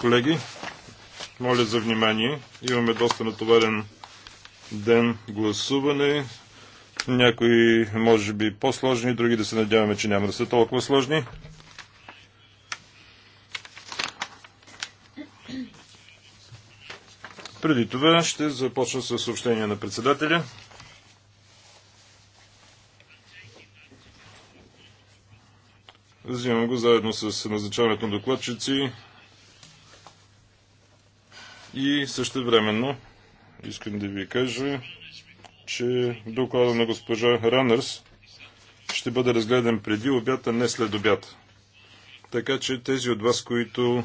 Колеги, моля за внимание. Имаме доста натоварен ден гласуване. Някои, може би, по-сложни, други да се надяваме, че няма да са толкова сложни. Преди това ще започна с съобщение на председателя. го заедно с назначаването на докладчици и също времено искам да ви кажа, че доклада на госпожа Ранърс ще бъде разгледан преди обяд, а не след обяд. Така че тези от вас, които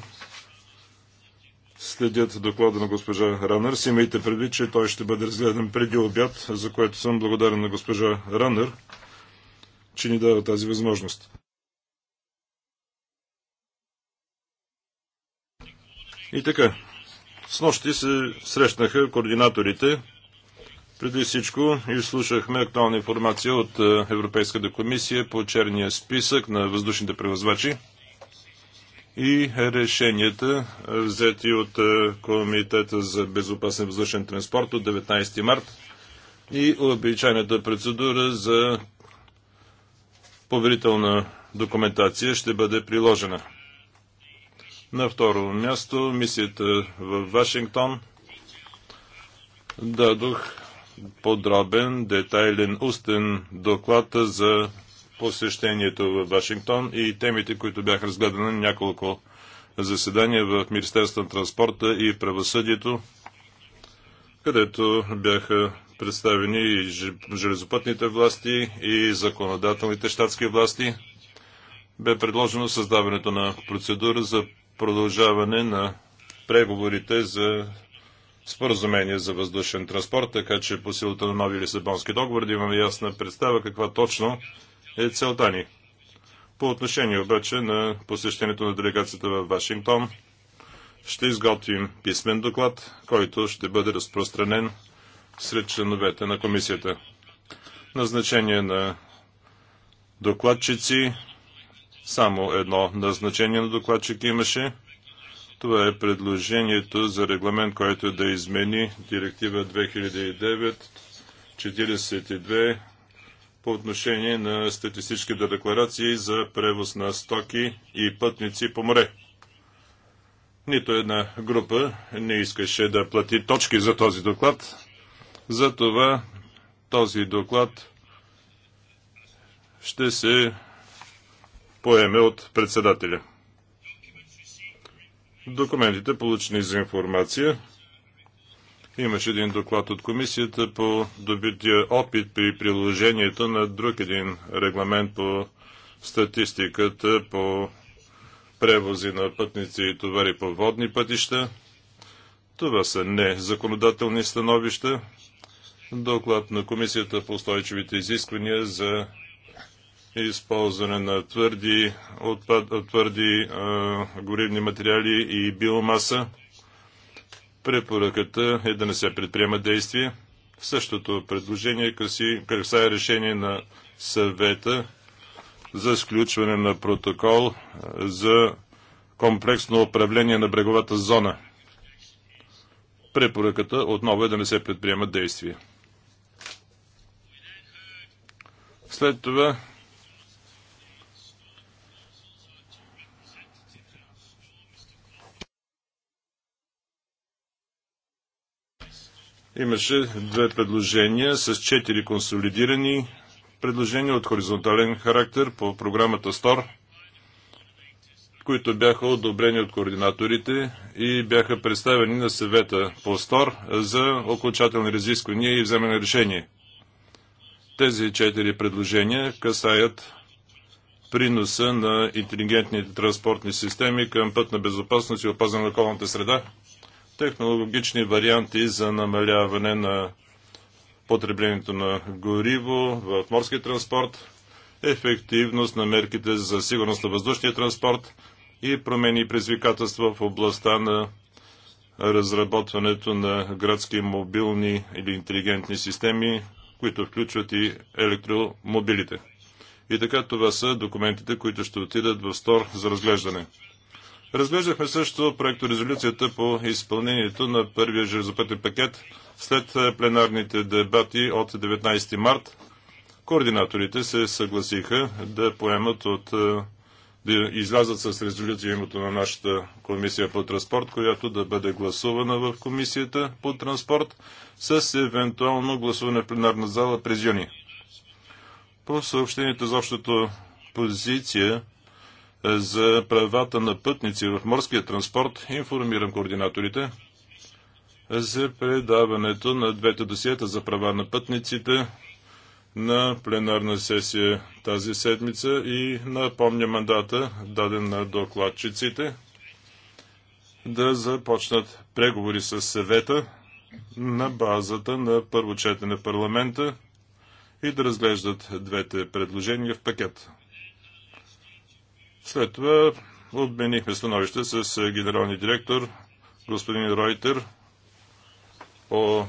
следят доклада на госпожа Ранърс, имайте предвид, че той ще бъде разгледан преди обяд, за което съм благодарен на госпожа Ранър, че ни дава тази възможност. И така, с нощи се срещнаха координаторите. Преди всичко изслушахме актуална информация от е, Европейската комисия по черния списък на въздушните превозвачи и решенията е, взети от е, Комитета за безопасен въздушен транспорт от 19 март и обичайната процедура за поверителна документация ще бъде приложена. На второ място, мисията в Вашингтон. Дадох подробен, детайлен, устен доклад за посещението в Вашингтон и темите, които бяха разгледани на няколко заседания в Министерството на транспорта и правосъдието, където бяха представени и железопътните власти и законодателните щатски власти. Бе предложено създаването на процедура за продължаване на преговорите за споразумение за въздушен транспорт, така че по силата на нови Лисабонски договор да имаме ясна представа каква точно е целта ни. По отношение обаче на посещението на делегацията в Вашингтон, ще изготвим писмен доклад, който ще бъде разпространен сред членовете на комисията. Назначение на докладчици, само едно назначение на докладчик имаше. Това е предложението за регламент, който е да измени директива 2009-42 по отношение на статистическите декларации за превоз на стоки и пътници по море. Нито една група не искаше да плати точки за този доклад. Затова този доклад ще се поеме от председателя. Документите, получени за информация, имаше един доклад от комисията по добития опит при приложението на друг един регламент по статистиката по превози на пътници и товари по водни пътища. Това са не законодателни становища. Доклад на Комисията по устойчивите изисквания за използване на твърди, отпад, твърди а, горивни материали и биомаса. Препоръката е да не се предприема действие. Същото предложение е решение на съвета за сключване на протокол за комплексно управление на бреговата зона. Препоръката отново е да не се предприемат действия. След това Имаше две предложения с четири консолидирани предложения от хоризонтален характер по програмата СТОР, които бяха одобрени от координаторите и бяха представени на съвета по СТОР за окончателни разисквания и вземане на решение. Тези четири предложения касаят приноса на интелигентните транспортни системи към път на безопасност и опазване на околната среда, технологични варианти за намаляване на потреблението на гориво в морски транспорт, ефективност на мерките за сигурност на въздушния транспорт и промени и предизвикателства в областта на разработването на градски мобилни или интелигентни системи, които включват и електромобилите. И така това са документите, които ще отидат в СТОР за разглеждане. Разглеждахме също резолюцията по изпълнението на първия железопътен пакет след е, пленарните дебати от 19 март. Координаторите се съгласиха да поемат от е, да излязат с резолюция името на нашата комисия по транспорт, която да бъде гласувана в комисията по транспорт с евентуално гласуване в пленарна зала през юни. По съобщението за общото позиция за правата на пътници в морския транспорт, информирам координаторите за предаването на двете досиета за права на пътниците на пленарна сесия тази седмица и напомня мандата, даден на докладчиците, да започнат преговори с съвета на базата на първо четене парламента и да разглеждат двете предложения в пакет. След това обменихме становище с е, генералния директор господин Ройтер по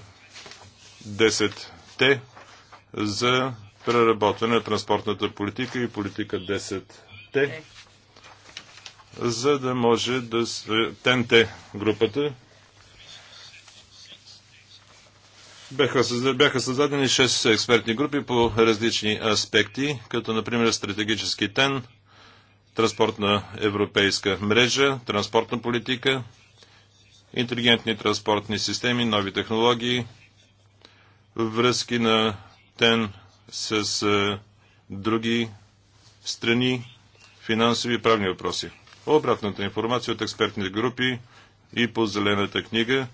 10-те за преработване на транспортната политика и политика 10-те, за да може да се... групата бяха създадени 6 експертни групи по различни аспекти, като например стратегически тен – транспортна европейска мрежа, транспортна политика, интелигентни транспортни системи, нови технологии, връзки на ТЕН с други страни, финансови и правни въпроси. Обратната информация от експертните групи и по зелената книга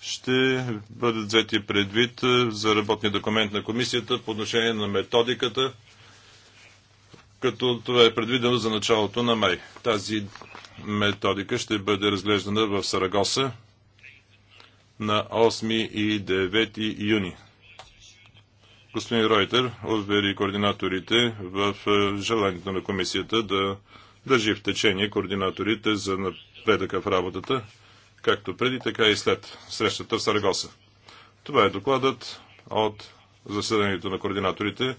ще бъдат взети предвид за работния документ на комисията по отношение на методиката като това е предвидено за началото на май. Тази методика ще бъде разглеждана в Сарагоса на 8 и 9 юни. Господин Ройтер увери координаторите в е, желанието на комисията да държи в течение координаторите за напредъка в работата, както преди, така и след срещата в Сарагоса. Това е докладът от заседанието на координаторите,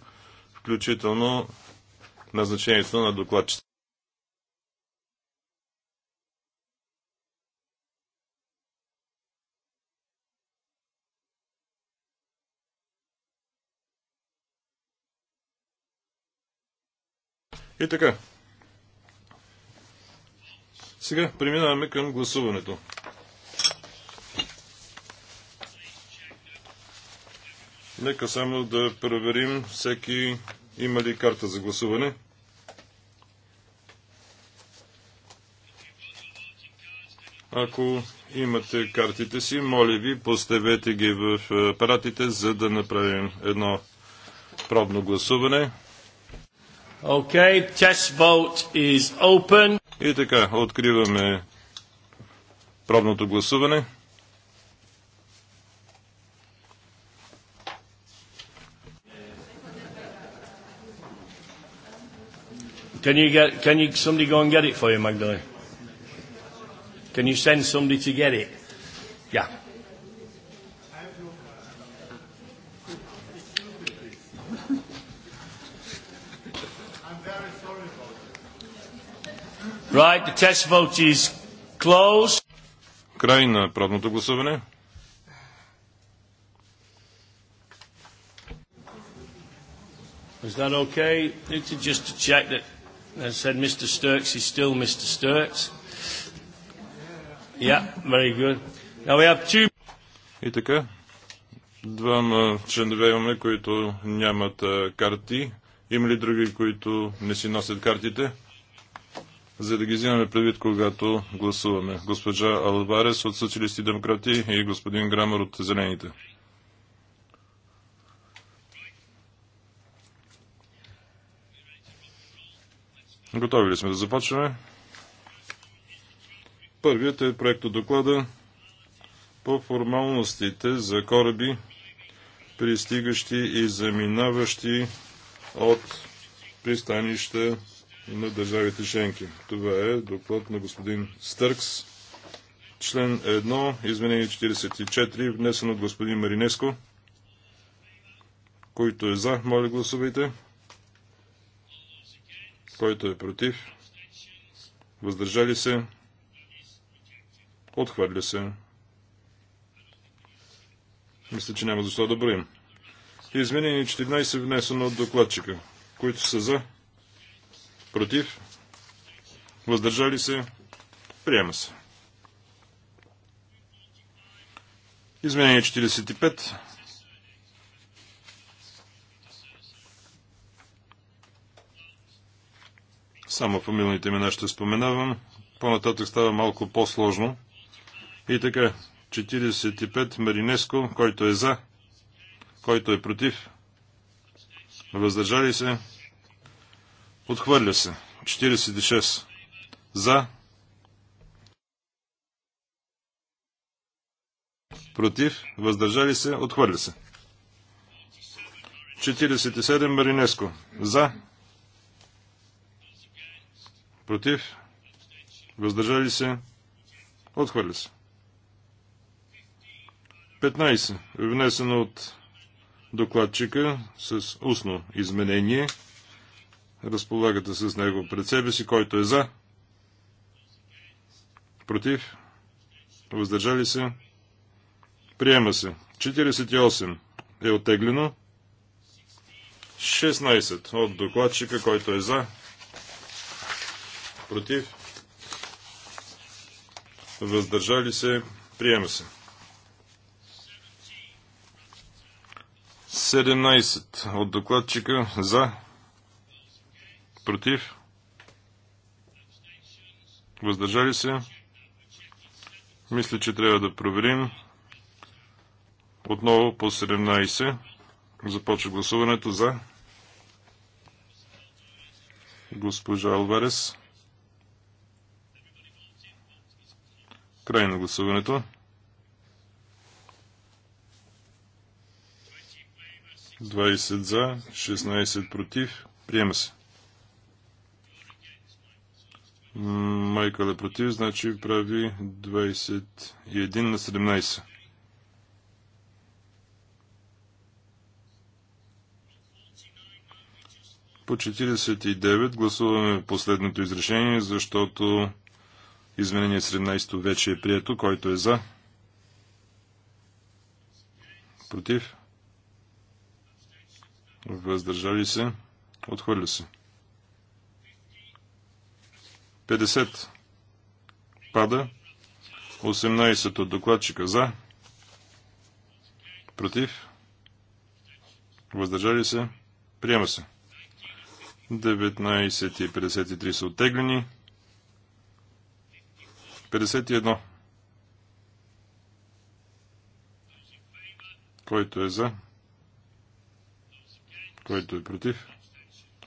включително назначението на докладчета. И така. Сега преминаваме към гласуването. Нека само да проверим всеки има ли карта за гласуване? Ако имате картите си, моля ви, поставете ги в е, апаратите, за да направим едно пробно гласуване. Okay, test vote is open. И така, откриваме пробното гласуване. Can you get? Can you somebody go and get it for you, Magdalene? Can you send somebody to get it? Yeah. Right, the test vote is closed. Край на правното гласуване. Is that okay? It's just to check that and said Mr. Sturks is still Mr. Sturks. Yeah, very good. Now we have two... И така, двама членове имаме, които нямат карти. Има ли други, които не си носят картите? За да ги взимаме предвид, когато гласуваме. Госпожа Алварес от Социалисти и демократи и господин Грамер от Зелените. Готови ли сме да започваме? Първият е проекто доклада по формалностите за кораби, пристигащи и заминаващи от пристанища на държавите Шенки. Това е доклад на господин Стъркс, член 1, изменение 44, внесен от господин Маринеско. Който е за, моля гласувайте. Който е против? Въздържали се? Отхвърля се. Мисля, че няма защо да броим. Изменение 14 внесено от докладчика, които са за, против, въздържали се, приема се. Изменение 45 Само фамилните имена ще споменавам. По-нататък става малко по-сложно. И така, 45 Маринеско, който е за, който е против, въздържали се, отхвърля се. 46 за, против, въздържали се, отхвърля се. 47 Маринеско за, против, въздържали се, отхвърля се. 15. Внесено от докладчика с устно изменение. Разполагате с него пред себе си, който е за, против, въздържали се, приема се. 48 е оттеглено. 16 от докладчика, който е за, против, въздържали се, приема се. 17 от докладчика за, против, въздържали се. Мисля, че трябва да проверим. Отново по 17 започва гласуването за госпожа Алварес. Край на гласуването. Двадесет за, 16 против. Приема се. Майкъл е против, значи прави 21 на 17. По 49 гласуваме последното изрешение, защото Изменение 17 вече е прието. Който е за? Против? Въздържали се? Отхвърля се. 50. Пада. 18 от докладчика за. Против. Въздържали се. Приема се. 19 и 53 са оттеглени. 51. Който е за? Който е против?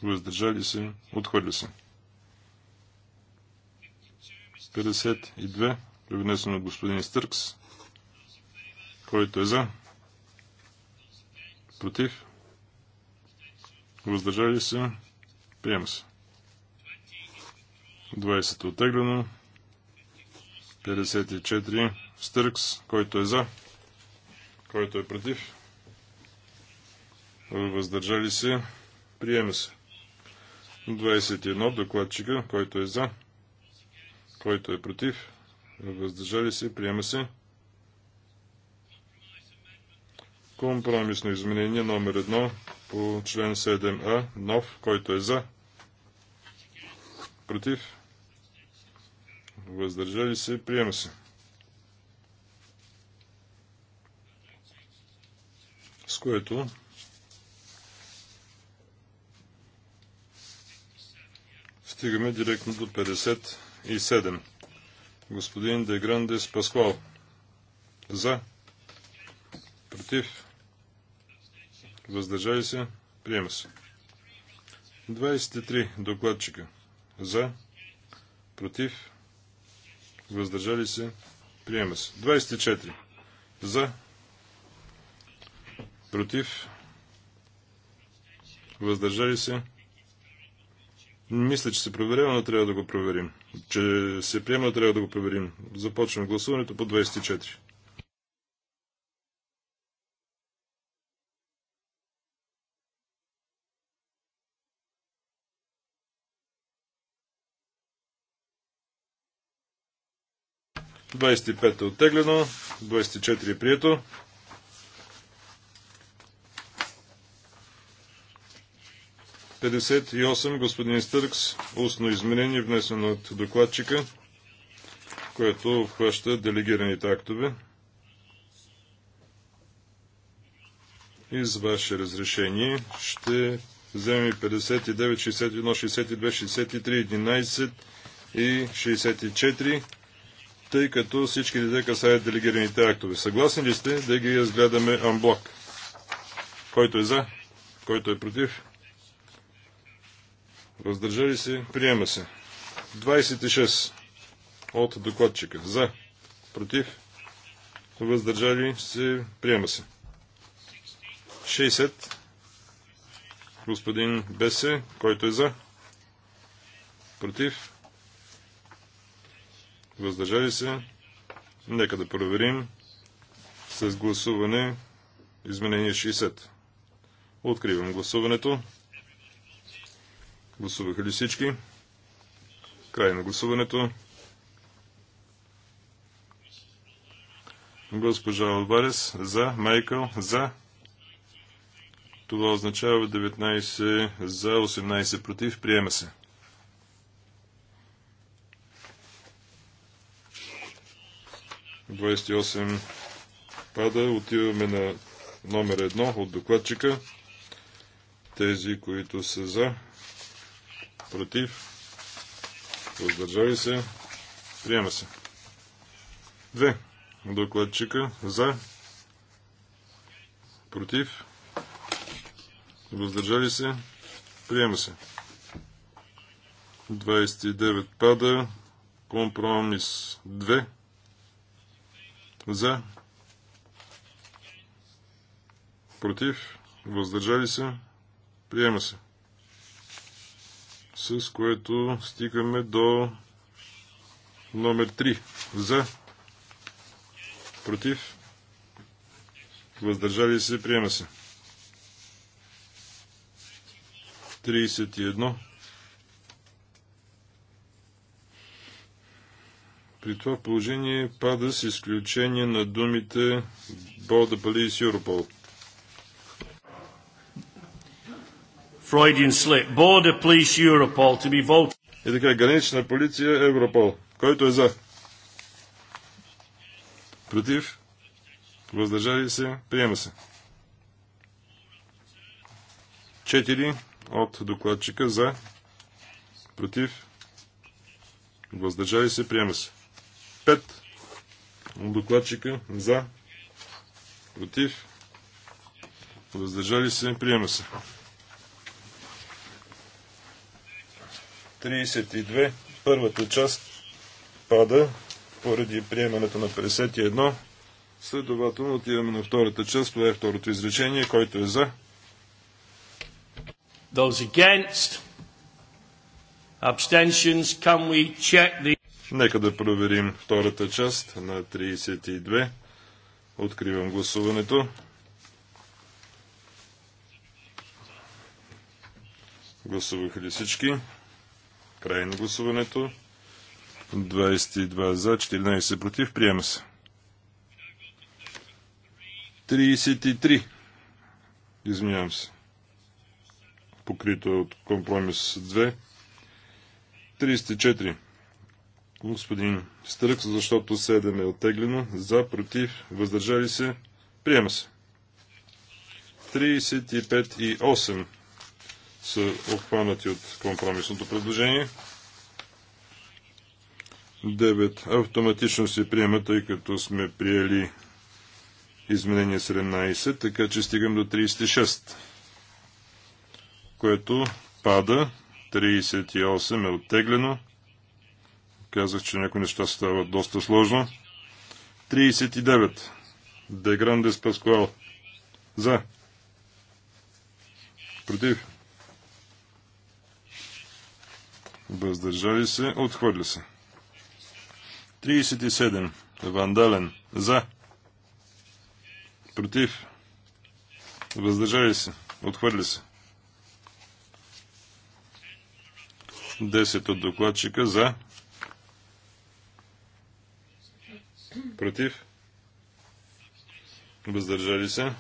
Въздържали се? Отхвърля се. 52. Привнесено от господин Стъркс. Който е за? Против? Въздържали се? Приема се. 20 е оттеглено. 54 Стъркс, който е за, който е против, въздържали се, приема се. 21 докладчика, който е за, който е против, въздържали се, приема се. Компромисно изменение номер 1 по член 7а, нов, който е за, против, въздържали се, приема се. С което стигаме директно до 57. Господин Деграндес Пасквал. За. Против. Въздържали се. Приема се. 23. Докладчика. За. Против въздържали се, приема се. 24 за, против, въздържали се. Мисля, че се проверява, но трябва да го проверим. Че се приема, трябва да го проверим. Започваме гласуването по 24. 25 е оттеглено, 24 е прието. Петдесет господин Стъркс, устно изменение, внесено от докладчика, което обхваща делегираните актове. И с ваше разрешение ще вземем 59, 61, 62, 63, 11 и 64 тъй като всички те касаят делегираните актове. Съгласни ли сте да ги разгледаме анблок? Който е за? Който е против? Въздържали се? Приема се. 26 от докладчика. За? Против? Въздържали се? Приема се. 60 господин Бесе, който е за? Против? въздържали се. Нека да проверим с гласуване изменение 60. Откривам гласуването. Гласуваха ли всички? Край на гласуването. Госпожа Алварес за, Майкъл за. Това означава 19 за, 18 против. Приема се. 28 пада. Отиваме на номер 1 от докладчика. Тези, които са за, против, въздържали се, приема се. 2. Докладчика за, против, въздържали се, приема се. 29 пада, компромис 2. За. Против. Въздържали се. Приема се. С което стигаме до номер 3. За. Против. Въздържали се. Приема се. 31. При това положение пада с изключение на думите Борда и Europol. Freudian slip. Border Police Europol to be voted. И така, гранична полиция Европол. Който е за? Против? Въздържали се? Приема се. Четири от докладчика за. Против? Въздържали се? Приема се. 5 докладчика за, против, въздържали се, приема се. 32, първата част пада поради приемането на 51. Следователно отиваме на втората част, това е второто изречение, който е за. Those against. Abstentions. Can we check the Нека да проверим втората част на 32. Откривам гласуването. Гласуваха ли всички? Край на гласуването. 22 за, 14 против. Приема се. 33. Извинявам се. Покрито е от компромис 2. 34 господин Стърк, защото 7 е оттеглено. За, против, въздържали се. Приема се. 35 и 8 са обхванати от компромисното предложение. 9 автоматично се приема, тъй като сме приели изменение 17, така че стигам до 36, което пада. 38 е оттеглено. Казах, че някои неща стават доста сложно. 39. Де Грандес Паскуал. За. Против. Въздържали се. Отхвърля се. 37. Вандален. За. Против. Въздържали се. Отхвърля се. 10 от докладчика за. Против? Въздържали се?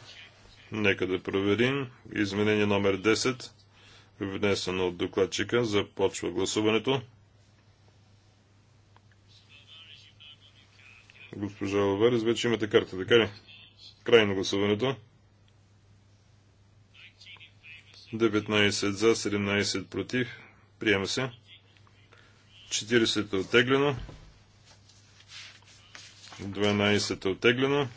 Нека да проверим. Изменение номер 10, внесено от докладчика. Започва гласуването. Госпожа Лаварес, вече имате карта, така ли? Край на гласуването. 19 за, 17 против. Приема се. 40 е оттеглено. 12 е оттеглена.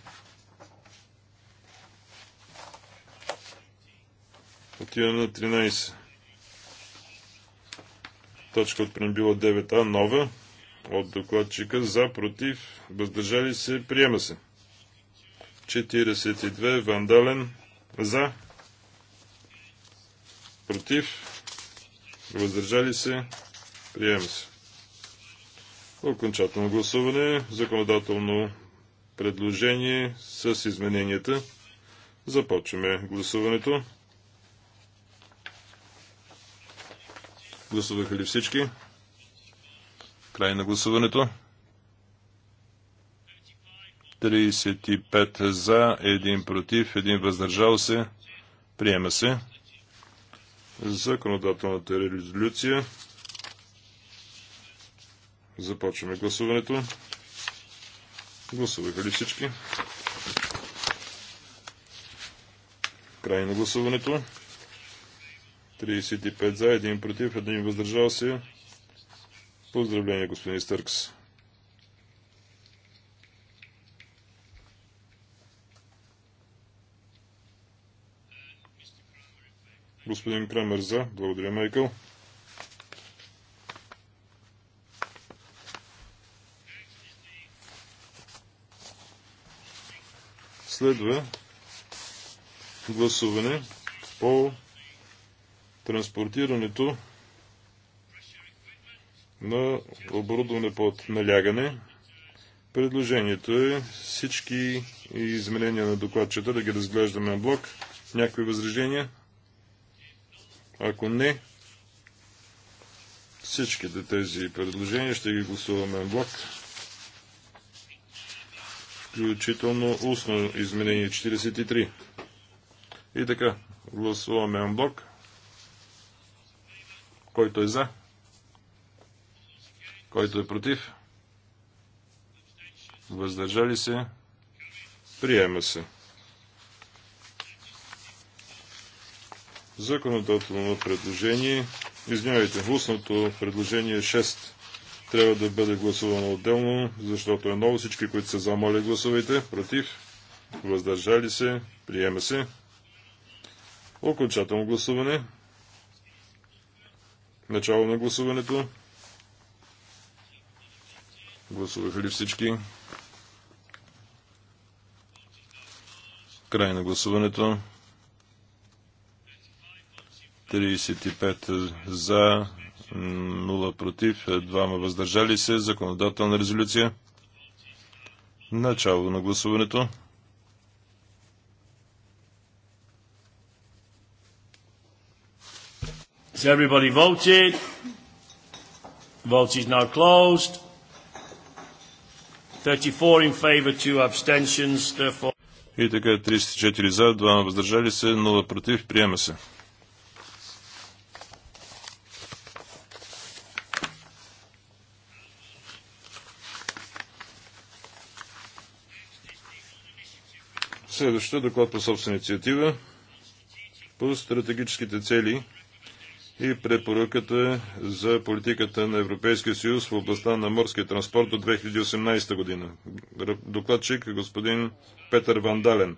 Отиваме на 13. Точка от преамбила 9а, нова, от докладчика за, против, въздържали се, приема се. 42, вандален, за, против, въздържали се, приема се. Окончателно гласуване. Законодателно предложение с измененията. Започваме гласуването. Гласуваха ли всички? Край на гласуването. 35 за, 1 против, 1 въздържал се. Приема се. Законодателната резолюция. Започваме гласуването. Гласуваха ли всички? Край на гласуването. 35 за, 1 против, 1 въздържал се. Поздравление, господин Стъркс. Господин Крамер за. Благодаря, Майкъл. Следва гласуване по транспортирането на оборудване под налягане. Предложението е всички изменения на докладчета да ги разглеждаме на блок. Някакви възражения? Ако не, всичките тези предложения ще ги гласуваме на блок включително устно изменение 43. И така, гласуваме анблок. Който е за? Който е против? Въздържали се? Приема се. Законодателно предложение. Извинявайте, устното предложение 6 трябва да бъде гласувано отделно, защото е ново. Всички, които са замоля, гласувайте. Против. Въздържали се. Приема се. Окончателно гласуване. Начало на гласуването. Гласуваха ли всички? Край на гласуването. 35 за, 0 против, 2 е, въздържали се. Законодателна резолюция. Начало на гласуването. So everybody voted. Vote is now closed. 34 in favor, 2 abstentions. Therefore... И така 34 за, 2 въздържали се, 0 против. Приема се. следващия доклад по собствена инициатива по стратегическите цели и препоръката за политиката на Европейския съюз в областта на морския транспорт до 2018 година. Докладчик е господин Петър Вандален.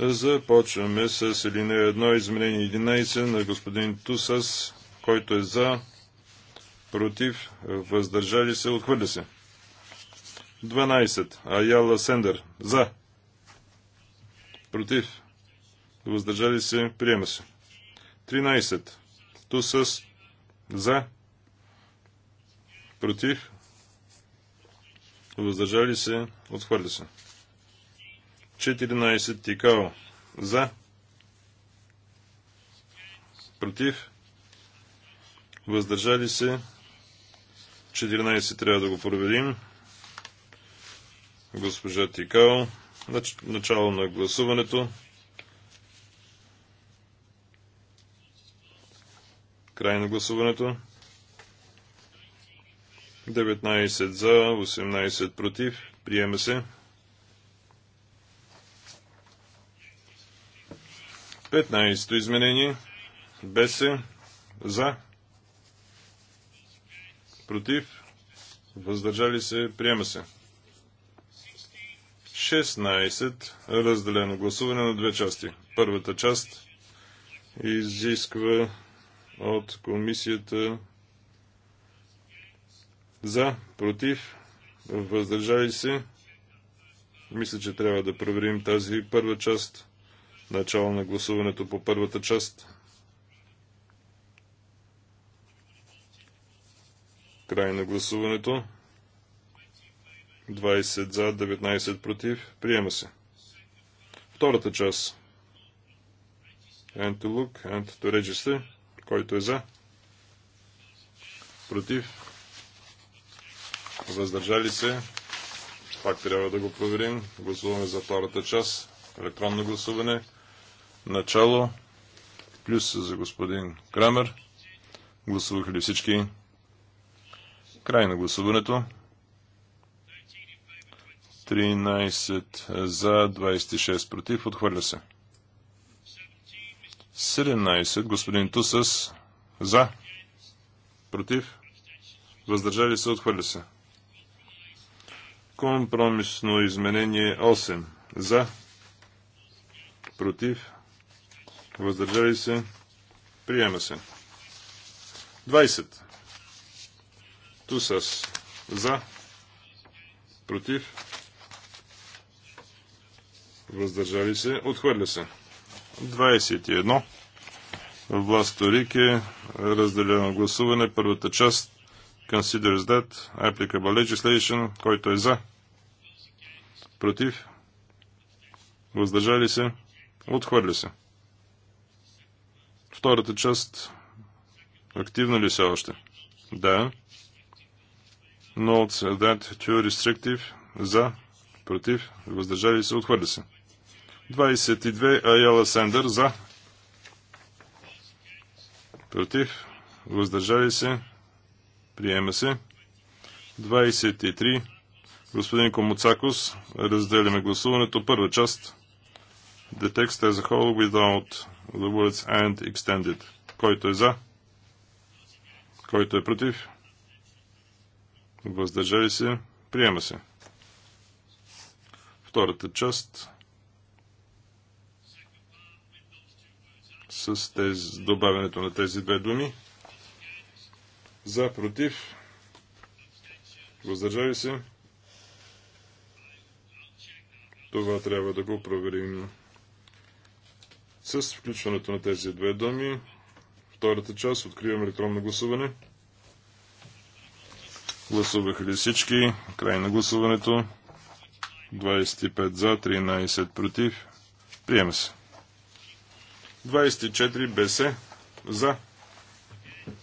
Започваме с линия 1, изменение 11 на господин Тусас, който е за, против, въздържали се, отхвърля се. 12. Аяла Сендер. За против, въздържали се, приема се. 13. Ту с за, против, въздържали се, отхвърля се. 14. Тикао за, против, въздържали се, 14 трябва да го проверим. Госпожа Тикао. Начало на гласуването. Край на гласуването. 19 за, 18 против. Приема се. 15-то изменение. се, За. Против. Въздържали се. Приема се. 16. Разделено гласуване на две части. Първата част изисква от комисията за, против, въздържали се. Мисля, че трябва да проверим тази първа част. Начало на гласуването по първата част. Край на гласуването. 20 за, 19 против. Приема се. Втората част. And to look and to register. Който е за? Против. Въздържали се. Пак трябва да го проверим. Гласуваме за втората част. Електронно гласуване. Начало. Плюс за господин Крамер. Гласуваха ли всички? Край на гласуването. 13 за, 26 против. Отхвърля се. 17. Господин Тусас за, против. Въздържали се. Отхвърля се. Компромисно изменение 8 за, против. Въздържали се. Приема се. 20. Тусас за, против въздържали се, отхвърля се. 21. Власто Рике, разделено гласуване, първата част, considers that applicable legislation, който е за, против, въздържали се, отхвърля се. Втората част, активна ли се още? Да. Notes that too restrictive, за, против, въздържали се, отхвърля се. 22 Аяла Сендър за. Против. Въздържали се. Приема се. 23. Господин Комуцакос. Разделяме гласуването. Първа част. The text as a whole without the words and extended. Който е за? Който е против? Въздържали се. Приема се. Втората част. с тези, добавянето на тези две думи. За, против, въздържали се. Това трябва да го проверим. С включването на тези две думи, втората част, откривам електронно гласуване. Гласуваха ли всички? Край на гласуването. 25 за, 13 против. Приема се. 24 БС за,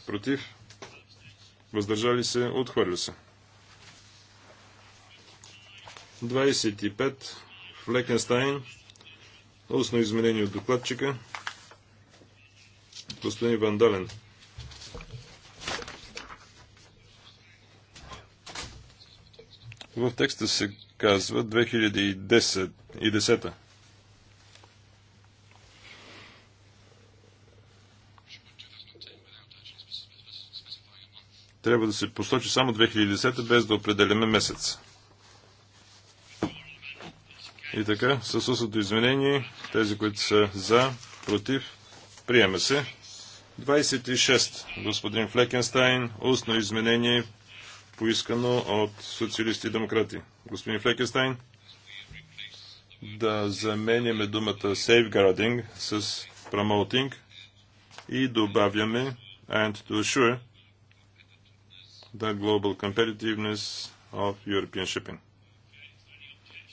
против, въздържали се, отхвърля се. 25 Флекенстайн, устно изменение от докладчика, господин Вандален. В текста се казва 2010. трябва да се посочи само 2010, без да определяме месец. И така, с устното изменение, тези, които са за, против, приема се. 26. Господин Флекенстайн, устно изменение, поискано от социалисти и демократи. Господин Флекенстайн, да заменяме думата safeguarding с promoting и добавяме and to assure the global competitiveness of European shipping.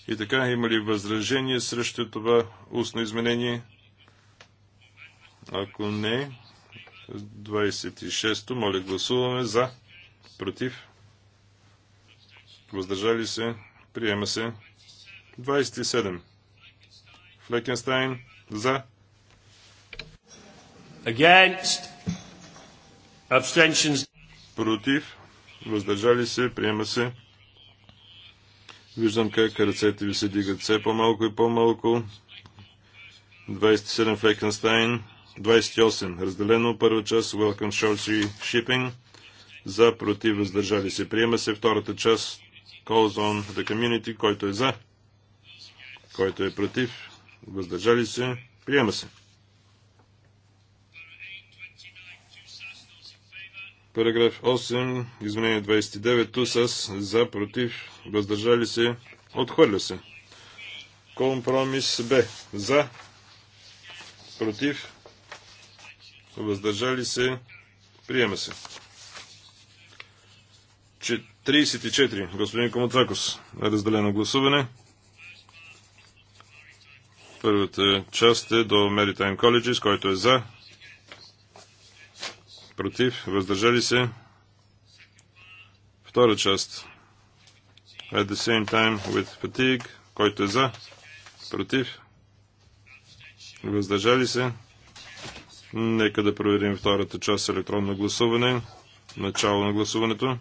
И така, има ли възражение срещу това устно изменение? Ако не, 26-то, моля гласуваме за, против, въздържали се, приема се. 27. Флекенстайн, за. Against. Abstentions. Против въздържали се, приема се. Виждам как ръцете ви се дигат все по-малко и по-малко. 27 Фейкенстайн, 28. Разделено първа част, Welcome Shorty Shipping. За, против, въздържали се. Приема се втората част, Calls on the Community, който е за, който е против, въздържали се, приема се. Параграф 8, изменение 29, с за, против, въздържали се, отхвърля се. Компромис Б. За, против, въздържали се, приема се. 34. Господин Комотракос. Разделено гласуване. Първата част е до Maritime Colleges, който е за, против, въздържали се. Втора част. At the same time with fatigue. Който е за, против, въздържали се. Нека да проверим втората част електронно гласуване. Начало на гласуването.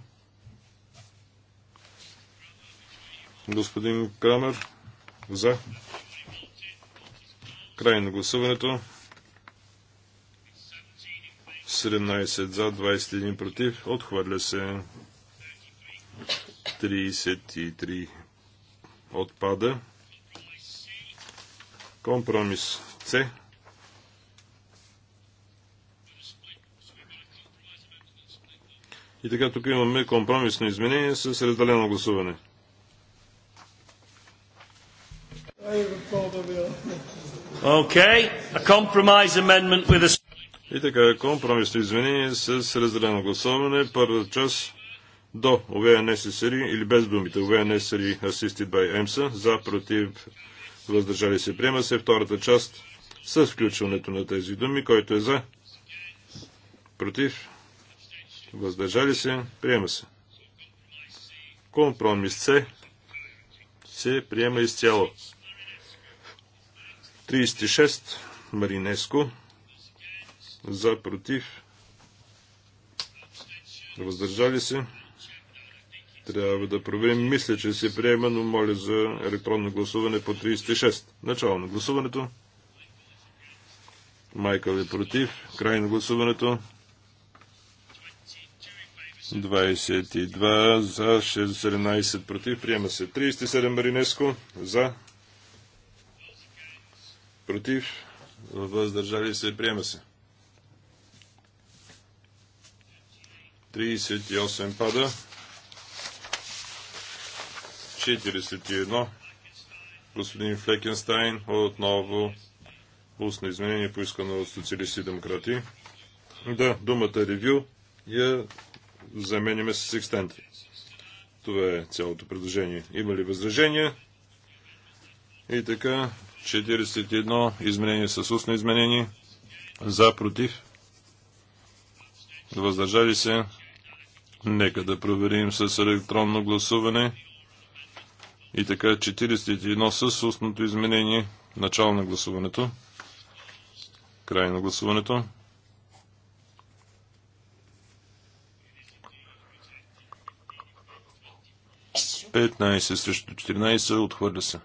Господин Крамер, за. Край на гласуването. 17 за, 21 против. Отхвърля се. 33 отпада. Компромис С. И така тук имаме компромисно изменение с разделено гласуване. Okay, a compromise amendment with a и така, компромисно извинение с разделено гласуване. Първа част до Овея Necessary или без думите Овея Necessary Assisted by EMSA за против въздържали се. Приема се втората част с включването на тези думи, който е за против въздържали се. Приема се. Компромис С се приема изцяло. 36 Маринеско за, против, въздържали се. Трябва да проверим. Мисля, че се приема, но моля за електронно гласуване по 36. Начало на гласуването. Майкъл е против. Край на гласуването. 22 за 6, 17 против. Приема се 37 Маринеско за против. Въздържали се. Приема се. 38 пада. 41. Господин Флекенстайн отново устно изменение, поискано от социалисти и демократи. Да, думата ревю я заменяме с екстент. Това е цялото предложение. Има ли възражения? И така, 41 изменение с устно изменение. За, против. Въздържали се. Нека да проверим с електронно гласуване. И така 41 с устното изменение. Начало на гласуването. Край на гласуването. Петнайсет срещу 14 отхвърля се.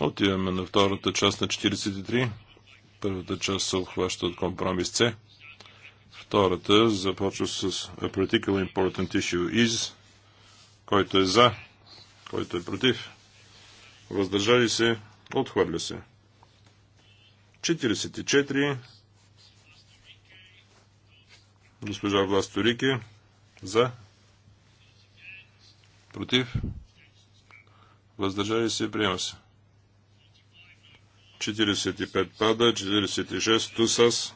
Отиваме на втората част на 43. Първата част се обхваща от компромис С. Втората започва с A particular important issue is, който е за, който е против, въздържали се, отхвърля се. 44. Госпожа Власторики за, против, въздържали се, приема се. 45 пада, 46 тусас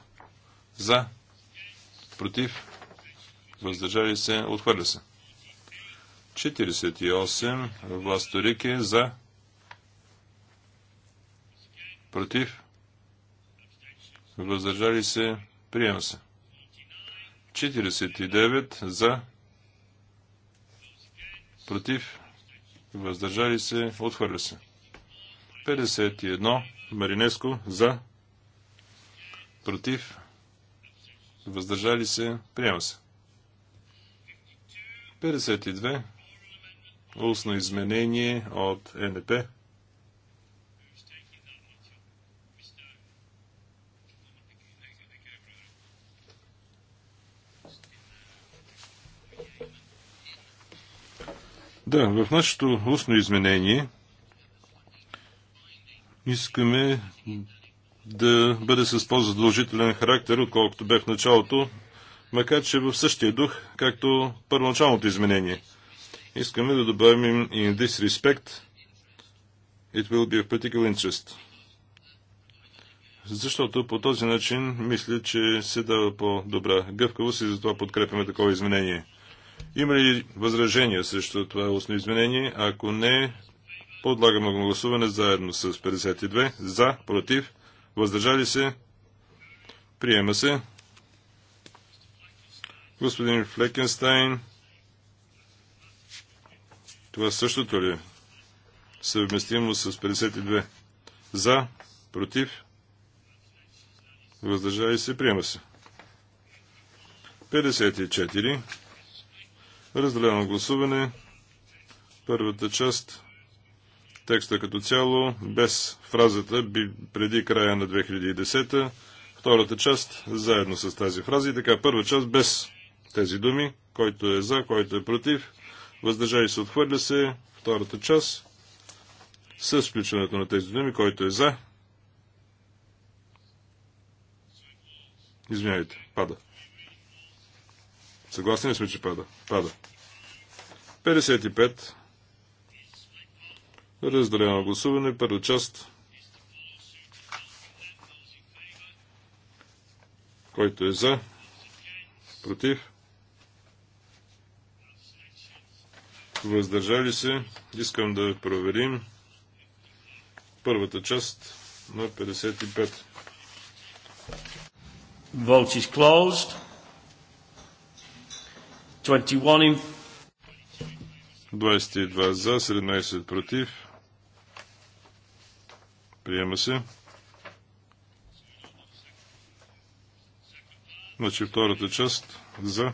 за, против, въздържали се, отхвърля се. 48 власторики за против, въздържали се, приема се. 49 за против, въздържали се, отхвърля се. 51 Маринеско за против, въздържали се, приема се. 52. Устно изменение от НП. Да, в нашето устно изменение искаме да бъде с по-задължителен характер, отколкото бе в началото, макар че в същия дух, както първоначалното изменение. Искаме да добавим им in this respect, it will be of particular interest. Защото по този начин мисля, че се дава по-добра гъвкавост и затова подкрепяме такова изменение. Има ли възражения срещу това устно изменение? Ако не, подлагам на гласуване заедно с 52. За, против, въздържали се, приема се. Господин Флекенстайн, това същото ли е? Съвместимо с 52. За, против, въздържали се, приема се. 54. Разделено гласуване. Първата част текста като цяло, без фразата преди края на 2010, втората част заедно с тази фраза и така първа част без тези думи, който е за, който е против, и се, отхвърля се, втората част с включването на тези думи, който е за. Извинявайте, пада. Съгласни сме, че пада. Пада. 55 Разделено гласуване, първа част. Който е за, против, въздържали се, искам да проверим първата част на 55. Vote is closed. 21 in... 22 за, 17 против. Приема се. Значи втората част за.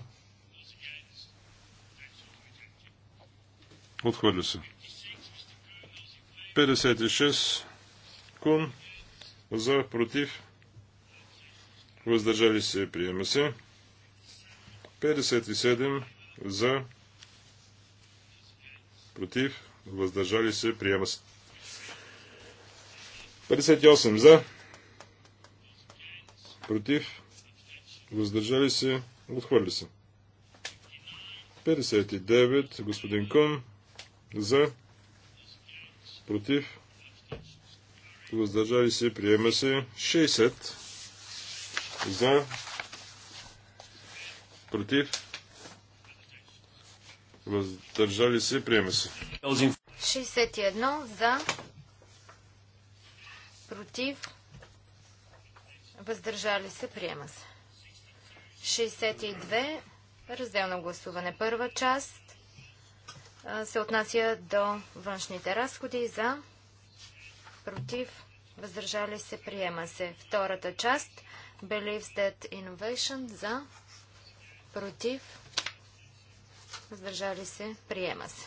Отхвърля се. 56 кун за против. Въздържали се. Приема се. 57 за против. Въздържали се. Приема се. 58 за. Против. Въздържали се. Отхвърли се. 59. Господин Кун. За. Против. Въздържали се. Приема се. 60. За. Против. Въздържали се. Приема се. 61 за против, въздържали се, приема се. 62, разделно гласуване. Първа част се отнася до външните разходи за, против, въздържали се, приема се. Втората част, Believes that Innovation за, против, въздържали се, приема се.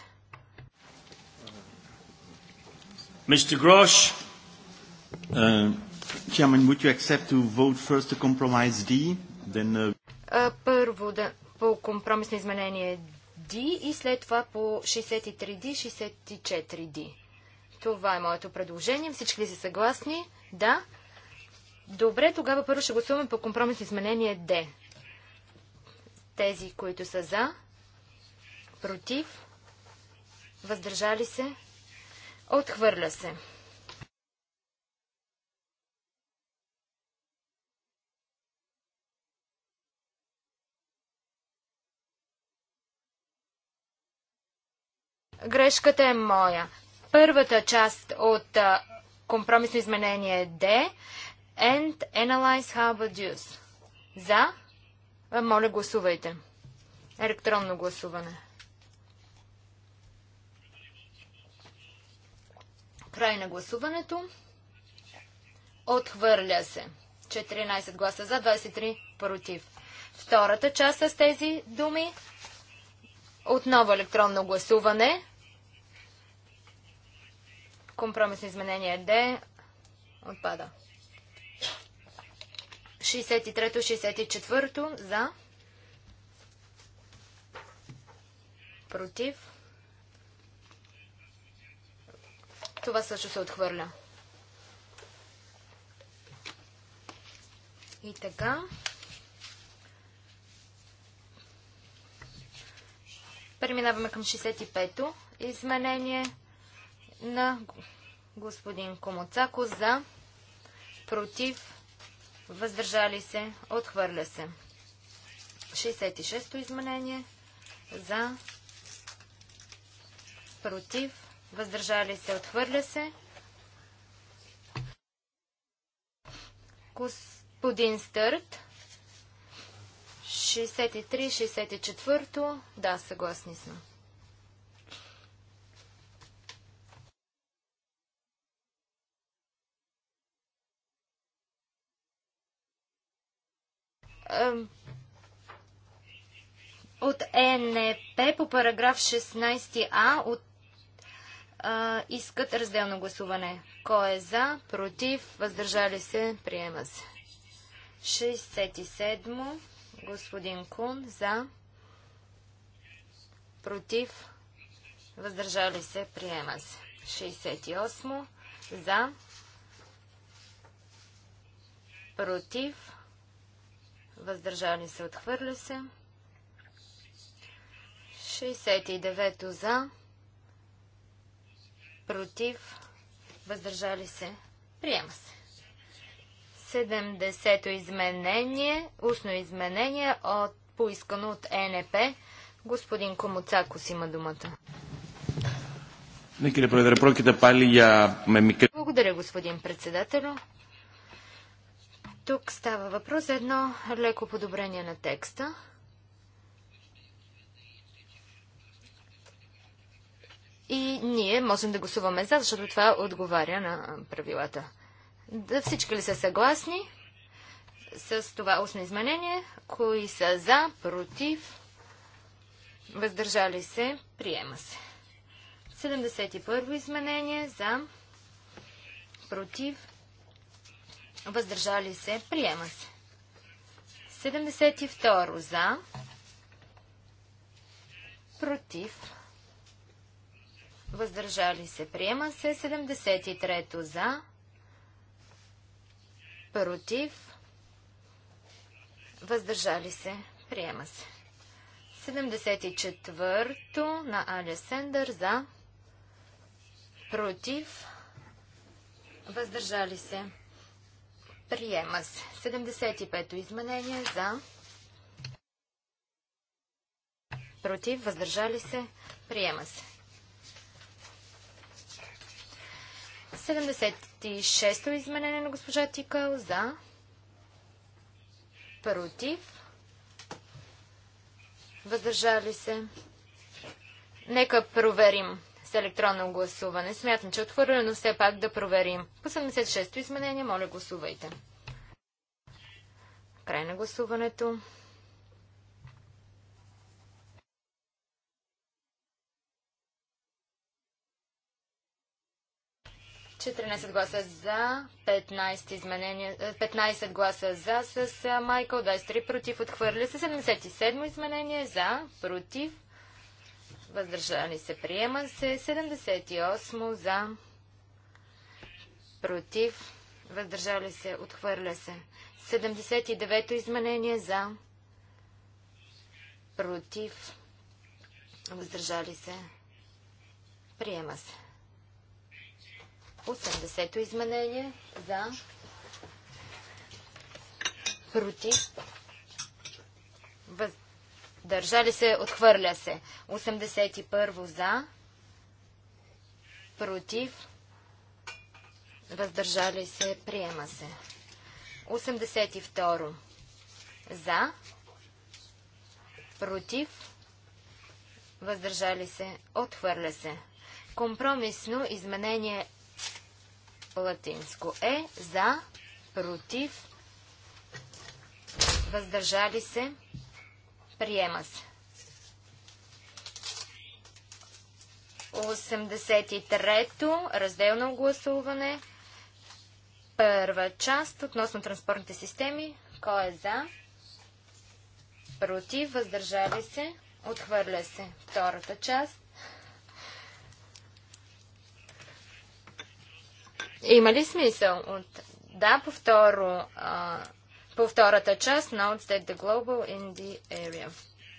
Mr. Grosh. Uh, chairman, would you accept to vote first to compromise D? Then, uh, първо да, по компромисно изменение D и след това по 63D, 64D. Това е моето предложение. Всички ли са съгласни? Да. Добре, тогава първо ще гласуваме по компромисно изменение D. Тези, които са за, против, въздържали се, отхвърля се. Грешката е моя. Първата част от компромисно изменение е D and analyze how abuse. За. моля, гласувайте. Електронно гласуване. Край на гласуването. Отхвърля се. 14 гласа за, 23 против. Втората част с тези думи. Отново електронно гласуване. Компромисно изменение Д отпада. 63-64 за. Против. Това също се отхвърля. И така. Преминаваме към 65-то изменение на господин Комоцако за против въздържали се отхвърля се 66-то изменение за против въздържали се отхвърля се господин Стърт 63-64 да съгласни съм от ЕНП по параграф 16а от, а, искат разделно гласуване. Кой е за, против, въздържали се, приема се. 67. Господин Кун за, против, въздържали се, приема се. 68. За, против, въздържали се, отхвърля се. 69-то за, против, въздържали се, приема се. 70-то изменение, устно изменение, от, поискано от ЕНП. Господин Комуцакос има думата. Благодаря, господин председател. Тук става въпрос за едно леко подобрение на текста. И ние можем да гласуваме за, защото това отговаря на правилата. Да всички ли са съгласни с това устно изменение? Кои са за, против, въздържали се, приема се. 71 изменение за, против, въздържали се, приема се. 72 за, против, въздържали се, приема се. 73 за, против, въздържали се, приема се. 74-то на Алесендър за против въздържали се. Приема се. 75-то изменение за. Против. Въздържали се. Приема се. 76-то изменение на госпожа Тикал за. Против. Въздържали се. Нека проверим с електронно гласуване. Смятам, че отхвърля, е отхвърлено, но все пак да проверим. По 76-то изменение, моля гласувайте. Край на гласуването. Четиринадесет гласа за, 15, изменения, 15 е, гласа за с Майкъл, 23 против, отхвърля се, 77 изменение за, против, Въздържани се, приема се. 78 за, против, въздържали се, отхвърля се. 79-то изменение за, против, въздържали се, приема се. 80-то изменение за, против, се. Държали се, отхвърля се. 81 за, против, въздържали се, приема се. 82 за, против, въздържали се, отхвърля се. Компромисно изменение латинско е за, против, въздържали се, се. Приема се. 83-то разделно гласуване. Първа част относно транспортните системи. Кой е за? Против, въздържали се, отхвърля се. Втората част. Има ли смисъл от да, повторо а, по втората част, notes that the global in the area.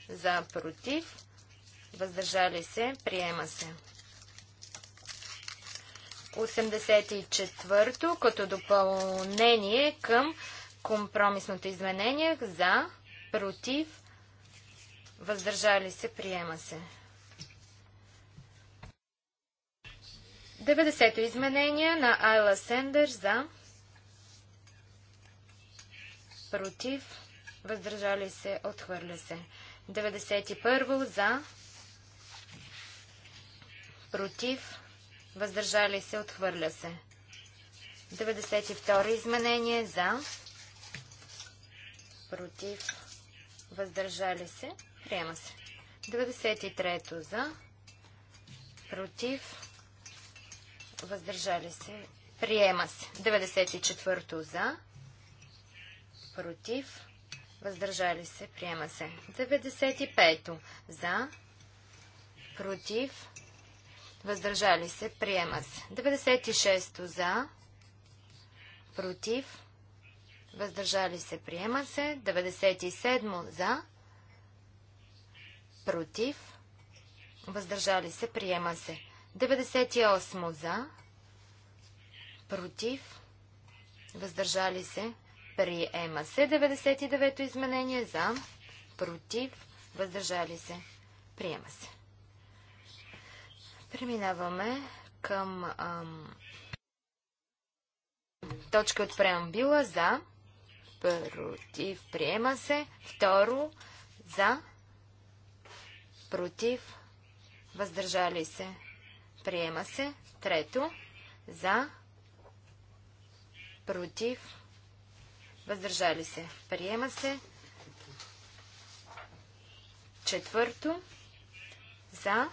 За, против, въздържали се, приема се. 84-то като допълнение към компромисното изменение за, против, въздържали се, приема се. 90-то изменение на Айла Сендер за, против, против, въздържали се, отхвърля се. 91 за, против, въздържали се, отхвърля се. 92 изменение за, против, въздържали се, приема се. 93 за, против, въздържали се, приема се. 94 за, против, въздържали се, приема се. 95 за, против, въздържали се, приема се. 96 за, против, въздържали се, приема се. 97 за, против, въздържали се, приема се. 98 за, против, въздържали се, Приема се 99-то изменение за, против, въздържали се. Приема се. Преминаваме към ам, точка от преамбила за, против, приема се. Второ, за, против, въздържали се. Приема се. Трето, за, против, въздържали се, приема се. Четвърто, за,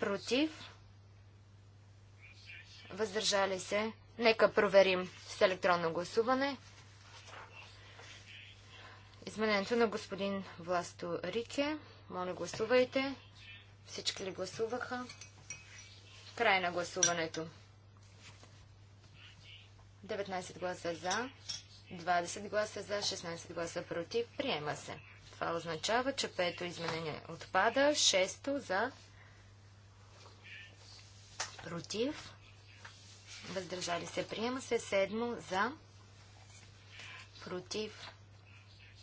против, въздържали се. Нека проверим с електронно гласуване. Изменението на господин Власто Рике. Моля, гласувайте. Всички ли гласуваха? Край на гласуването. 19 гласа за, 20 гласа за, 16 гласа против. Приема се. Това означава, че пето изменение отпада, 6 за, против, въздържали се. Приема се. 7 за, против,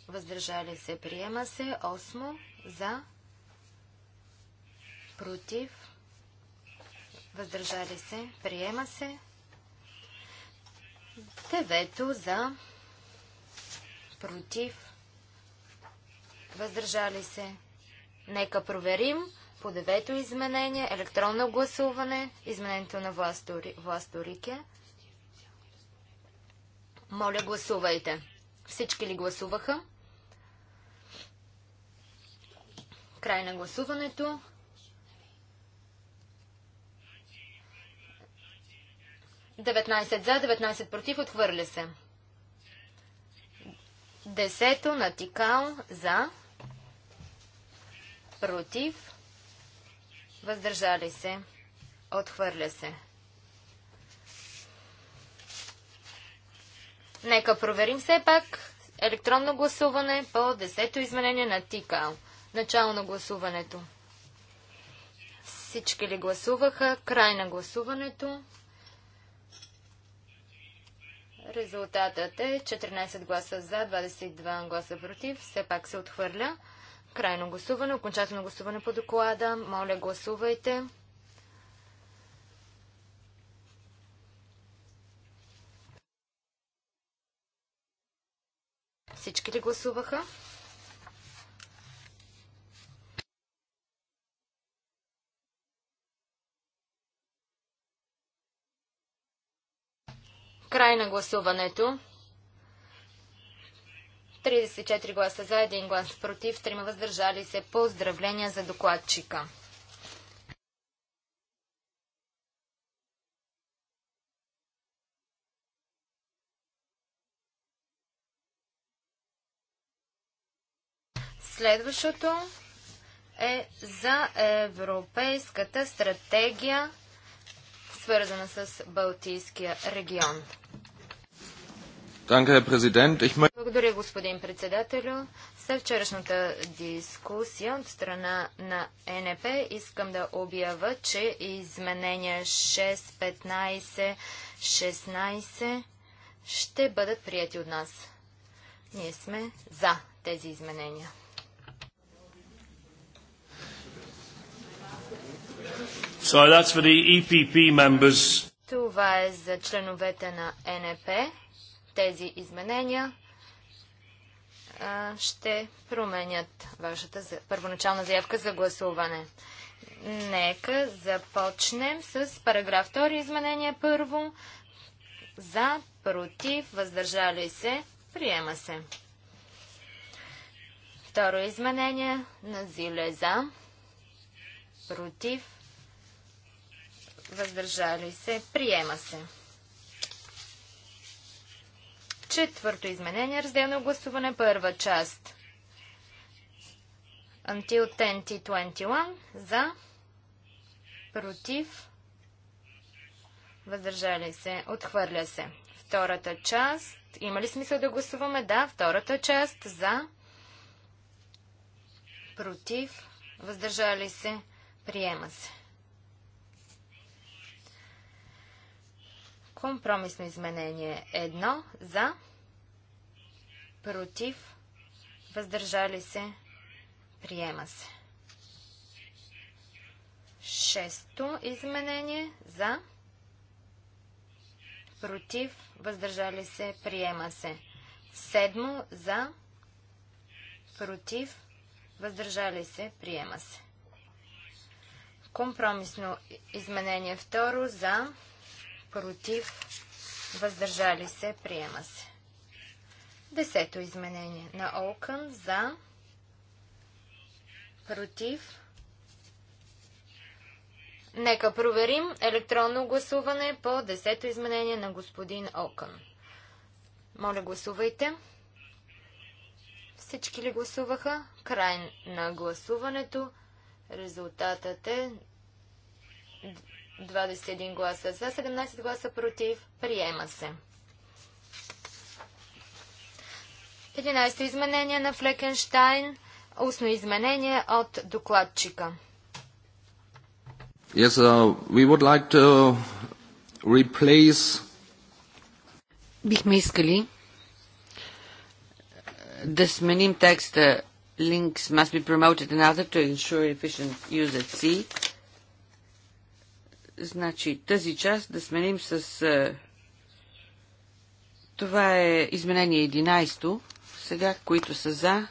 въздържали се. Приема се. 8 за, против, въздържали се. Приема се. Девето за против. Въздържали се. Нека проверим по девето изменение електронно гласуване, изменението на властурике. власторике. Моля, гласувайте. Всички ли гласуваха? Край на гласуването. 19 за, 19 против, отхвърля се. Десето на Тикал за, против, въздържали се, отхвърля се. Нека проверим все пак електронно гласуване по десето изменение на Тикал. Начало на гласуването. Всички ли гласуваха? Край на гласуването. Резултатът е 14 гласа за, 22 гласа против. Все пак се отхвърля. Крайно гласуване, окончателно гласуване по доклада. Моля, гласувайте. Всички ли гласуваха? Край на гласуването. 34 гласа за, 1 глас против, 3 въздържали се. Поздравления за докладчика. Следващото е за Европейската стратегия свързана с Балтийския регион. Благодаря, господин председателю. След вчерашната дискусия от страна на НП искам да обява, че изменения 6, 15, 16 ще бъдат прияти от нас. Ние сме за тези изменения. So that's for the EPP members. Това е за членовете на НП. Тези изменения ще променят вашата първоначална заявка за гласуване. Нека започнем с параграф 2, изменение първо. За, против, въздържали се, приема се. Второ изменение на Зиле за, против, въздържали се, приема се. Четвърто изменение, разделно гласуване, първа част. Until 21, за, против, въздържали се, отхвърля се. Втората част, има ли смисъл да гласуваме? Да, втората част за, против, въздържали се, приема се. Компромисно изменение 1 за, против, въздържали се, приема се. Шесто изменение за, против, въздържали се, приема се. Седмо за, против, въздържали се, приема се. Компромисно изменение второ за, против, против, въздържали се, приема се. Десето изменение на Олкън за, против. Нека проверим електронно гласуване по десето изменение на господин Олкън. Моля, гласувайте. Всички ли гласуваха? Край на гласуването. Резултатът е 21 гласа за, 17 гласа против. Приема се. 11 изменение на Флекенштайн. Устно изменение от докладчика. Yes, uh, we would like to replace... Бихме искали да сменим текста Links must be promoted in order to ensure efficient use at sea Значи тази част да сменим с... Това е изменение 11 Сега, които са за,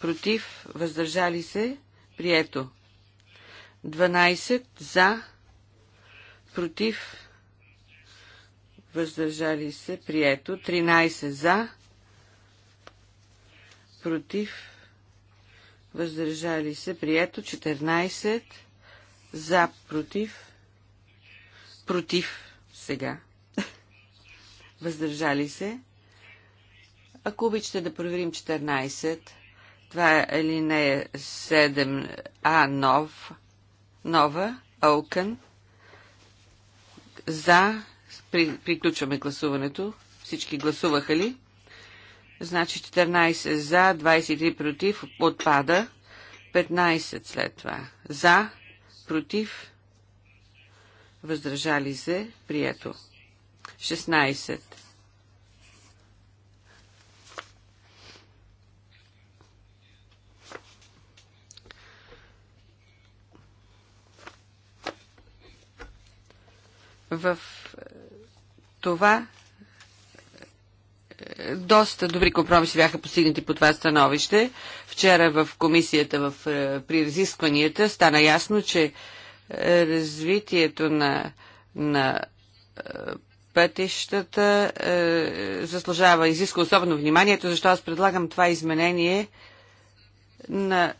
против, въздържали се, прието. 12 за, против, въздържали се, прието. 13 за, против, въздържали се, прието. 14 за, против, против сега. Въздържали се. Ако обичате да проверим 14, това е линия 7А нов, нова, Оукън. За, при, приключваме гласуването. Всички гласуваха ли? Значи 14 за, 23 против, отпада. 15 след това. За, против, въздържали се, прието. 16. В е, това е, доста добри компромиси бяха постигнати по това становище. Вчера в комисията в, е, при разискванията стана ясно, че развитието на, на е, пътищата е, заслужава, изисква особено вниманието, защото аз предлагам това изменение на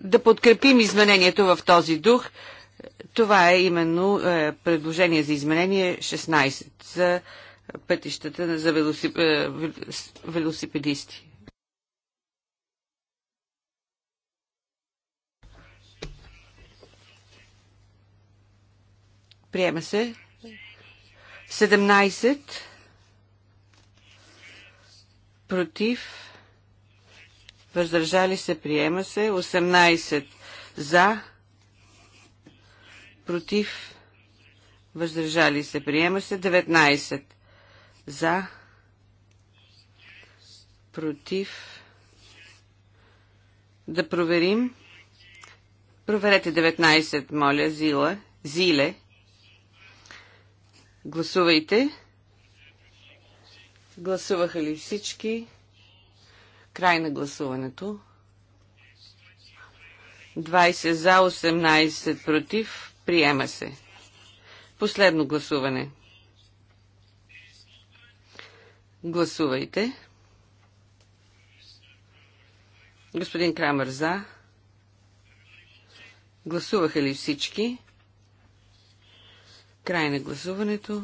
да подкрепим изменението в този дух. Това е именно е, предложение за изменение 16 за пътищата за е, велосипедисти. Приема се. 17 против. Въздържали се. Приема се. 18 за. Против. Въздържали се. Приема се. 19 за. Против. Да проверим. Проверете 19, моля, Зила. Зиле. Гласувайте. Гласуваха ли всички? Край на гласуването. 20 за, 18 против. Приема се. Последно гласуване. Гласувайте. Господин Крамър за. Гласуваха ли всички? Край на гласуването.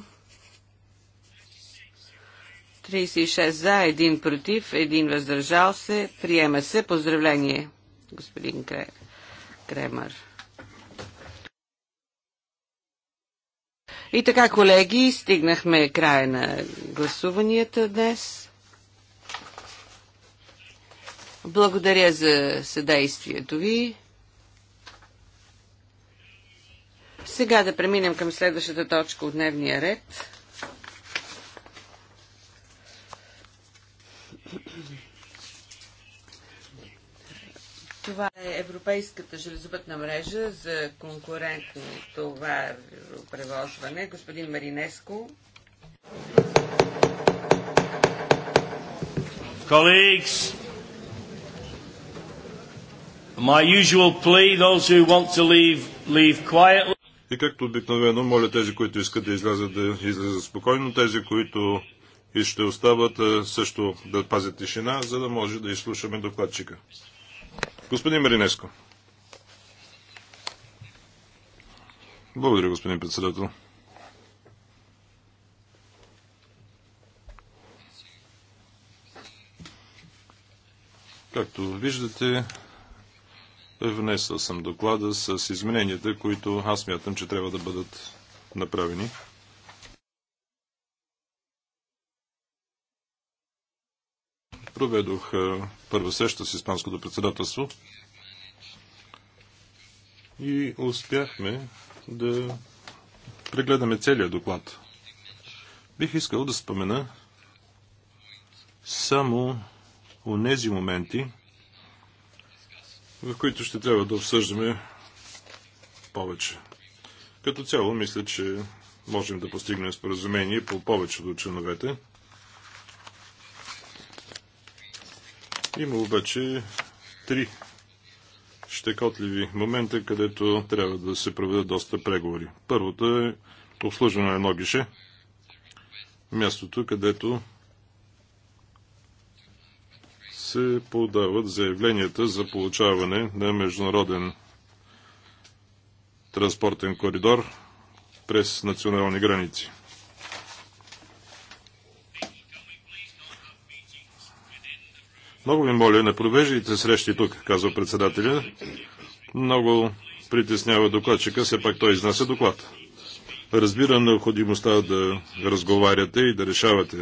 36 за, 1 против, 1 въздържал се. Приема се. Поздравление, господин Кремър. И така, колеги, стигнахме края на гласуванията днес. Благодаря за съдействието ви. Сега да преминем към следващата точка от дневния ред. Това е Европейската железопътна мрежа за конкурентно товаропревозване. Господин Маринеско. Colleagues, my usual plea, those who want to leave, leave quietly. И както обикновено, моля тези, които искат да излязат, да излязат спокойно, тези, които и ще остават е, също да пазят тишина, за да може да изслушаме докладчика. Господин Маринеско. Благодаря, господин председател. Както виждате, Внесъл съм доклада с измененията, които аз мятам, че трябва да бъдат направени. Проведох е, първа среща с Испанското председателство и успяхме да прегледаме целият доклад. Бих искал да спомена само у нези моменти, в които ще трябва да обсъждаме повече. Като цяло, мисля, че можем да постигнем споразумение по повечето от членовете. Има обаче три щекотливи момента, където трябва да се проведат доста преговори. Първото е обслужване на едно гише, мястото, където се подават заявленията за получаване на международен транспортен коридор през национални граници. Много ви моля, не провеждайте срещи тук, казва председателя. Много притеснява докладчика, все пак той изнася доклад. Разбира необходимостта да разговаряте и да решавате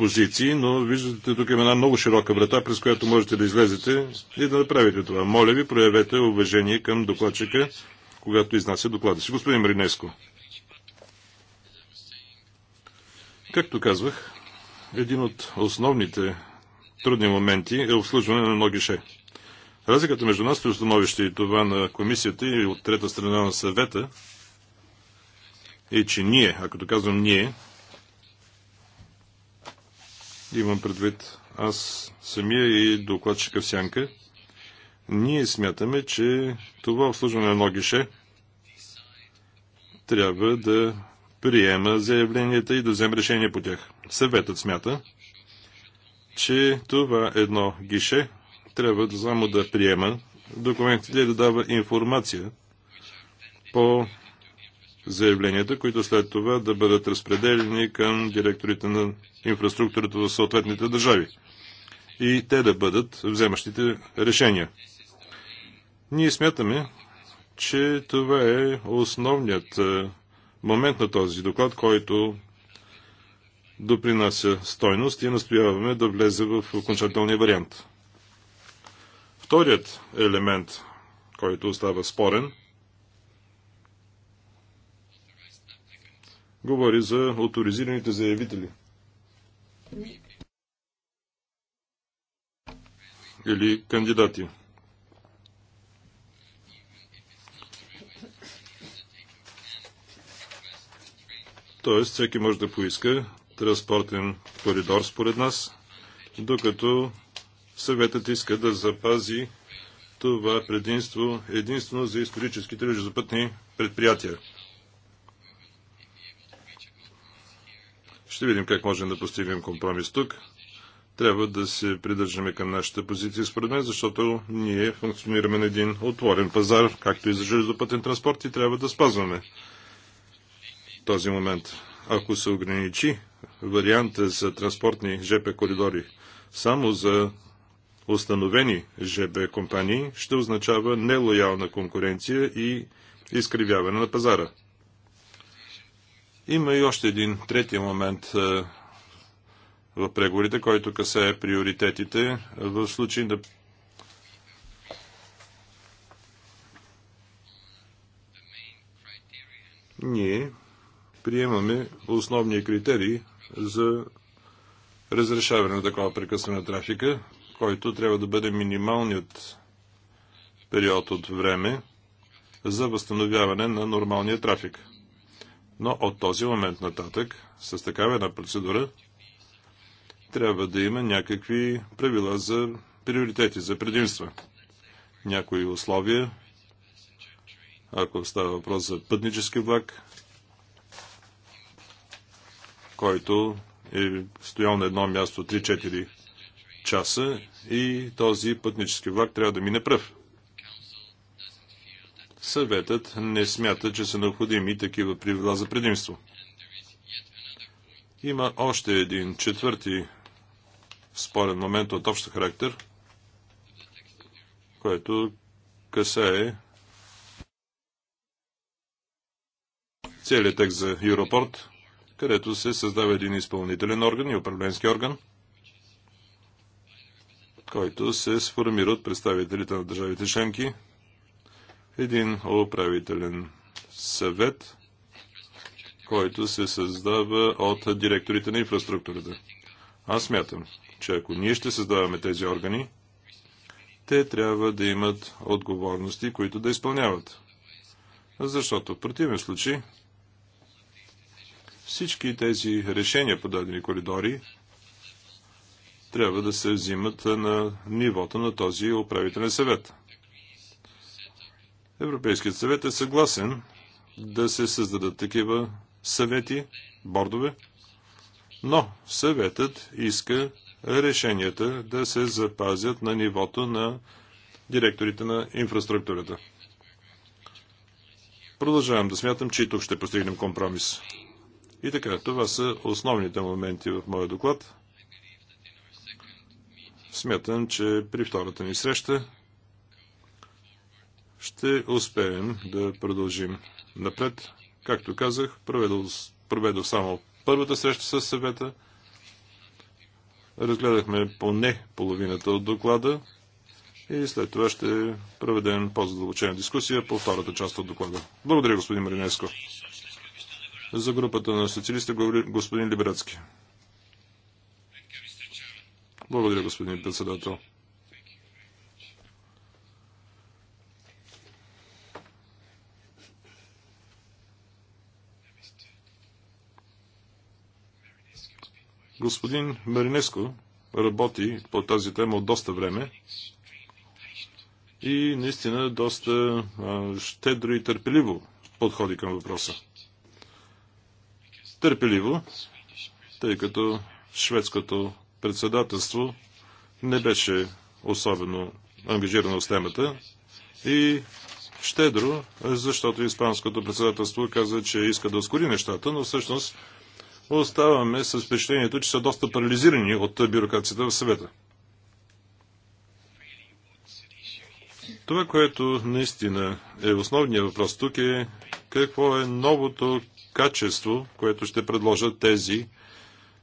позиции, но виждате тук има една много широка врата, през която можете да излезете и да направите това. Моля ви, проявете уважение към докладчика, когато изнася доклада си. Господин Маринеско. Както казвах, един от основните трудни моменти е обслужване на много Разликата между нас и установище и това на комисията и от трета страна на съвета е, че ние, ако казвам ние, Имам предвид аз самия и докладчика в Сянка. Ние смятаме, че това обслужване на едно гише трябва да приема заявленията и да вземе решение по тях. Съветът смята, че това едно гише трябва само да приема документите и да дава информация по заявленията, които след това да бъдат разпределени към директорите на инфраструктурата в съответните държави и те да бъдат вземащите решения. Ние смятаме, че това е основният е, момент на този доклад, който допринася стойност и настояваме да влезе в окончателния вариант. Вторият елемент, който остава спорен, Говори за авторизираните заявители. Или кандидати. Тоест, всеки може да поиска транспортен коридор според нас, докато съветът иска да запази това предимство единствено за историческите железопътни предприятия. Ще видим как можем да постигнем компромис тук. Трябва да се придържаме към нашата позиция, според мен, защото ние функционираме на един отворен пазар, както и за железопътен транспорт и трябва да спазваме този момент. Ако се ограничи варианта за транспортни ЖП коридори само за установени ЖП компании ще означава нелоялна конкуренция и изкривяване на пазара. Има и още един трети момент е, в преговорите, който касае приоритетите в случай да... ние приемаме основния критерий за разрешаване на такова прекъсване на трафика, който трябва да бъде минималният период от време за възстановяване на нормалния трафик. Но от този момент нататък, с такава една процедура, трябва да има някакви правила за приоритети, за предимства. Някои условия, ако става въпрос за пътнически влак, който е стоял на едно място 3-4 часа и този пътнически влак трябва да мине пръв. Съветът не смята, че са необходими такива правила за предимство. Има още един четвърти спорен момент от общ характер, който касае целият текст за Юропорт, където се създава един изпълнителен орган и управленски орган, който се сформира от представителите на държавите членки, един управителен съвет, който се създава от директорите на инфраструктурата. Аз смятам, че ако ние ще създаваме тези органи, те трябва да имат отговорности, които да изпълняват. Защото в противен случай всички тези решения по дадени коридори трябва да се взимат на нивото на този управителен съвет. Европейският съвет е съгласен да се създадат такива съвети, бордове, но съветът иска решенията да се запазят на нивото на директорите на инфраструктурата. Продължавам да смятам, че и тук ще постигнем компромис. И така, това са основните моменти в моя доклад. Смятам, че при втората ни среща ще успеем да продължим напред. Както казах, проведох, само първата среща с съвета. Разгледахме поне половината от доклада и след това ще проведем по-задълбочена дискусия по втората част от доклада. Благодаря, господин Маринеско. За групата на социалиста господин Либерацки. Благодаря, господин председател. Господин Маринеско работи по тази тема от доста време и наистина доста щедро и търпеливо подходи към въпроса. Търпеливо, тъй като шведското председателство не беше особено ангажирано с темата и щедро, защото Испанското председателство каза, че иска да ускори нещата, но всъщност оставаме с впечатлението, че са доста парализирани от бюрокрацията в съвета. Това, което наистина е основният въпрос тук е какво е новото качество, което ще предложат тези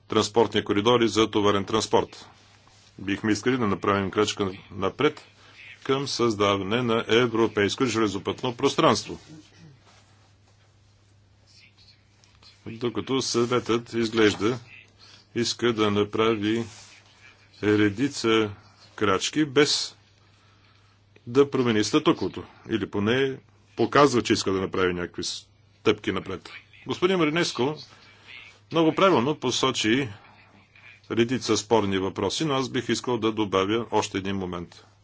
транспортни коридори за товарен транспорт. Бихме искали да направим крачка напред към създаване на европейско железопътно пространство. докато съветът изглежда иска да направи редица крачки без да промени статуквото. Или поне показва, че иска да направи някакви стъпки напред. Господин Маринеско много правилно посочи редица спорни въпроси, но аз бих искал да добавя още един момент –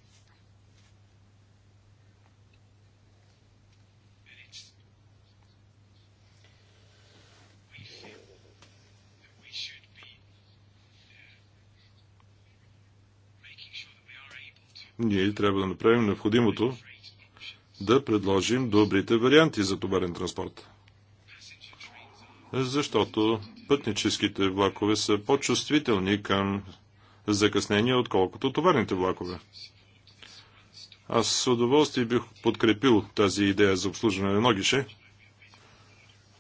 ние трябва да направим необходимото да предложим добрите варианти за товарен транспорт. Защото пътническите влакове са по-чувствителни към закъснения, отколкото товарните влакове. Аз с удоволствие бих подкрепил тази идея за обслужване на ногише,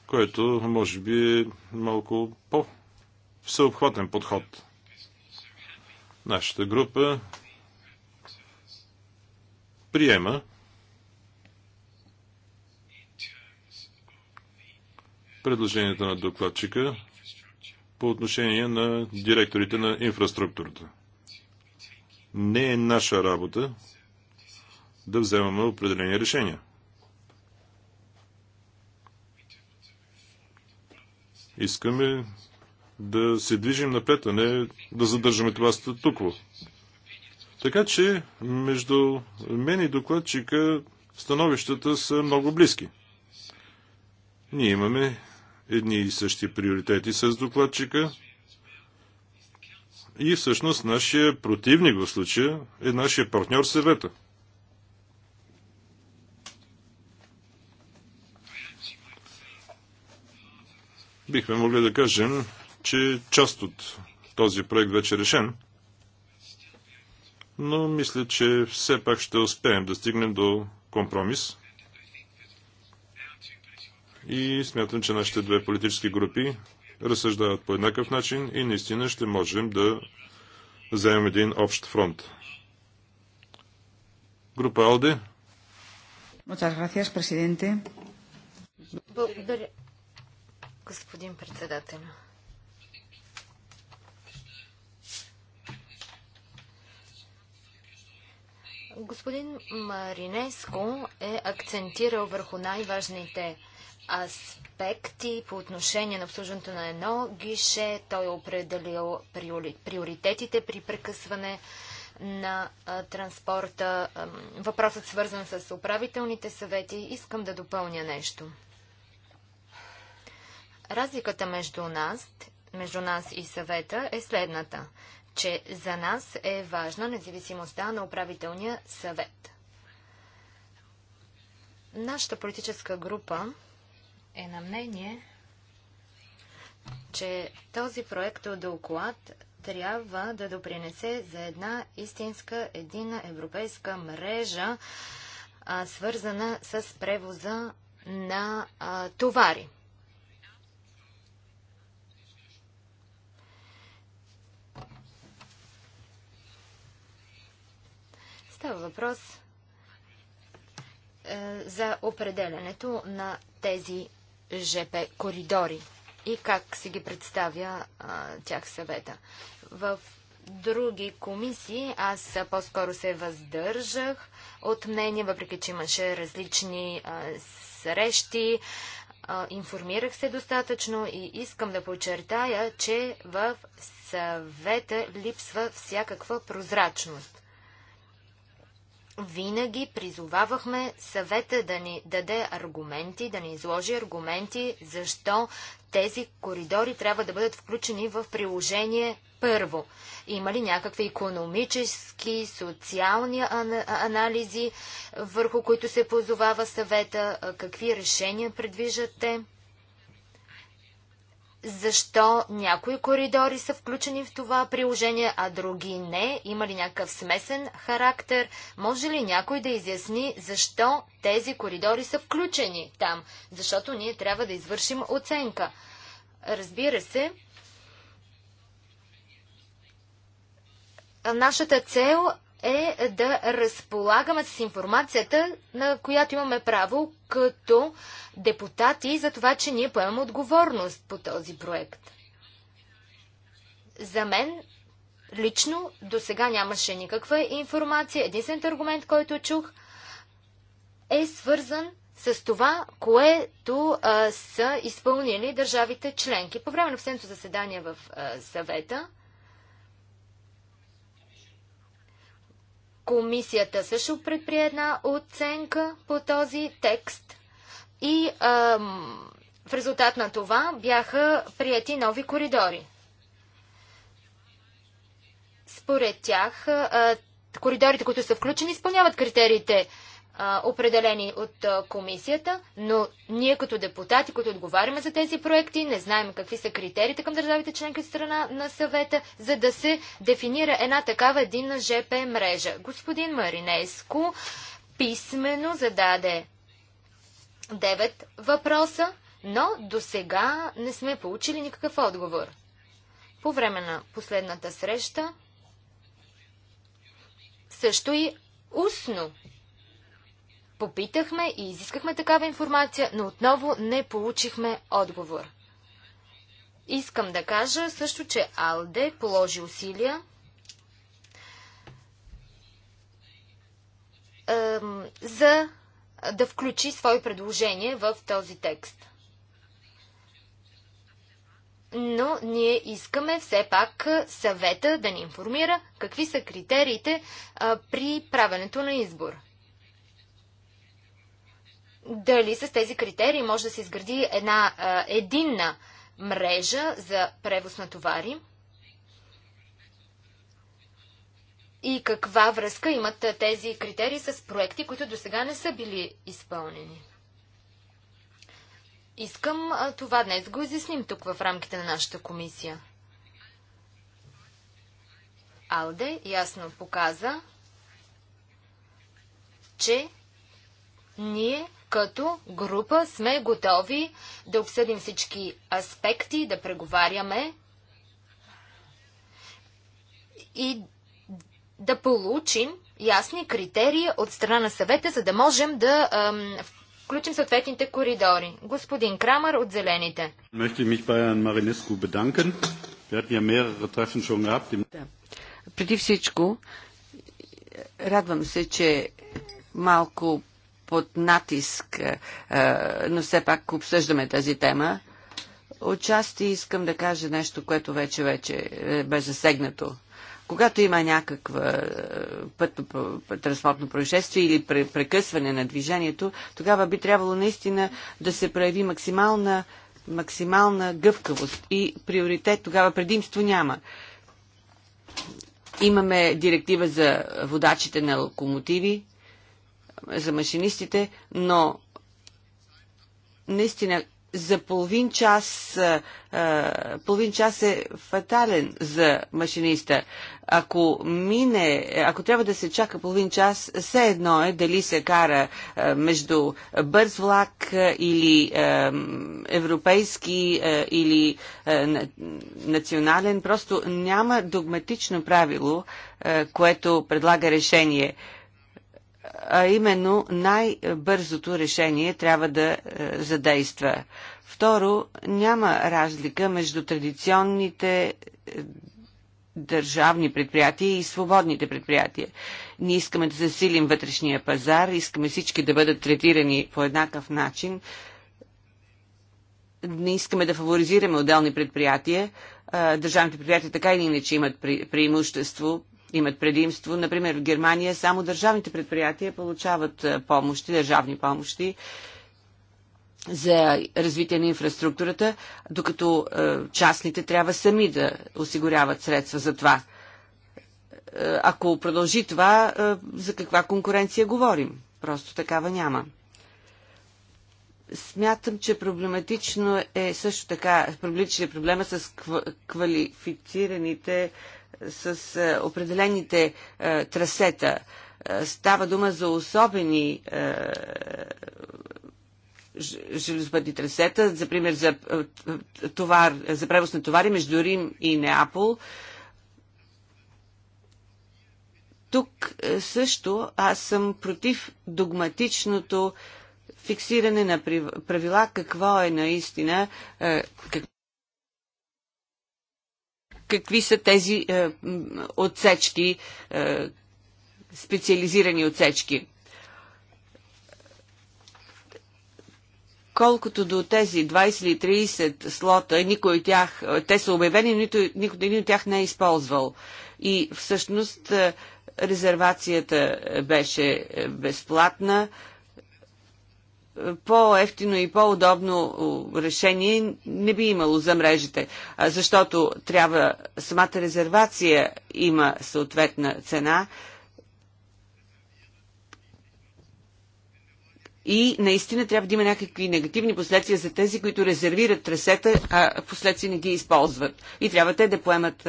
което може би е малко по-всеобхватен подход. Нашата група приема предложението на докладчика по отношение на директорите на инфраструктурата. Не е наша работа да вземаме определени решения. Искаме да се движим напред, а не да задържаме това статукво. Така че между мен и докладчика становищата са много близки. Ние имаме едни и същи приоритети с докладчика и всъщност нашия противник в случая е нашия партньор съвета. Бихме могли да кажем, че част от този проект вече е решен – но мисля, че все пак ще успеем да стигнем до компромис. И смятам, че нашите две политически групи разсъждават по еднакъв начин и наистина ще можем да вземем един общ фронт. Група Алде. Благодаря, господин председател. Господин Маринеско е акцентирал върху най-важните аспекти по отношение на обслужването на едно гише. Той е определил приоритетите при прекъсване на транспорта. Въпросът свързан с управителните съвети. Искам да допълня нещо. Разликата между нас, между нас и съвета е следната че за нас е важна независимостта на управителния съвет. Нашата политическа група е на мнение, че този проект от доклад трябва да допринесе за една истинска едина европейска мрежа, свързана с превоза на товари. Става въпрос е, за определянето на тези ЖП коридори и как си ги представя е, тях съвета. В други комисии аз по-скоро се въздържах от мнение, въпреки че имаше различни е, срещи. Е, информирах се достатъчно и искам да подчертая, че в съвета липсва всякаква прозрачност винаги призовавахме съвета да ни даде аргументи, да ни изложи аргументи, защо тези коридори трябва да бъдат включени в приложение първо. Има ли някакви економически, социални анализи, върху които се позовава съвета, какви решения предвиждате? защо някои коридори са включени в това приложение, а други не? Има ли някакъв смесен характер? Може ли някой да изясни защо тези коридори са включени там? Защото ние трябва да извършим оценка. Разбира се, нашата цел е да разполагаме с информацията, на която имаме право като депутати за това, че ние поемаме отговорност по този проект. За мен лично до сега нямаше никаква информация. Единственият аргумент, който чух, е свързан с това, което а, са изпълнили държавите членки. По време на последното заседание в а, съвета, Комисията също предприе една оценка по този текст и ам, в резултат на това бяха прияти нови коридори. Според тях, а, коридорите, които са включени, изпълняват критериите а, определени от а, комисията, но ние като депутати, които отговаряме за тези проекти, не знаем какви са критериите към държавите членки от страна на съвета, за да се дефинира една такава единна ЖП мрежа. Господин Маринеско писменно зададе 9 въпроса, но до сега не сме получили никакъв отговор. По време на последната среща също и устно Попитахме и изискахме такава информация, но отново не получихме отговор. Искам да кажа също, че Алде положи усилия за да включи свое предложение в този текст. Но ние искаме все пак съвета да ни информира какви са критериите при правенето на избор дали с тези критерии може да се изгради една единна мрежа за превоз на товари и каква връзка имат тези критерии с проекти, които до сега не са били изпълнени. Искам това днес го изясним тук в рамките на нашата комисия. Алде ясно показа, че ние като група сме готови да обсъдим всички аспекти, да преговаряме и да получим ясни критерии от страна на съвета, за да можем да ам, включим съответните коридори. Господин Крамър от Зелените. Преди всичко, радвам се, че малко под натиск, е, е, но все пак обсъждаме тази тема. Отчасти искам да кажа нещо, което вече, вече е, бе засегнато. Когато има някаква път, път, транспортно происшествие или прекъсване на движението, тогава би трябвало наистина да се прояви максимална, максимална гъвкавост и приоритет тогава предимство няма. Имаме директива за водачите на локомотиви, за машинистите, но наистина за половин час, половин час е фатален за машиниста. Ако мине, ако трябва да се чака половин час, все едно е дали се кара между бърз влак или европейски или национален. Просто няма догматично правило, което предлага решение а именно най-бързото решение трябва да е, задейства. Второ, няма разлика между традиционните е, държавни предприятия и свободните предприятия. Ние искаме да засилим вътрешния пазар, искаме всички да бъдат третирани по еднакъв начин. Не искаме да фаворизираме отделни предприятия. Е, държавните предприятия така или иначе имат преимущество имат предимство. Например, в Германия само държавните предприятия получават е, помощи, държавни помощи за развитие на инфраструктурата, докато е, частните трябва сами да осигуряват средства за това. Е, ако продължи това, за каква конкуренция говорим? Просто такава няма. Смятам, че проблематично е също така, проблематичен е проблема с квалифицираните с е, определените е, трасета. Е, става дума за особени железопътни трасета, за пример за, товар, за превоз на товари между Рим и Неапол. Тук също аз съм против догматичното фиксиране на правила, какво е наистина, какво какви са тези е, отсечки, е, специализирани отсечки. Колкото до тези 20 или 30 слота, никой от тях, е, те са обявени, нито никой един от тях не е използвал. И всъщност е, резервацията беше е, безплатна. Е, по-ефтино и по-удобно решение не би имало за мрежите, защото трябва самата резервация има съответна цена и наистина трябва да има някакви негативни последствия за тези, които резервират трасета, а последствия не ги използват. И трябва те да поемат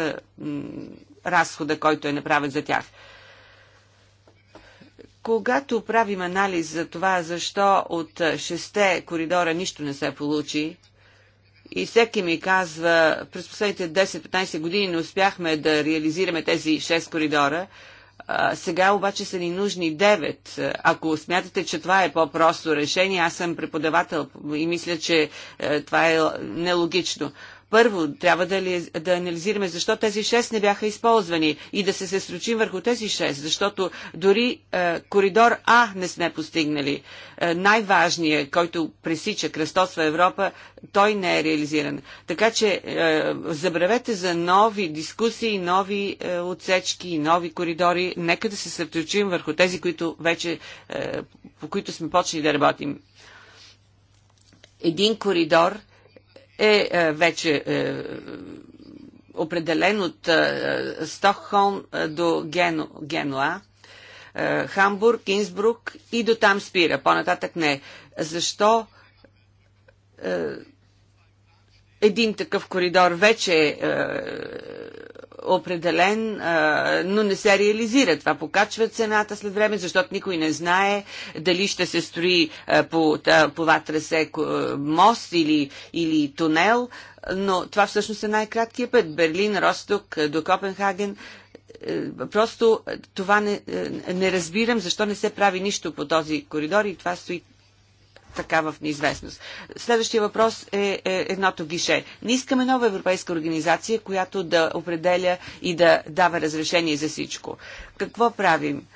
разхода, който е направен за тях. Когато правим анализ за това, защо от шесте коридора нищо не се получи, и всеки ми казва, през последните 10-15 години не успяхме да реализираме тези 6 коридора, а, сега обаче са ни нужни 9. Ако смятате, че това е по-просто решение, аз съм преподавател и мисля, че а, е, това е нелогично. Първо, трябва да, ли, да анализираме защо тези 6 не бяха използвани и да се съсрочим върху тези 6, защото дори е, коридор А не сме постигнали. Е, най-важният, който пресича, кръстосва Европа, той не е реализиран. Така че е, забравете за нови дискусии, нови е, отсечки, нови коридори. Нека да се съсредоточим върху тези, които вече, е, по които сме почнали да работим. Един коридор – е, е вече е, определен от е, Стокхолм до Гену, Генуа, Хамбург, Инсбрук и до там спира. По-нататък не. Защо един такъв коридор вече е определен, но не се реализира. Това покачва цената след време, защото никой не знае дали ще се строи по това трасе мост или, или тунел, но това всъщност е най-краткият път. Берлин, Росток до Копенхаген. Е, просто това не, е, не разбирам, защо не се прави нищо по този коридор и това стои така в неизвестност. Следващия въпрос е, е едното гише. Не искаме нова европейска организация, която да определя и да дава разрешение за всичко. Какво правим?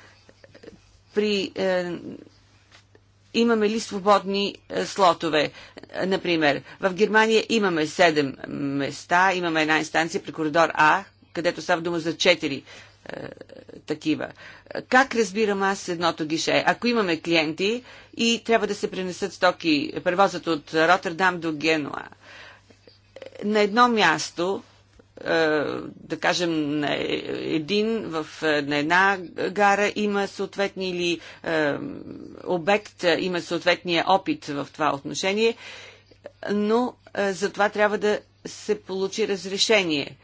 При е, имаме ли свободни е, слотове. Е, например, в Германия имаме 7 места, имаме една инстанция при коридор А, където става дума за 4 е, такива. Как разбирам аз едното гише? Ако имаме клиенти и трябва да се пренесат стоки, превозът от Роттердам до Генуа, на едно място, е, да кажем, на един, в, на една гара има съответни или е, обект, има съответния опит в това отношение, но за това трябва да се получи разрешение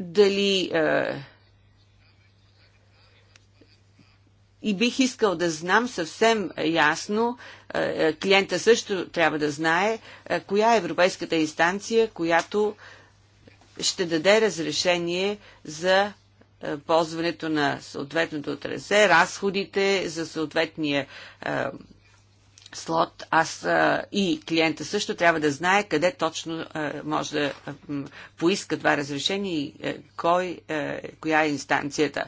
дали е, и бих искал да знам съвсем ясно, е, е, клиента също трябва да знае, е, коя е европейската инстанция, която ще даде разрешение за е, ползването на съответното трасе, разходите за съответния е, слот, аз а, и клиента също трябва да знае къде точно а, може да а, поиска това разрешение и а, кой, а, коя е инстанцията.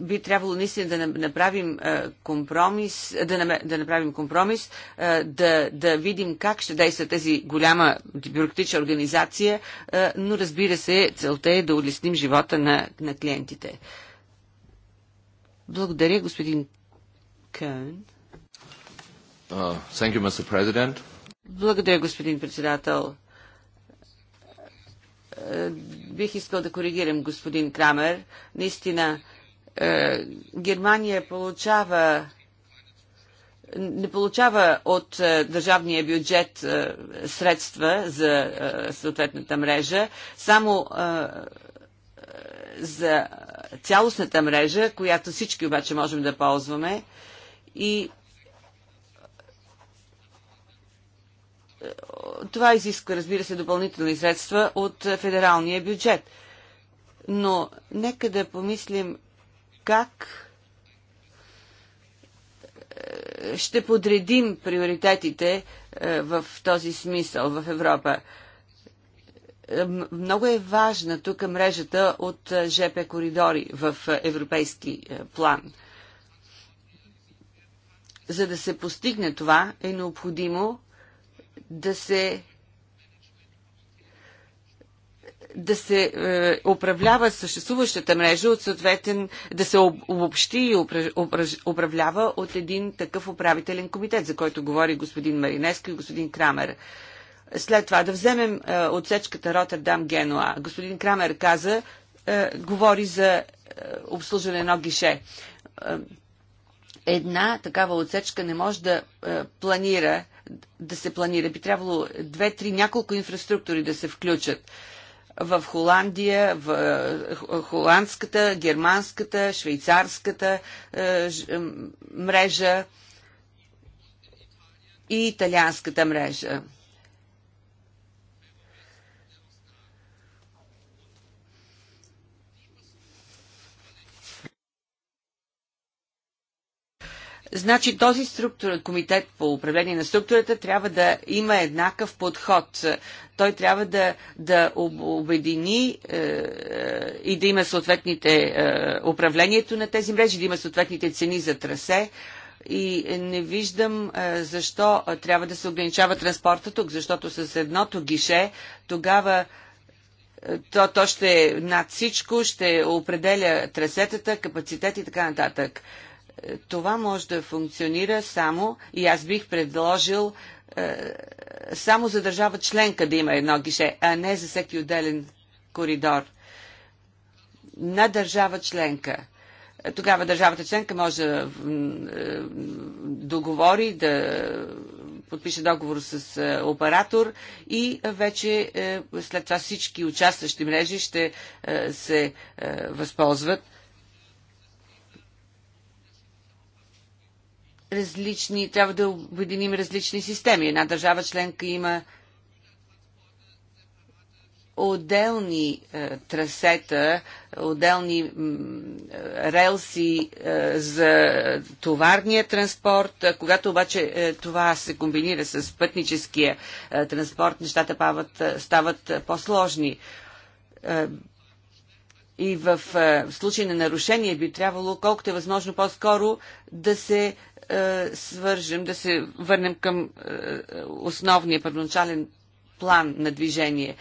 Би трябвало наистина да направим а, компромис, да, да направим компромис, а, да, да видим как ще действа тази голяма бюрократична организация, а, но разбира се, целта е да улесним живота на, на клиентите. Благодаря, господин Кън. Uh, you, Благодаря, господин председател. Е, бих искал да коригирам господин Крамер. Наистина, е, Германия получава не получава от е, държавния бюджет средства за съответната мрежа, само за цялостната мрежа, която всички обаче можем да ползваме. И това изисква, разбира се, допълнителни средства от е, федералния бюджет. Но нека да помислим как е, ще подредим приоритетите е, в този смисъл в Европа. Много е важна тук мрежата от ЖП коридори в европейски план. За да се постигне това е необходимо да се да се е, управлява съществуващата мрежа от съответен, да се обобщи и управлява от един такъв управителен комитет, за който говори господин Маринеско и господин Крамер. След това да вземем е, отсечката Ротердам генуа Господин Крамер каза, е, говори за е, обслужване на гише. Е, една такава отсечка не може да е, планира, да се планира. Би трябвало две, три, няколко инфраструктури да се включат. В Холандия, в е, холандската, германската, швейцарската е, мрежа и италианската мрежа. Значи този структура, комитет по управление на структурата трябва да има еднакъв подход. Той трябва да, да обедини е, е, и да има съответните е, управлението на тези мрежи, да има съответните цени за трасе. И не виждам е, защо трябва да се ограничава транспорта тук, защото с едното гише тогава е, то, то ще е над всичко, ще определя трасетата, капацитет и така нататък това може да функционира само, и аз бих предложил е, само за държава членка да има едно гише, а не за всеки отделен коридор на държава членка. Тогава държавата членка може да е, договори, да подпише договор с е, оператор и вече след това всички участващи мрежи ще се възползват различни, трябва да обединим различни системи. Една държава членка има отделни е, трасета, отделни е, релси е, за товарния транспорт. Когато обаче е, това се комбинира с пътническия е, транспорт, нещата пават, е, стават е, по-сложни. Е, и в, е, случай на нарушение би трябвало колкото е възможно по-скоро да се е, свържем, да се върнем към е, основния първоначален план на движение.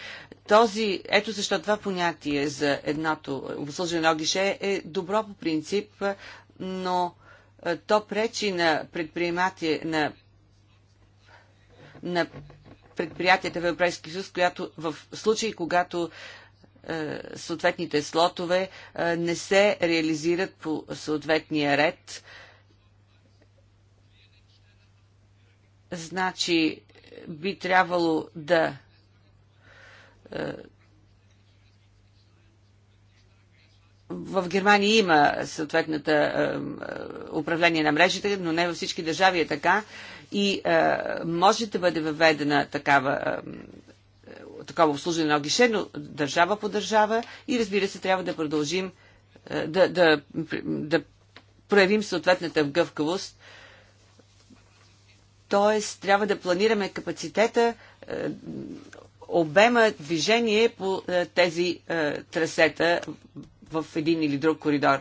Този, ето защо това понятие за едното обслужване на Огише е добро по принцип, е, но то пречи на предприематие, на, на предприятията в Европейския съюз, която в случай, когато е, съответните слотове е, не се реализират по съответния ред, е, Значи би трябвало да е, в Германия има съответната е, е, управление на мрежите, но не във всички държави е така. И може да бъде въведена такава, такова обслужване на огише, но държава по държава и разбира се, трябва да продължим да, да, да проявим съответната гъвкавост, Тоест, трябва да планираме капацитета, е, обема движение по е, тези е, трасета в един или друг коридор.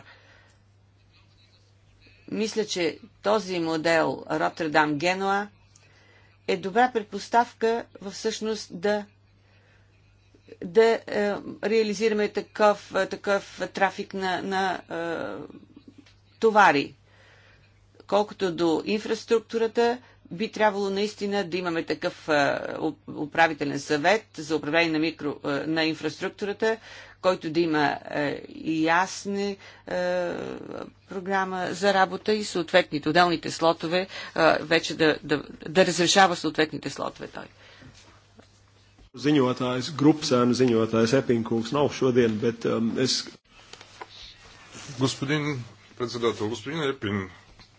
Мисля, че този модел Роттердам-Генуа е добра предпоставка всъщност да да е, реализираме такъв, такъв трафик на, на е, товари. Колкото до инфраструктурата, би трябвало наистина да имаме такъв управителен съвет за управление на, микро, на инфраструктурата, който да има и ясни програма за работа и съответните отделните слотове, вече да, да, да разрешава съответните слотове той. Ziņotājs, grupsēnu ziņotājs nav šodien, bet um, es. Господин председател, господин Епин,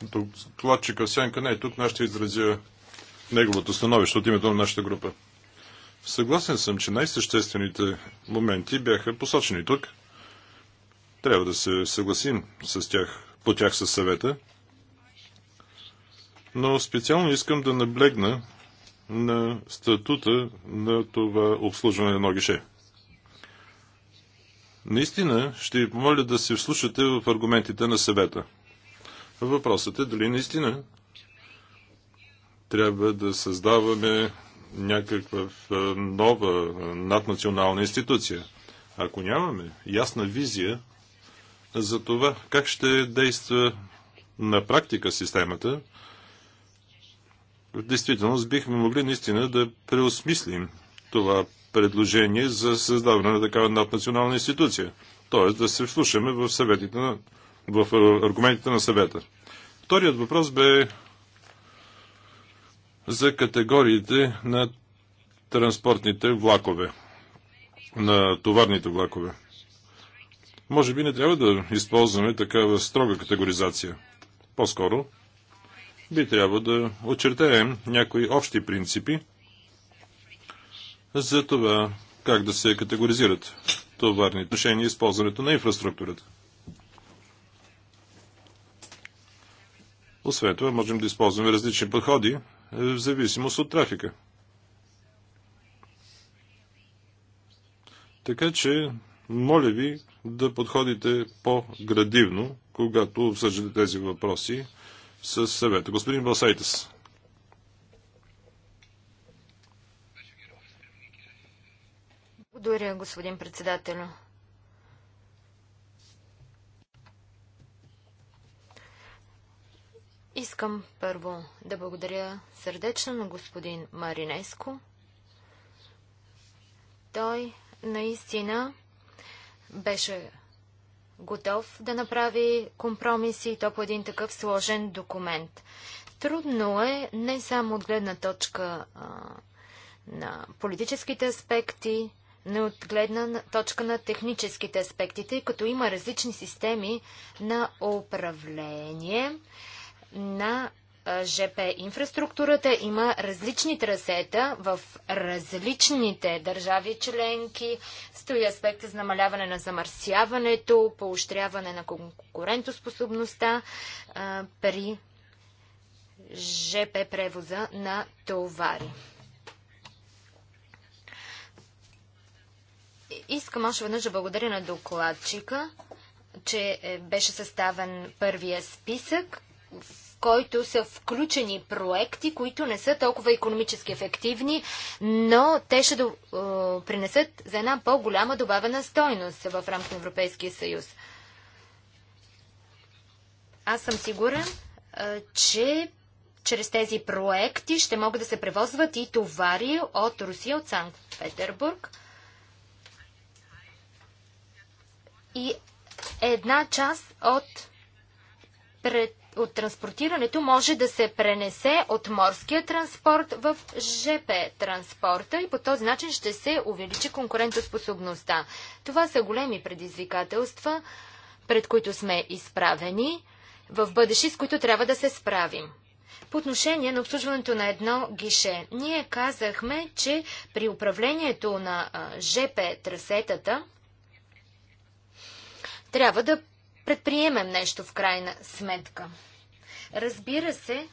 докладчика Сянка не е тук, но аз ще изразя неговото становище от името на нашата група. Съгласен съм, че най-съществените моменти бяха посочени тук. Трябва да се съгласим с тях, по тях със съвета. Но специално искам да наблегна на статута на това обслужване на гише. Наистина ще ви помоля да се вслушате в аргументите на съвета – Въпросът е дали наистина трябва да създаваме някаква нова наднационална институция. Ако нямаме ясна визия за това как ще действа на практика системата, в действителност бихме могли наистина да преосмислим това предложение за създаване на такава наднационална институция. Тоест да се вслушаме в съветите на в е, аргументите на съвета. Вторият въпрос бе за категориите на транспортните влакове, на товарните влакове. Може би не трябва да използваме такава строга категоризация. По-скоро би трябва да очертаем някои общи принципи за това как да се категоризират товарни отношения и използването на инфраструктурата. Освен това, можем да използваме различни подходи е, в зависимост от трафика. Така че, моля ви да подходите по-градивно, когато обсъждате тези въпроси с съвета. Господин Балсайтес. Благодаря, господин председател. Искам първо да благодаря сърдечно на господин Маринеско. Той наистина беше готов да направи компромиси и то по един такъв сложен документ. Трудно е не само от гледна точка а, на политическите аспекти, но от гледна точка на техническите аспекти, тъй като има различни системи на управление на ЖП инфраструктурата има различни трасета в различните държави членки. Стои аспекта за намаляване на замърсяването, поощряване на конкурентоспособността а, при ЖП превоза на товари. Искам още веднъж да благодаря на докладчика, че е, беше съставен първия списък в който са включени проекти, които не са толкова економически ефективни, но те ще до, е, принесат за една по-голяма добавена стойност в рамките на Европейския съюз. Аз съм сигурен, е, че чрез тези проекти ще могат да се превозват и товари от Русия, от Санкт-Петербург. И една част от от транспортирането може да се пренесе от морския транспорт в ЖП транспорта и по този начин ще се увеличи конкурентоспособността. Това са големи предизвикателства, пред които сме изправени в бъдеще, с които трябва да се справим. По отношение на обслужването на едно гише, ние казахме, че при управлението на ЖП трасетата трябва да предприемем нещо в крайна сметка. Разбира се,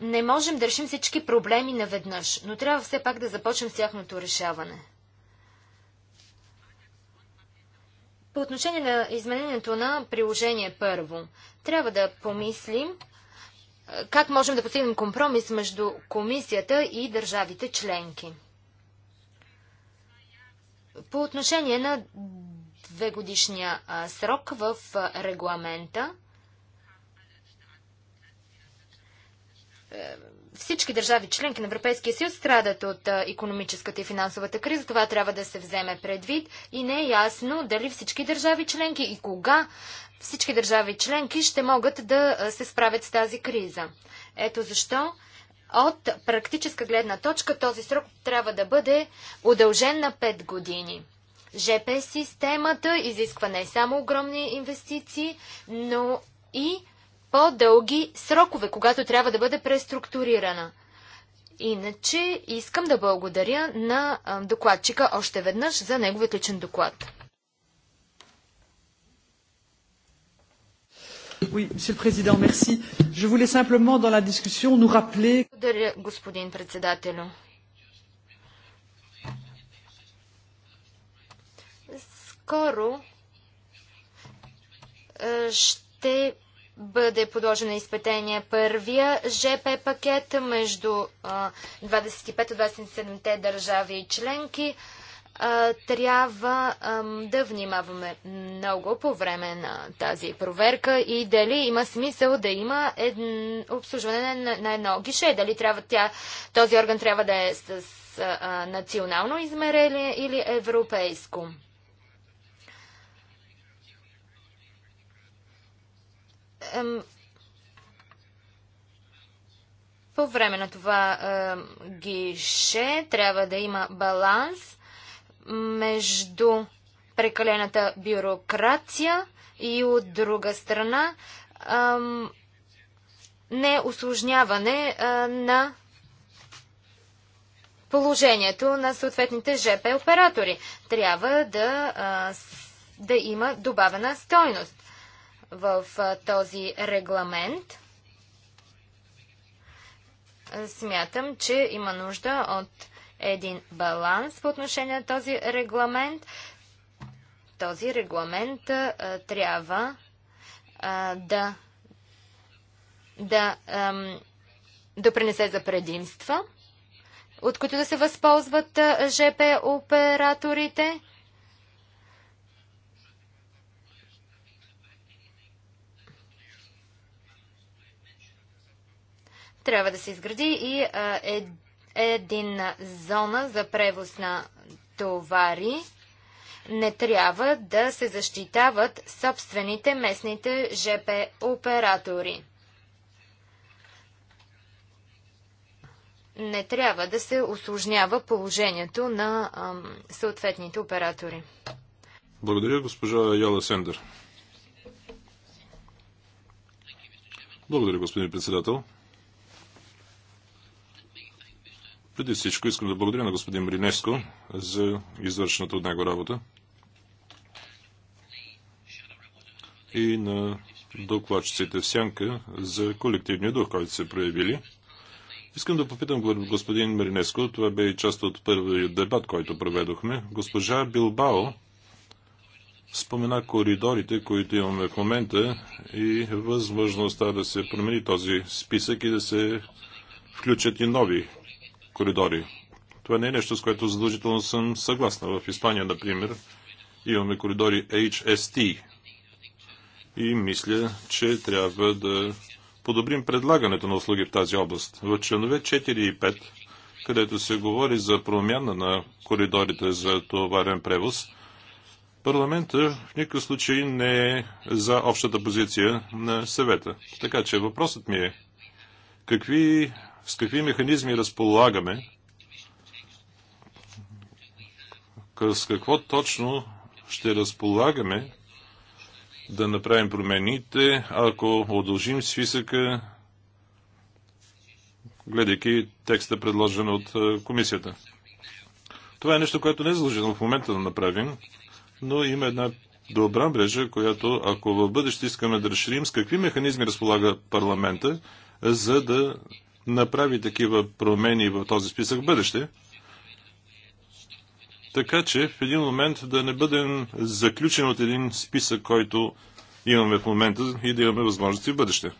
не можем да решим всички проблеми наведнъж, но трябва все пак да започнем с тяхното решаване. По отношение на изменението на приложение първо, трябва да помислим е, как можем да постигнем компромис между комисията и държавите членки. По отношение на годишния срок в регламента. Е, всички държави членки на Европейския съюз страдат от економическата и финансовата криза. Това трябва да се вземе предвид и не е ясно дали всички държави членки и кога всички държави членки ще могат да се справят с тази криза. Ето защо от практическа гледна точка този срок трябва да бъде удължен на 5 години. ЖП системата изисква не само огромни инвестиции, но и по-дълги срокове, когато трябва да бъде преструктурирана. Иначе искам да благодаря на докладчика още веднъж за неговият личен доклад. Oui, Monsieur le Président, merci. Je voulais simplement, dans la discussion, nous rappeler... Благодаря, господин председателю. скоро е, ще бъде подложен на изпитание първия ЖП пакет между 25-27-те е, държави и членки. Е, трябва да внимаваме много по време на тази проверка и дали има смисъл да има обслужване на едно гише. Дали трябва тя, този орган трябва да е с национално измерение или европейско. по време на това е, гише трябва да има баланс между прекалената бюрокрация и от друга страна не осложняване е, на положението на съответните ЖП оператори. Трябва да, е, да има добавена стойност в този регламент. Смятам, че има нужда от един баланс по отношение на този регламент. Този регламент трябва да, да, допринесе принесе за предимства, от които да се възползват ЖП операторите. Трябва да се изгради и е, един единна зона за превоз на товари. Не трябва да се защитават собствените местните ЖП оператори. не трябва да се осложнява положението на съответните оператори. Благодаря, госпожа Яла Сендер. Благодаря, господин председател. Преди всичко искам да благодаря на господин Маринеско за извършената от него работа и на докладчиците в сянка за колективния дух, който се проявили. Искам да попитам господин Маринеско, това бе и част от първия дебат, който проведохме. Госпожа Билбао спомена коридорите, които имаме в момента и възможността да се промени този списък и да се включат и нови коридори. Това не е нещо, с което задължително съм съгласна. В Испания, например, имаме коридори HST и мисля, че трябва да подобрим предлагането на услуги в тази област. В членове 4 и 5, където се говори за промяна на коридорите за товарен превоз, парламента в никакъв случай не е за общата позиция на съвета. Така че въпросът ми е какви с какви механизми разполагаме, с какво точно ще разполагаме да направим промените, ако удължим списъка, гледайки текста предложен от е, комисията. Това е нещо, което не е заложено в момента да направим, но има една добра мрежа, която ако в бъдеще искаме да разширим, с какви механизми разполага парламента, за да направи такива промени в този списък в бъдеще, така че в един момент да не бъдем заключен от един списък, който имаме в момента и да имаме възможности в бъдеще.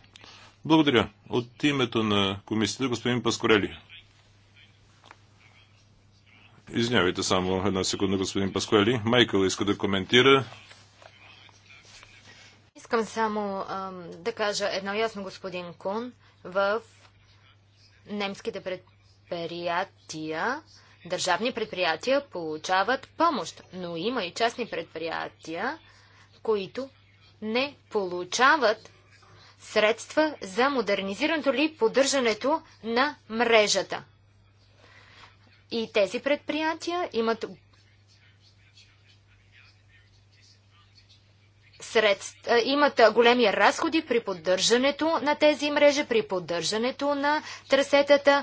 Благодаря. От името на комисията господин Паскорели. Извинявайте само една секунда, господин Паскорели. Майкъл иска да коментира. Искам само ам, да кажа едно ясно, господин Кун. В немските предприятия, държавни предприятия получават помощ, но има и частни предприятия, които не получават средства за модернизирането ли поддържането на мрежата. И тези предприятия имат средств, имат големи разходи при поддържането на тези мрежи, при поддържането на трасетата.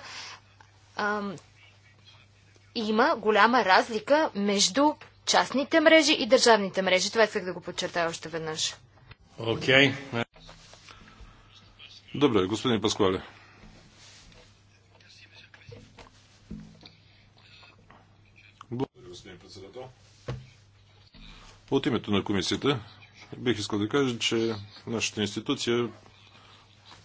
Има голяма разлика между частните мрежи и държавните мрежи. Това исках да го подчертая още веднъж. Окей. Okay. Добре, господин Паскуале. Благодаря, господин председател. От името на комисията бих искал да кажа, че нашата институция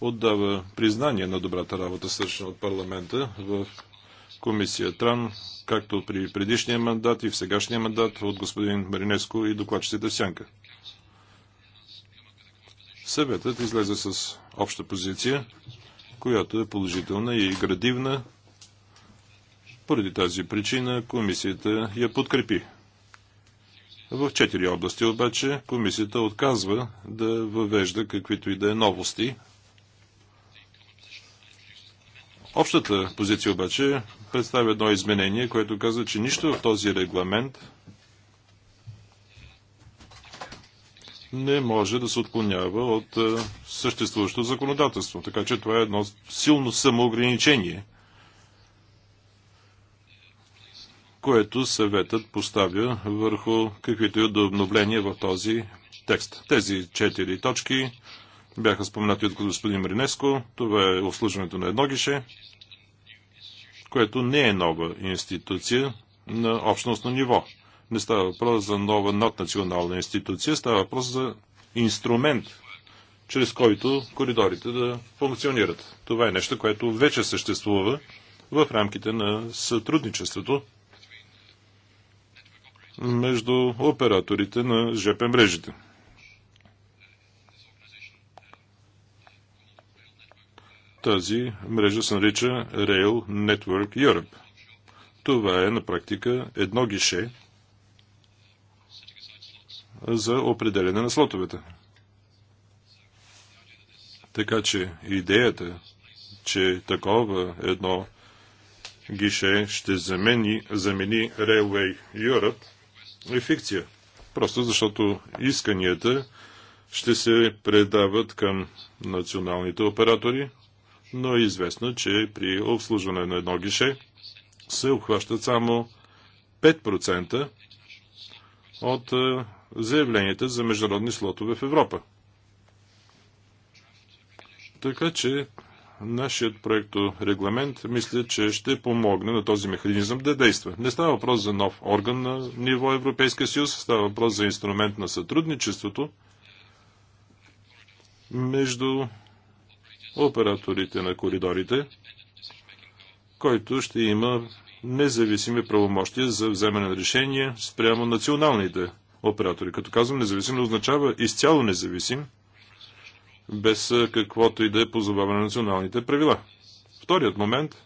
отдава признание на добрата работа, свършена от парламента в комисия Тран, както при предишния мандат и в сегашния мандат от господин Маринеско и докладчиците в Сянка. Съветът излезе с обща позиция, която е положителна и градивна. Поради тази причина комисията я подкрепи. В четири области обаче комисията отказва да въвежда каквито и да е новости. Общата позиция обаче представя едно изменение, което казва, че нищо в този регламент не може да се отклонява от съществуващото законодателство. Така че това е едно силно самоограничение – което съветът поставя върху каквито и е обновления в този текст. Тези четири точки бяха споменати от господин Маринеско. Това е обслужването на едно гише, което не е нова институция на общностно ниво. Не става въпрос за нова наднационална институция, става въпрос за инструмент, чрез който коридорите да функционират. Това е нещо, което вече съществува в рамките на сътрудничеството между операторите на ЖП мрежите. Тази мрежа се нарича Rail Network Europe. Това е на практика едно гише за определене на слотовете. Така че идеята, че такова едно гише ще замени, замени Railway Europe, е фикция. Просто защото исканията ще се предават към националните оператори, но е известно, че при обслужване на едно гише се обхващат само 5% от е, заявленията за международни слотове в Европа. Така че нашият проекто регламент мисля, че ще помогне на този механизъм да действа. Не става въпрос за нов орган на ниво Европейския съюз, става въпрос за инструмент на сътрудничеството между операторите на коридорите, който ще има независими правомощия за вземане на решения спрямо националните оператори. Като казвам независим, означава изцяло независим – без каквото и да е позоваване на националните правила. Вторият момент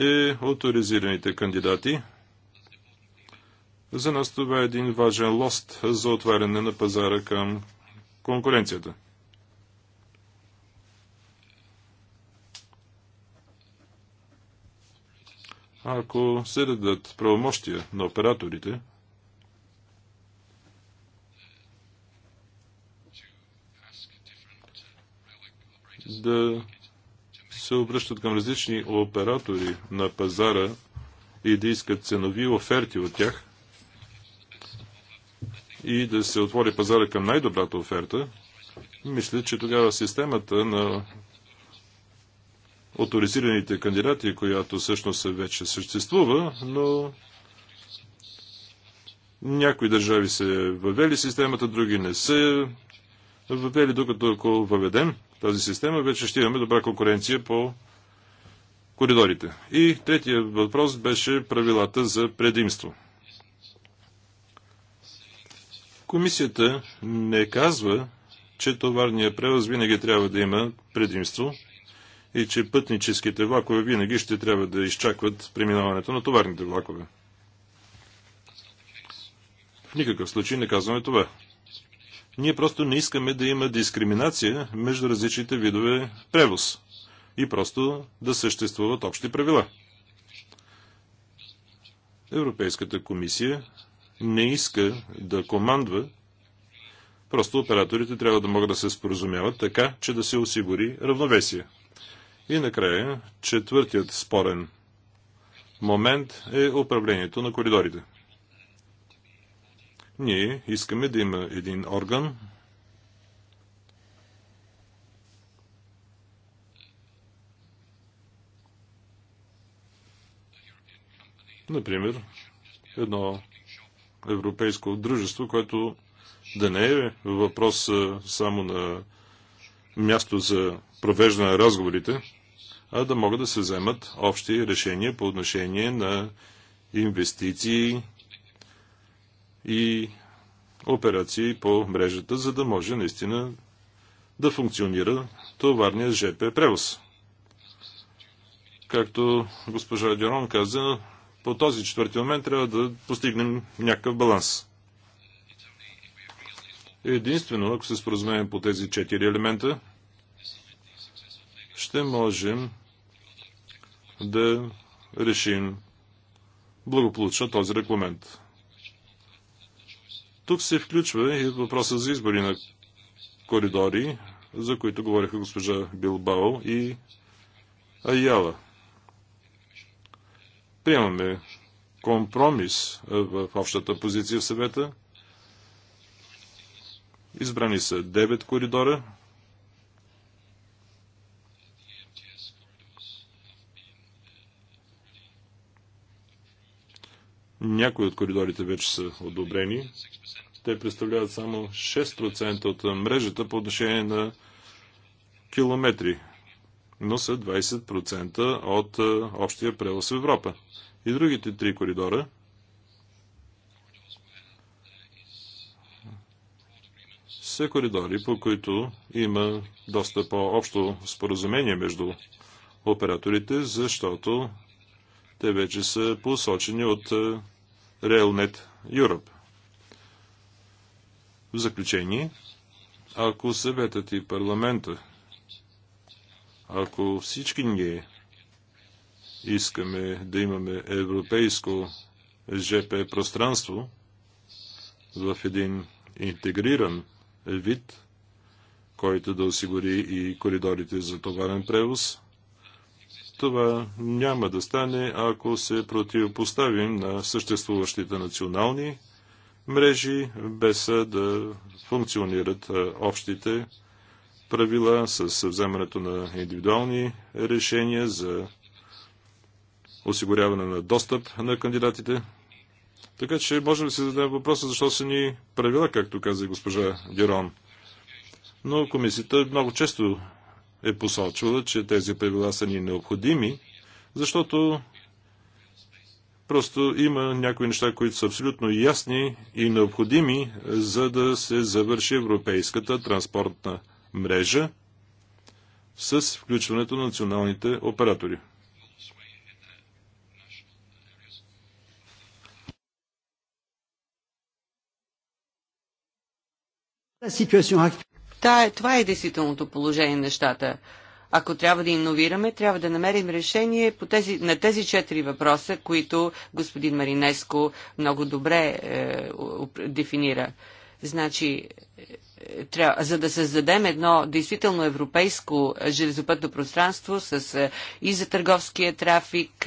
е авторизираните кандидати. За нас това е един важен лост за отваряне на пазара към конкуренцията. Ако се дадат правомощия на операторите, да се обръщат към различни оператори на пазара и да искат ценови оферти от тях и да се отвори пазара към най-добрата оферта, мисля, че тогава системата на авторизираните кандидати, която всъщност е вече съществува, но някои държави са е въвели системата, други не са е въвели, докато ако въведем тази система, вече ще имаме добра конкуренция по коридорите. И третия въпрос беше правилата за предимство. Комисията не казва, че товарния превоз винаги трябва да има предимство и че пътническите влакове винаги ще трябва да изчакват преминаването на товарните влакове. В никакъв случай не казваме това. Ние просто не искаме да има дискриминация между различните видове превоз и просто да съществуват общи правила. Европейската комисия не иска да командва, просто операторите трябва да могат да се споразумяват така, че да се осигури равновесие. И накрая, четвъртият спорен момент е управлението на коридорите. Ние искаме да има един орган, Например, едно европейско дружество, което да не е въпрос само на място за провеждане на разговорите, а да могат да се вземат общи решения по отношение на инвестиции, и операции по мрежата, за да може наистина да функционира товарния ЖП превоз. Както госпожа Дюрон каза, по този четвърти момент трябва да постигнем някакъв баланс. Единствено, ако се споразумеем по тези четири елемента, ще можем да решим благополучно този регламент. Тук се включва и въпроса за избори на коридори, за които говориха госпожа Билбао и Аяла. Приемаме компромис в общата позиция в съвета. Избрани са 9 коридора, Някои от коридорите вече са одобрени. Те представляват само 6% от мрежата по отношение на километри, но са 20% от е, общия превоз в Европа. И другите три коридора са коридори, по които има доста по-общо споразумение между операторите, защото те вече са посочени от е, RealNet Europe. В заключение, ако съветът и парламента, ако всички ние искаме да имаме европейско ЖП пространство в един интегриран вид, който да осигури и коридорите за товарен превоз, това няма да стане, ако се противопоставим на съществуващите национални мрежи, без да функционират общите правила с вземането на индивидуални решения за осигуряване на достъп на кандидатите. Така че можем да си зададем въпроса, защо са ни правила, както каза госпожа Герон. Но комисията много често е посочвала, че тези правила са ни необходими, защото просто има някои неща, които са абсолютно ясни и необходими, за да се завърши европейската транспортна мрежа с включването на националните оператори. Та, е, това е действителното положение на нещата. Ако трябва да иновираме, трябва да намерим решение по тези, на тези четири въпроса, които господин Маринеско много добре е, дефинира. Значи, е, трябва, за да създадем едно действително европейско железопътно пространство с, е, и за търговския трафик,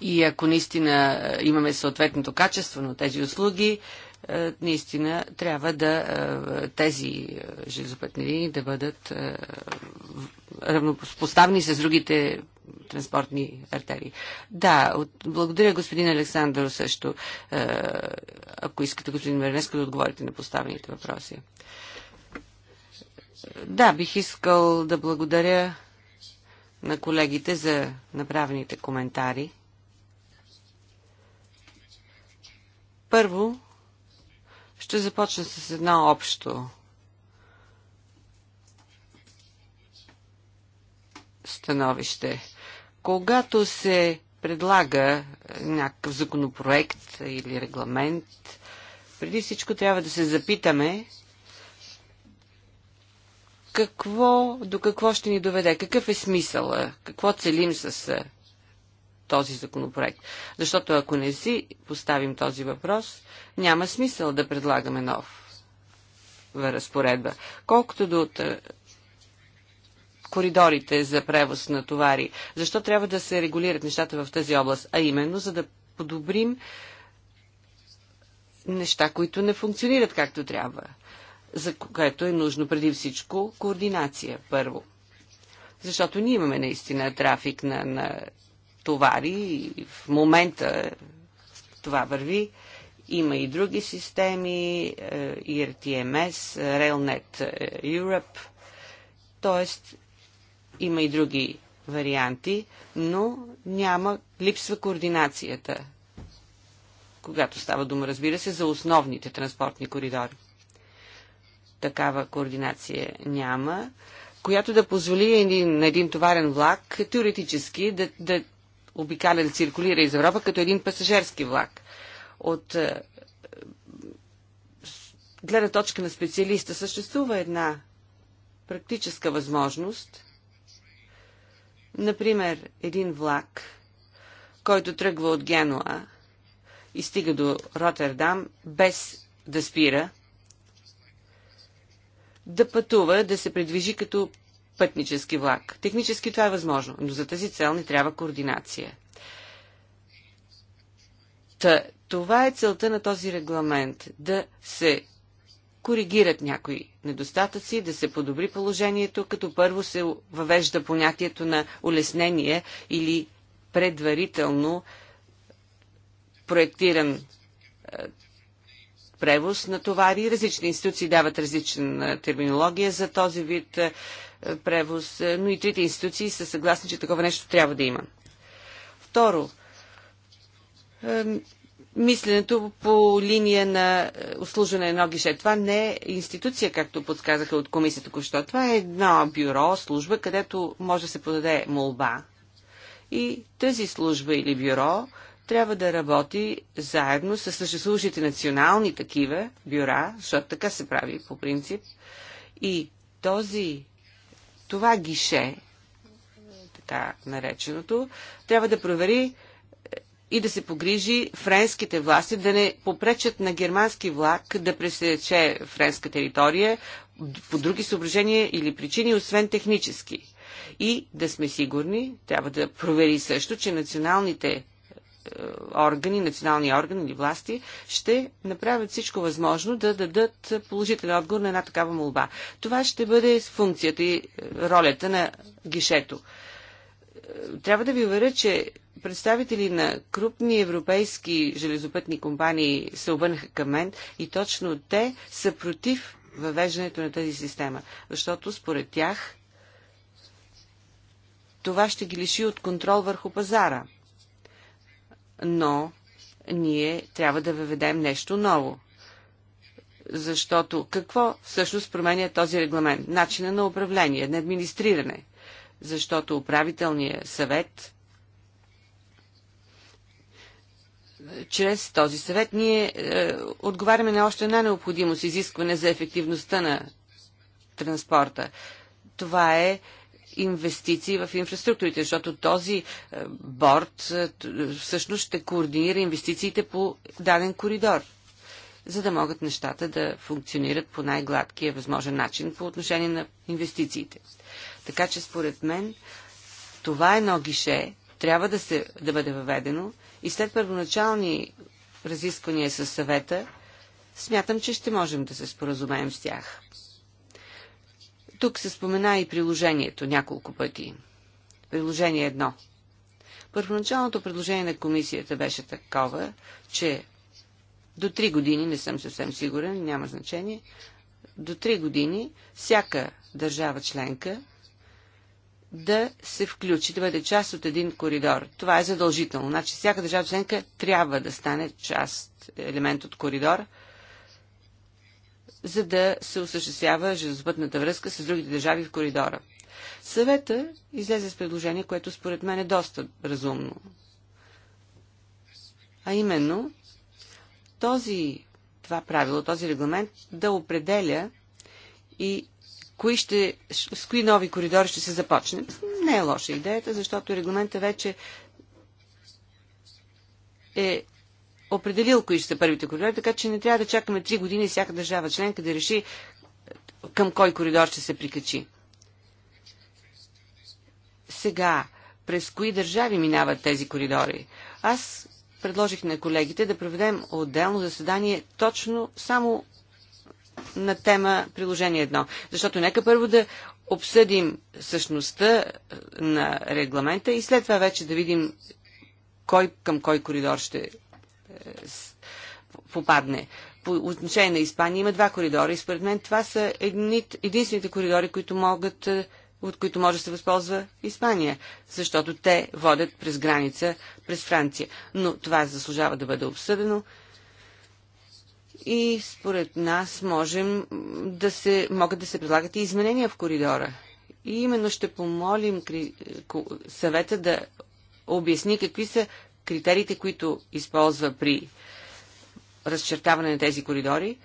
и ако наистина имаме съответното качество на тези услуги, е, наистина трябва да е, тези е, железопътни линии да бъдат равнопоставни с другите транспортни артерии. Да, от... благодаря господин Александър също, ако искате господин Мернеско да отговорите на поставените въпроси. Да, бих искал да благодаря на колегите за направените коментари. Първо, ще започна с едно общо становище. Когато се предлага някакъв законопроект или регламент, преди всичко трябва да се запитаме какво, до какво ще ни доведе, какъв е смисъла, какво целим с този законопроект. Защото ако не си поставим този въпрос, няма смисъл да предлагаме нов разпоредба. Колкото до коридорите за превоз на товари, защо трябва да се регулират нещата в тази област, а именно за да подобрим неща, които не функционират както трябва, за което е нужно преди всичко координация първо. Защото ние имаме наистина трафик на, на товари. В момента това върви. Има и други системи, ERTMS, е, RailNet е, Europe, т.е. има и други варианти, но няма, липсва координацията, когато става дума, разбира се, за основните транспортни коридори. Такава координация няма, която да позволи един, на един товарен влак теоретически да, да обикаля да циркулира из Европа като един пасажерски влак. От е, гледна точка на специалиста съществува една практическа възможност. Например, един влак, който тръгва от Генуа и стига до Ротердам без да спира, да пътува, да се придвижи като пътнически влак. Технически това е възможно, но за тази цел ни трябва координация. Та, това е целта на този регламент да се коригират някои недостатъци, да се подобри положението, като първо се въвежда понятието на улеснение или предварително проектиран е, превоз на товари. Различни институции дават различна терминология за този вид е, превоз, е, но и трите институции са съгласни, че такова нещо трябва да има. Второ, е, мисленето по линия на услужване на едно гише. Това не е институция, както подсказаха от комисията току-що. Това е едно бюро, служба, където може да се подаде молба. И тази служба или бюро трябва да работи заедно с съществуващите национални такива бюра, защото така се прави по принцип. И този, това гише, така нареченото, трябва да провери е, и да се погрижи френските власти да не попречат на германски влак да пресече френска територия по други съображения или причини, освен технически. И да сме сигурни, трябва да провери също, че националните е, органи, национални органи или власти ще направят всичко възможно да дадат положителен отговор на една такава молба. Това ще бъде функцията и е, ролята на гишето. Е, трябва да ви уверя, че представители на крупни европейски железопътни компании се обърнаха към мен и точно те са против въвеждането на тази система, защото според тях това ще ги лиши от контрол върху пазара – но ние трябва да въведем нещо ново. Защото какво всъщност променя този регламент? Начина на управление, на администриране. Защото управителният съвет чрез този съвет ние е, отговаряме на още една необходимост изискване за ефективността на транспорта. Това е инвестиции в инфраструктурите, защото този е, борт е, е, всъщност ще координира инвестициите по даден коридор, за да могат нещата да функционират по най-гладкия възможен начин по отношение на инвестициите. Така че според мен това едно гише трябва да, се, да бъде въведено и след първоначални разисквания със съвета, смятам, че ще можем да се споразумеем с тях. Тук се спомена и приложението няколко пъти. Приложение едно. Първоначалното предложение на комисията беше такова, че до 3 години, не съм съвсем сигурен, няма значение, до 3 години всяка държава членка да се включи, да бъде част от един коридор. Това е задължително. Значи всяка държава членка трябва да стане част, елемент от коридор, за да се осъществява железопътната връзка с другите държави в коридора. Съвета излезе с предложение, което според мен е доста разумно. А именно, този, това правило, този регламент да определя и кои ще, с кои нови коридори ще се започнат. Не е лоша идеята, защото регламента вече е определил кои ще са първите коридори, така че не трябва да чакаме 3 години всяка държава членка да реши към кой коридор ще се прикачи. Сега, през кои държави минават тези коридори? Аз предложих на колегите да проведем отделно заседание точно само на тема приложение 1. Защото нека първо да обсъдим същността е, на регламента и след това вече да видим кой към кой коридор ще попадне. По отношение на Испания има два коридора и според мен това са едни, единствените коридори, които могат, е, от които може да се възползва Испания, защото те водят през граница, през Франция. Но това заслужава да бъде обсъдено и според нас можем да се, могат да се предлагат и изменения в коридора. И именно ще помолим съвета да обясни какви са критериите, които използва при разчертаване на тези коридори,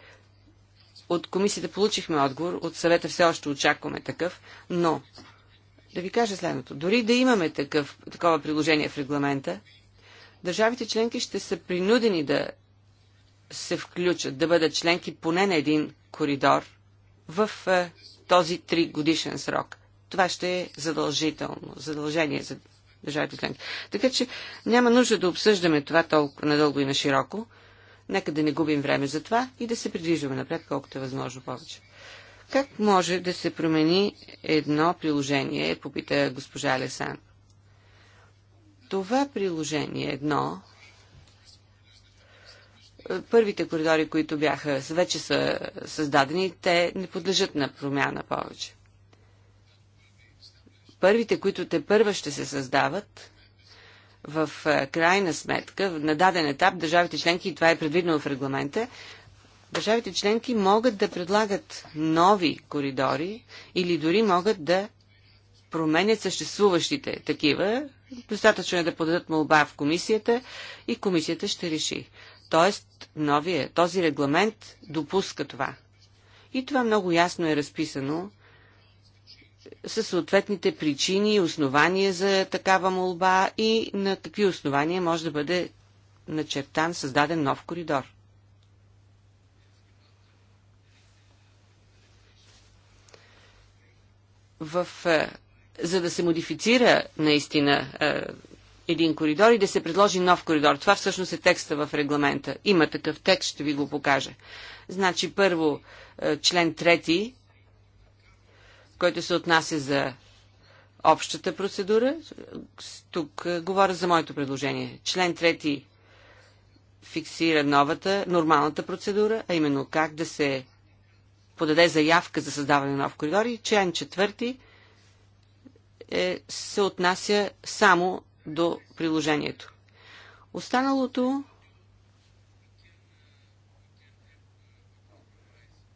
от комисията получихме отговор, от съвета все още очакваме такъв, но да ви кажа следното. Дори да имаме такъв, такова приложение в регламента, държавите членки ще са принудени да се включат, да бъдат членки поне на един коридор в е, този тригодишен срок. Това ще е задължително, задължение за държавите членки. Така че няма нужда да обсъждаме това толкова надълго и на широко. Нека да не губим време за това и да се придвижваме напред колкото е възможно повече. Как може да се промени едно приложение, попита госпожа Алесан. Това приложение едно, първите коридори, които бяха, вече са създадени, те не подлежат на промяна повече първите, които те първа ще се създават, в е, крайна сметка, на даден етап, държавите членки, и това е предвидено в регламента, държавите членки могат да предлагат нови коридори или дори могат да променят съществуващите такива. Достатъчно е да подадат молба в комисията и комисията ще реши. Тоест, новия, този регламент допуска това. И това много ясно е разписано със съответните причини и основания за такава молба и на какви основания може да бъде начертан, създаден нов коридор. В, е, за да се модифицира наистина е, един коридор и да се предложи нов коридор. Това всъщност е текста в регламента. Има такъв текст, ще ви го покажа. Значи първо е, член трети който се отнася за общата процедура. Тук е, говоря за моето предложение. Член 3 фиксира новата, нормалната процедура, а именно как да се подаде заявка за създаване на нов коридор и член 4 е, се отнася само до приложението. Останалото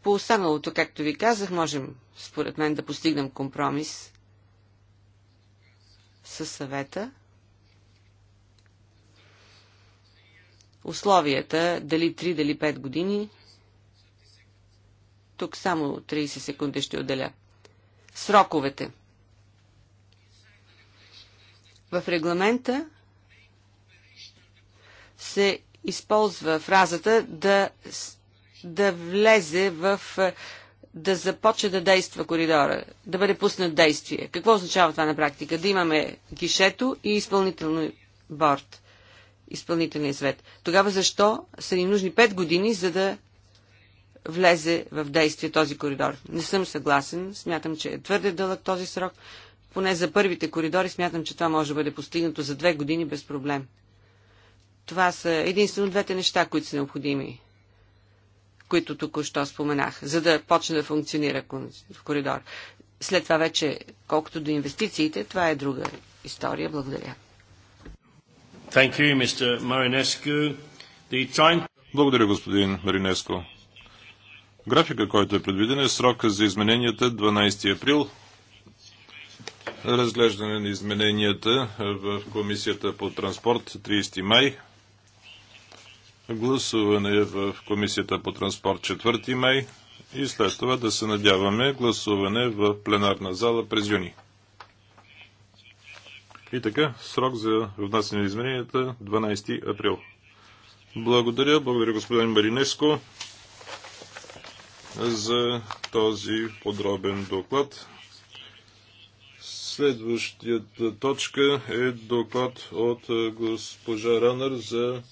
По останалото, както ви казах, можем, според мен, да постигнем компромис със съвета. Условията, дали 3, дали 5 години, тук само 30 секунди ще отделя. Сроковете. В регламента се използва фразата да да влезе в е, да започне да действа коридора, да бъде пуснат действие. Какво означава това на практика? Да имаме гишето и изпълнително борт, изпълнителния свет. Тогава защо са ни нужни 5 години, за да влезе в действие този коридор? Не съм съгласен, смятам, че е твърде дълъг този срок. Поне за първите коридори смятам, че това може да бъде постигнато за две години без проблем. Това са единствено двете неща, които са необходими които току-що споменах, за да почне да функционира в коридор. След това вече, колкото до инвестициите, това е друга история. Благодаря. Thank you, Mr. Marinescu. The time... Благодаря, господин Маринеско. Графика, който е предвиден е срока за измененията 12 април. Разглеждане на измененията в Комисията по транспорт 30 май гласуване в Комисията по транспорт 4 май и след това да се надяваме гласуване в пленарна зала през юни. И така, срок за внасяне на измененията 12 април. Благодаря, благодаря господин Маринеско за този подробен доклад. Следващата точка е доклад от госпожа Ранър за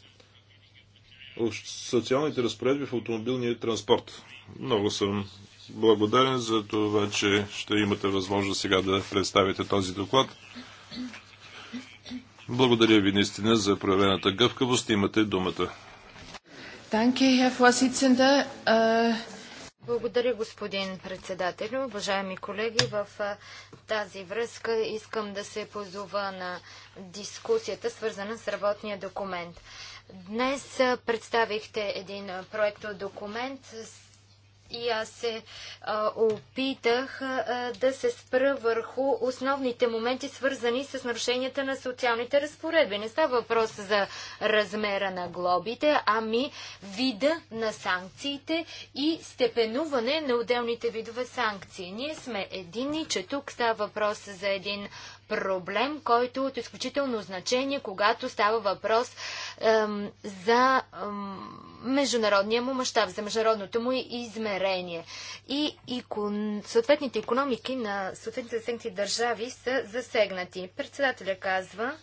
социалните разпоредби в автомобилния транспорт. Много съм благодарен за това, че ще имате възможност сега да представите този доклад. Благодаря ви наистина за проявената гъвкавост. Имате думата. Äh, Благодаря, господин председател. Уважаеми колеги, в тази връзка искам да се позова на дискусията, свързана с работния документ. Днес представихте един проект документ и аз се а, опитах а, да се спра върху основните моменти, свързани с нарушенията на социалните разпоредби. Не става въпрос за размера на глобите, ами вида на санкциите и степенуване на отделните видове санкции. Ние сме едини, че тук става въпрос за един проблем, който е от изключително значение, когато става въпрос ем, за ем, международния му мащаб, за международното му измерение. И кон, съответните економики на съответните засегнати държави са засегнати. Председателя казва,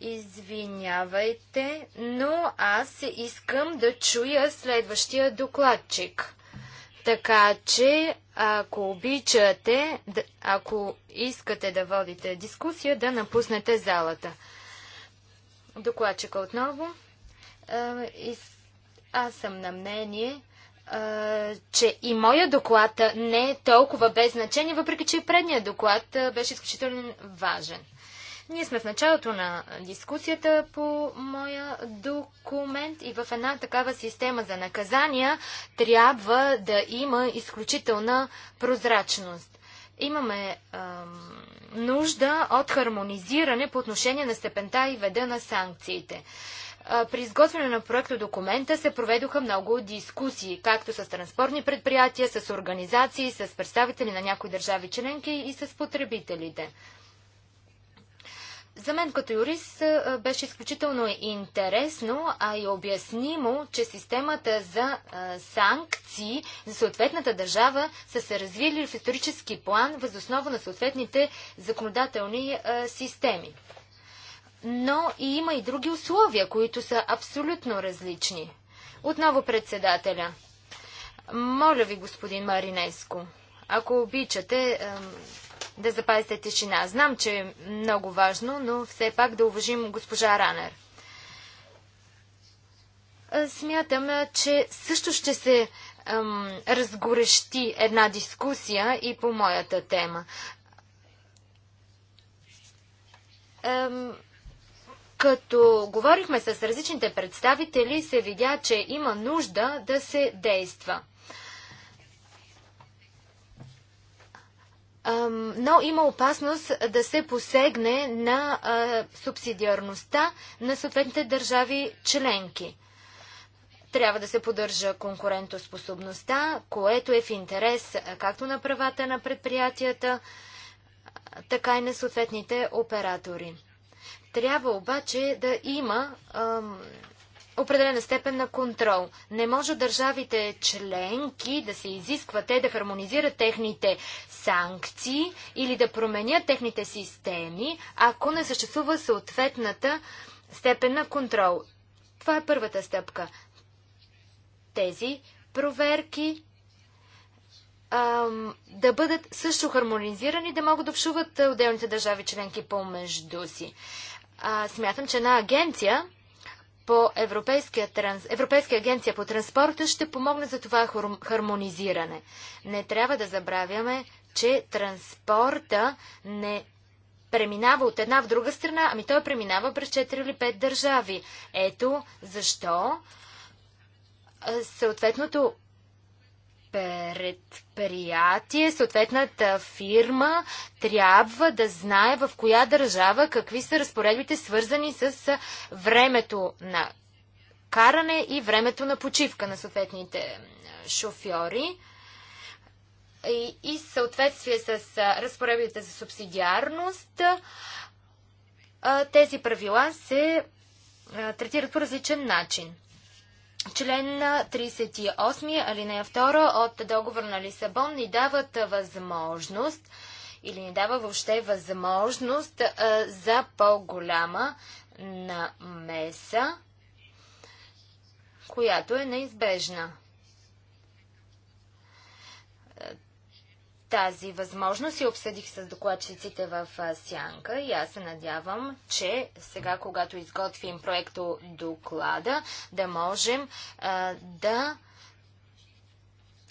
извинявайте, но аз искам да чуя следващия докладчик. Така че, ако обичате, ако искате да водите дискусия, да напуснете залата. Докладчика отново. Аз съм на мнение, че и моя доклад не е толкова без значение, въпреки че и предният доклад беше изключително важен. Ние сме в началото на дискусията по моя документ и в една такава система за наказания трябва да има изключителна прозрачност. Имаме ам, нужда от хармонизиране по отношение на степента и веда на санкциите. При изготвяне на проекта документа се проведоха много дискусии, както с транспортни предприятия, с организации, с представители на някои държави членки и с потребителите. За мен като юрист беше изключително интересно, а и обяснимо, че системата за санкции за съответната държава са се развили в исторически план възоснова на съответните законодателни системи. Но и има и други условия, които са абсолютно различни. Отново председателя. Моля ви, господин Маринеско, ако обичате, да запазите тишина. Знам, че е много важно, но все пак да уважим госпожа Ранер. Смятам, че също ще се ем, разгорещи една дискусия и по моята тема. Ем, като говорихме с различните представители, се видя, че има нужда да се действа. но има опасност да се посегне на субсидиарността на съответните държави членки. Трябва да се поддържа конкурентоспособността, което е в интерес както на правата на предприятията, така и на съответните оператори. Трябва обаче да има определена степен на контрол. Не може държавите членки да се изискват те да хармонизират техните санкции или да променят техните системи, ако не съществува съответната степен на контрол. Това е първата стъпка. Тези проверки ам, да бъдат също хармонизирани, да могат да общуват отделните държави членки помежду си. А, смятам, че една агенция по Европейския, транс... Европейска агенция по транспорта ще помогне за това хармонизиране. Не трябва да забравяме, че транспорта не преминава от една в друга страна, ами той преминава през 4 или 5 държави. Ето защо съответното предприятие, съответната фирма трябва да знае в коя държава какви са разпоредбите свързани с времето на каране и времето на почивка на съответните шофьори. И, и съответствие с разпоредбите за субсидиарност, тези правила се третират по различен начин. Член 38, алинея 2 от договор на Лисабон ни дават възможност или ни дава въобще възможност за по-голяма намеса, която е неизбежна. тази възможност и обсъдих с докладчиците в Сянка и аз се надявам, че сега, когато изготвим проекто доклада, да можем а, да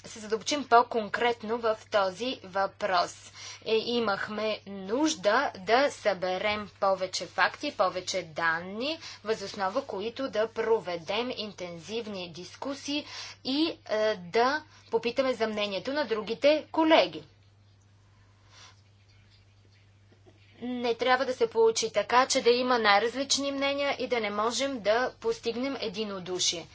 се задълбочим по-конкретно в този въпрос. Е, имахме нужда да съберем повече факти, повече данни, възоснова които да проведем интензивни дискусии и е, да попитаме за мнението на другите колеги. не трябва да се получи така, че да има най-различни мнения и да не можем да постигнем единодушие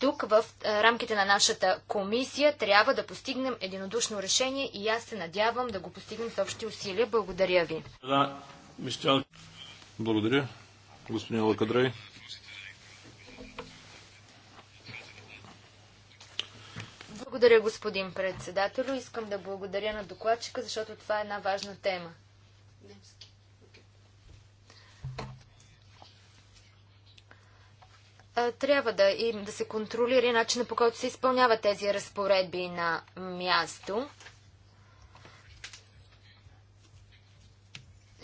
тук в е, рамките на нашата комисия трябва да постигнем единодушно решение и аз се надявам да го постигнем с общи усилия. Благодаря ви. Благодаря, господин Лакадрей. Благодаря, господин председател. Искам да благодаря на докладчика, защото това е една важна тема. трябва да, им, да се контролира начина по който се изпълнява тези разпоредби на място.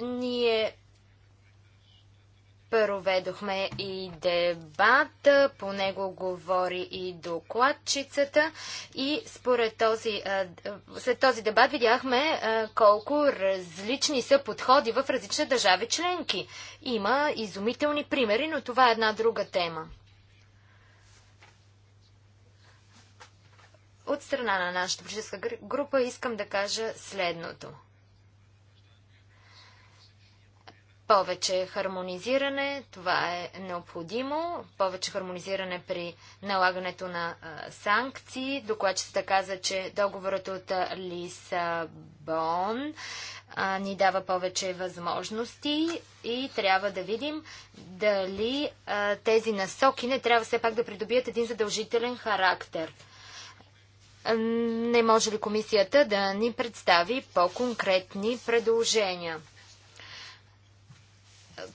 Ние Проведохме и дебат, по него говори и докладчицата и според този, след този дебат видяхме колко различни са подходи в различни държави членки. Има изумителни примери, но това е една друга тема. От страна на нашата политическа група искам да кажа следното – повече хармонизиране, това е необходимо, повече хармонизиране при налагането на а, санкции. Докладчицата каза, че договорът от Лисабон а, ни дава повече възможности и трябва да видим дали а, тези насоки не трябва все пак да придобият един задължителен характер. Не може ли комисията да ни представи по-конкретни предложения?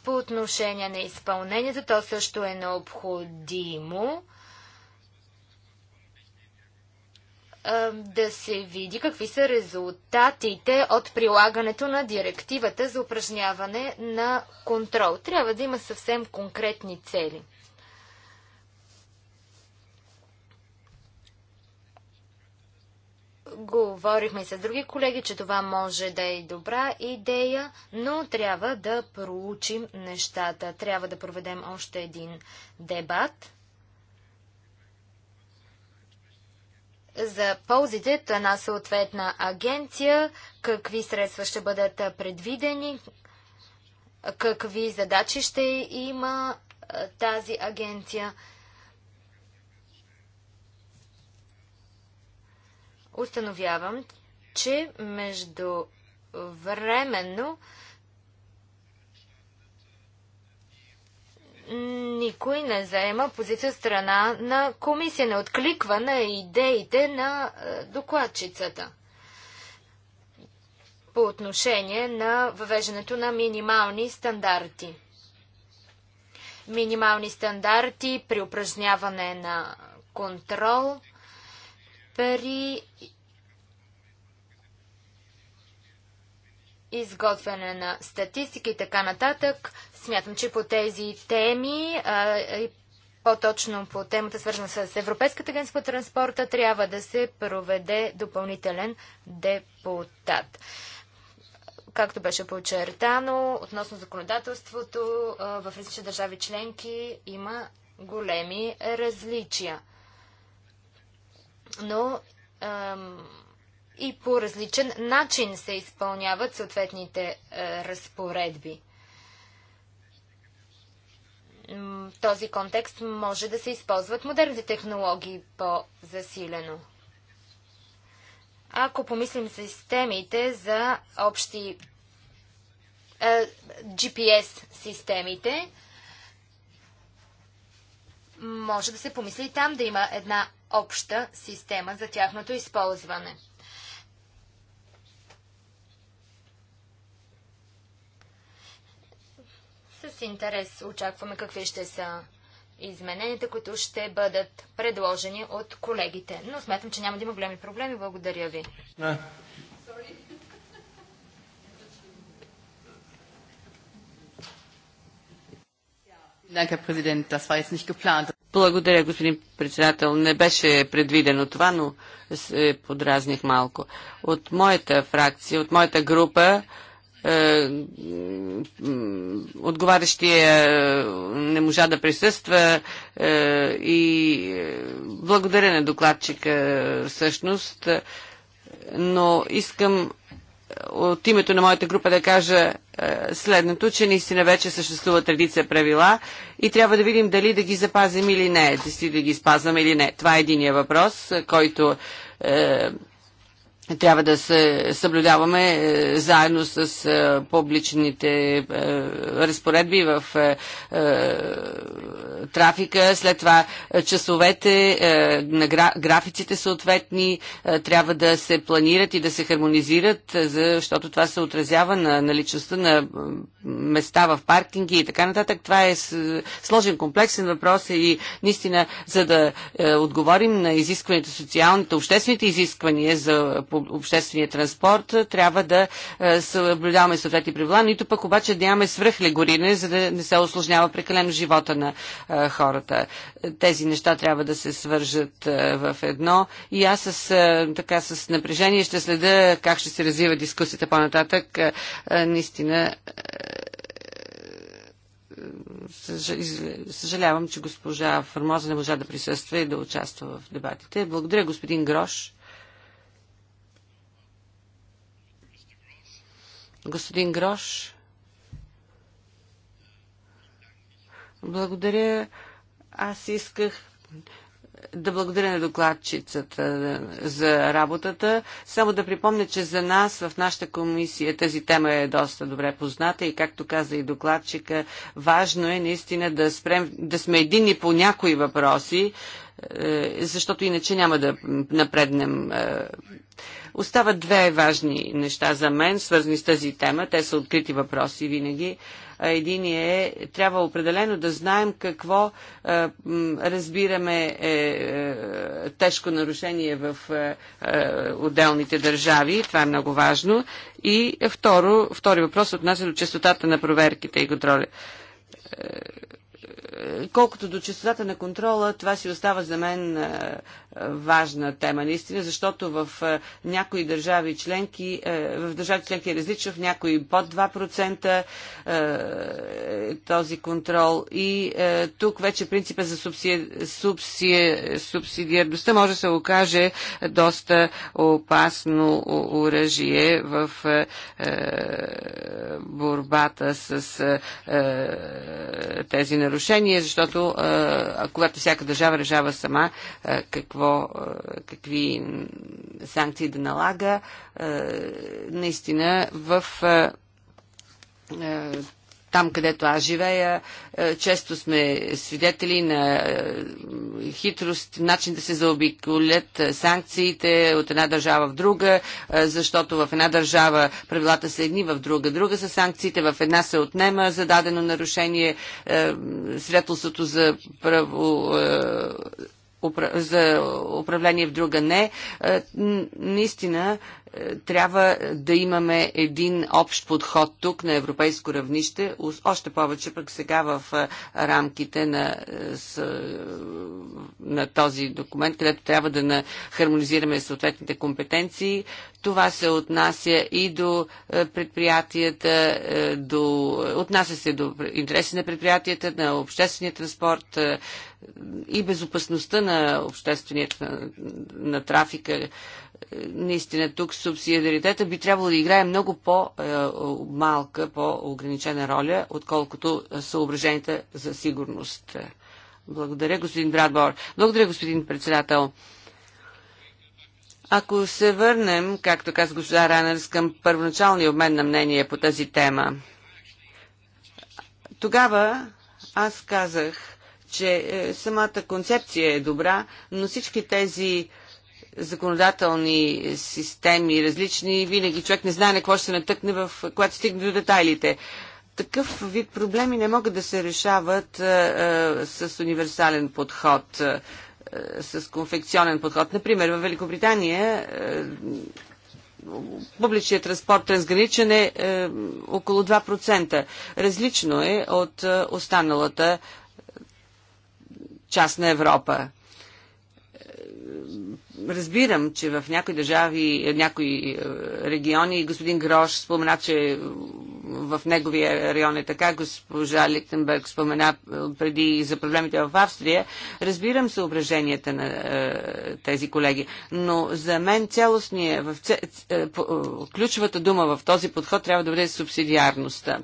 По отношение на изпълнението, то също е необходимо да се види какви са резултатите от прилагането на директивата за упражняване на контрол. Трябва да има съвсем конкретни цели. Говорихме и с други колеги, че това може да е добра идея, но трябва да проучим нещата. Трябва да проведем още един дебат за ползите на съответна агенция, какви средства ще бъдат предвидени, какви задачи ще има тази агенция. установявам, че между временно никой не заема позиция от страна на комисия, не откликва на идеите на е, докладчицата по отношение на въвеждането на минимални стандарти. Минимални стандарти при упражняване на контрол – при изготвяне на статистики и така нататък. Смятам, че по тези теми а, и по-точно по темата, свързана с Европейската агенция по транспорта, трябва да се проведе допълнителен депутат. Както беше подчертано, относно законодателството в различни държави членки има големи различия но ам, и по различен начин се изпълняват съответните а, е, разпоредби. В този контекст може да се използват модерните технологии по-засилено. Ако помислим системите за общи а, е, GPS системите, може да се помисли и там да има една обща система за тяхното използване. С интерес очакваме какви ще са измененията, които ще бъдат предложени от колегите. Но смятам, че няма да има големи проблеми. Благодаря ви. Не. Danke, Herr Präsident. Das war jetzt nicht geplant. Благодаря, господин председател. Не беше предвидено това, но се подразних малко. От моята фракция, от моята група, е, отговарящия е, не можа да присъства е, и благодаря на докладчика всъщност, но искам от името на моята група да кажа е, следното, че наистина вече съществува традиция правила и трябва да видим дали да ги запазим или не, дали да ги спазваме или не. Това е единия въпрос, който е, трябва да се съблюдаваме е, заедно с е, публичните е, разпоредби в трафика, след това часовете на графиците съответни трябва да се планират и да се хармонизират, защото това се отразява на наличността на места в паркинги и така нататък. Това е сложен комплексен въпрос и наистина, за да отговорим на изискването, социалните, обществените изисквания за публичните обществения транспорт, е, трябва да е, съблюдаваме съответни правила, нито пък обаче да нямаме свръхлегорине, за да не се осложнява прекалено живота на е, хората. Тези неща трябва да се свържат в едно и аз с, така, с напрежение ще следя как ще се развива дискусията по-нататък. Наистина съжалявам, че госпожа Фармоза не можа да присъства и да участва в дебатите. Благодаря, господин Грош. Господин Грош. Благодаря. Аз исках да благодаря на докладчицата за работата. Само да припомня, че за нас в нашата комисия тази тема е доста добре позната и както каза и докладчика, важно е наистина да, спрем, да сме едини по някои въпроси, е, защото иначе няма да напреднем. Е, остават две важни неща за мен, свързани с тази тема. Те са открити въпроси винаги. Един е, трябва определено да знаем какво разбираме е, е, тежко нарушение в е, отделните държави. Това е много важно. И второ, втори въпрос отнася до частотата на проверките и контроли. колкото до частотата на контрола, това си остава за мен важна тема, наистина, защото в някои държави членки, в държави членки е различно, в някои под 2% е този контрол. И тук вече принципа за субсидиарността може да се окаже доста опасно оръжие в борбата с тези нарушения, защото когато всяка държава решава сама какво какво, е, какви санкции да налага, е, наистина в е, там, където аз живея, често сме свидетели на хитрост, начин да се заобиколят санкциите от една държава в друга, защото в една държава правилата са едни, в друга друга са санкциите, в една се отнема за дадено нарушение, свидетелството за право за управление в друга не. Е, наистина трябва да имаме един общ подход тук на европейско равнище, още повече пък сега в рамките на, на този документ, където трябва да на хармонизираме съответните компетенции. Това се отнася и до предприятията, до, отнася се до интереси на предприятията, на обществения транспорт и безопасността на обществения на, на трафика наистина тук субсидиаритета би трябвало да играе много по-малка, е, по-ограничена роля, отколкото съображенията за сигурност. Благодаря, господин Брадбор. Благодаря, господин председател. Ако се върнем, както каза госпожа Ранерс, към първоначалния обмен на мнение по тази тема, тогава аз казах, че е, самата концепция е добра, но всички тези законодателни системи различни, винаги човек не знае на какво ще се натъкне, в, когато стигне до детайлите. Такъв вид проблеми не могат да се решават а, а, с универсален подход, а, с конфекционен подход. Например, в Великобритания публичният транспорт трансграничен е, е около 2%. Различно е от а, останалата част на Европа. Разбирам, че в някои държави, е, някои е, региони, господин Грош спомена, че в неговия район е така, госпожа Ликтенберг спомена е, преди за проблемите в Австрия. Разбирам съображенията на е, тези колеги, но за мен цялостния, в, е, ключовата дума в този подход трябва да бъде субсидиарността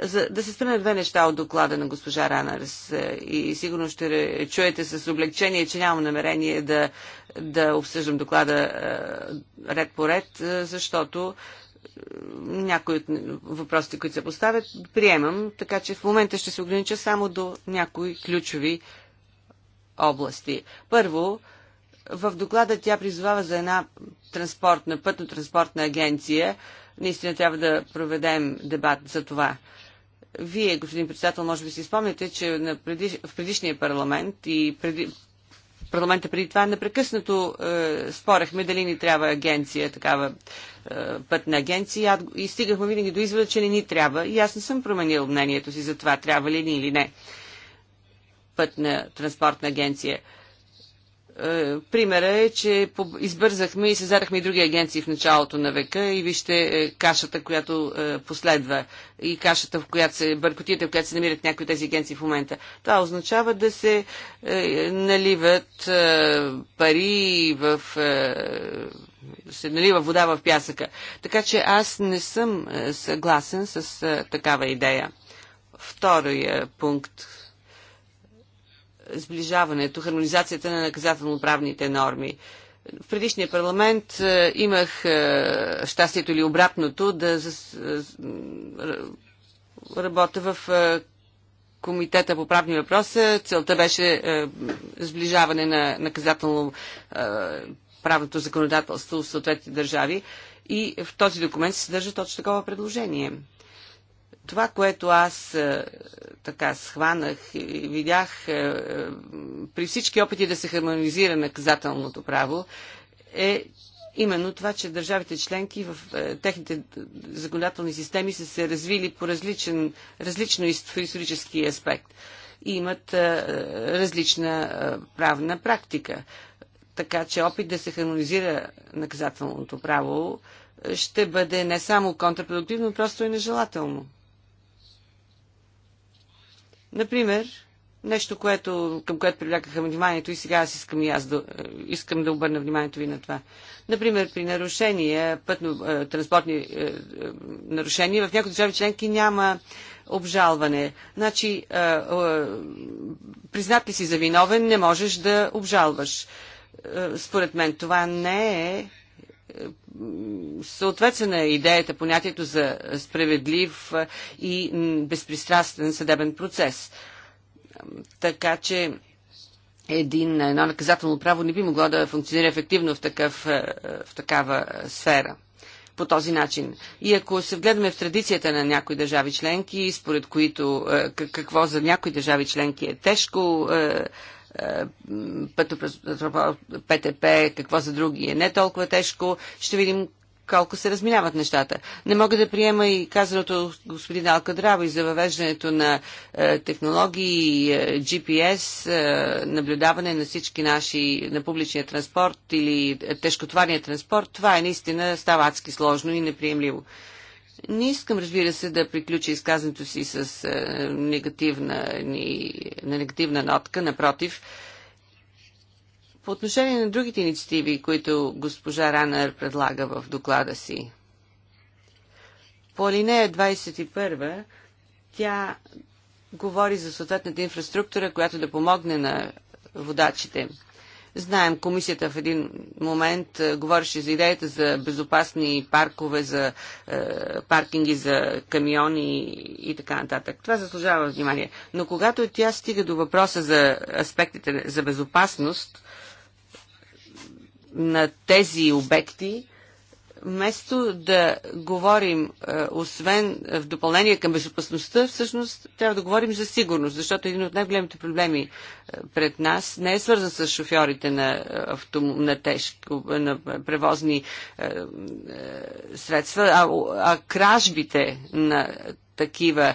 за да се спрена две неща от доклада на госпожа Ранърс, е, и сигурно ще чуете с облегчение, че нямам намерение да, да обсъждам доклада е, ред по ред, е, защото някои от въпросите, които се поставят, приемам, така че в момента ще се огранича само до някои ключови области. Първо, в доклада тя призвава за една транспортна, пътно-транспортна агенция. Наистина трябва да проведем дебат за това. Вие, господин председател, може би си спомняте, че на в предишния парламент и преди... парламента преди това непрекъснато е, спорехме дали ни трябва агенция, такава е, пътна агенция и стигахме винаги до извода, че не ни трябва. И аз не съм променил мнението си за това, трябва ли ни или не пътна транспортна агенция. Е, е, примера е, че избързахме и създадахме и други агенции в началото на века и вижте е, кашата, която е, последва и кашата, в която се, бъркотията, в която се намират някои от тези агенции в момента. Това означава да се наливат пари в се налива вода в пясъка. Така че аз не съм съгласен с такава идея. Втория пункт сближаването, хармонизацията на наказателно-правните норми. В предишния парламент е, имах е, щастието или обратното да е, работя в Комитета по правни въпроса. Целта беше сближаване на наказателно правното законодателство в съответните държави. И в този документ се съдържа точно такова предложение – това, което аз е, така схванах и видях е, е, при всички опити да се хармонизира наказателното право, е именно това, че държавите членки в техните законодателни системи са се развили по различен, различно исторически аспект и имат различна правна практика. Така че опит да се хармонизира наказателното право ще бъде не само контрпродуктивно, просто и нежелателно. Например, нещо, което, към което привлякаха вниманието и сега аз искам и аз да, е, искам да обърна вниманието ви на това. Например, при нарушения, пътно-транспортни е, е, нарушения, в някои държави членки няма обжалване. Значи, признат ли си за виновен, не можеш да обжалваш. Според мен това не е съответства на идеята, понятието за справедлив и безпристрастен съдебен процес. Така че един, едно наказателно право не би могло да функционира ефективно в, такъв, в такава сфера по този начин. И ако се вгледаме в традицията на някои държави членки, според които какво за някои държави членки е тежко ПТП, какво за други е не толкова тежко. Ще видим колко се разминават нещата. Не мога да приема и казаното господин Алкадраво и за въвеждането на е, технологии, е, GPS, е, наблюдаване на всички наши, на публичния транспорт или е, тежкотварния транспорт. Това е наистина става адски сложно и неприемливо. Не искам, разбира се, да приключа изказването си с е, негативна, ни, на негативна нотка, напротив. По отношение на другите инициативи, които госпожа Ранър предлага в доклада си, по алинея 21 тя говори за съответната инфраструктура, която да помогне на водачите – Знаем, комисията в един момент е, говореше за идеята за безопасни паркове, за е, паркинги за камиони и така нататък. Това заслужава внимание. Но когато тя стига до въпроса за аспектите за безопасност на тези обекти, вместо да говорим, е, освен в допълнение към безопасността, всъщност трябва да говорим за сигурност, защото един от най-големите проблеми е, пред нас не е свързан с шофьорите на, е, автом... на, тежко, на превозни средства, а, а кражбите на такива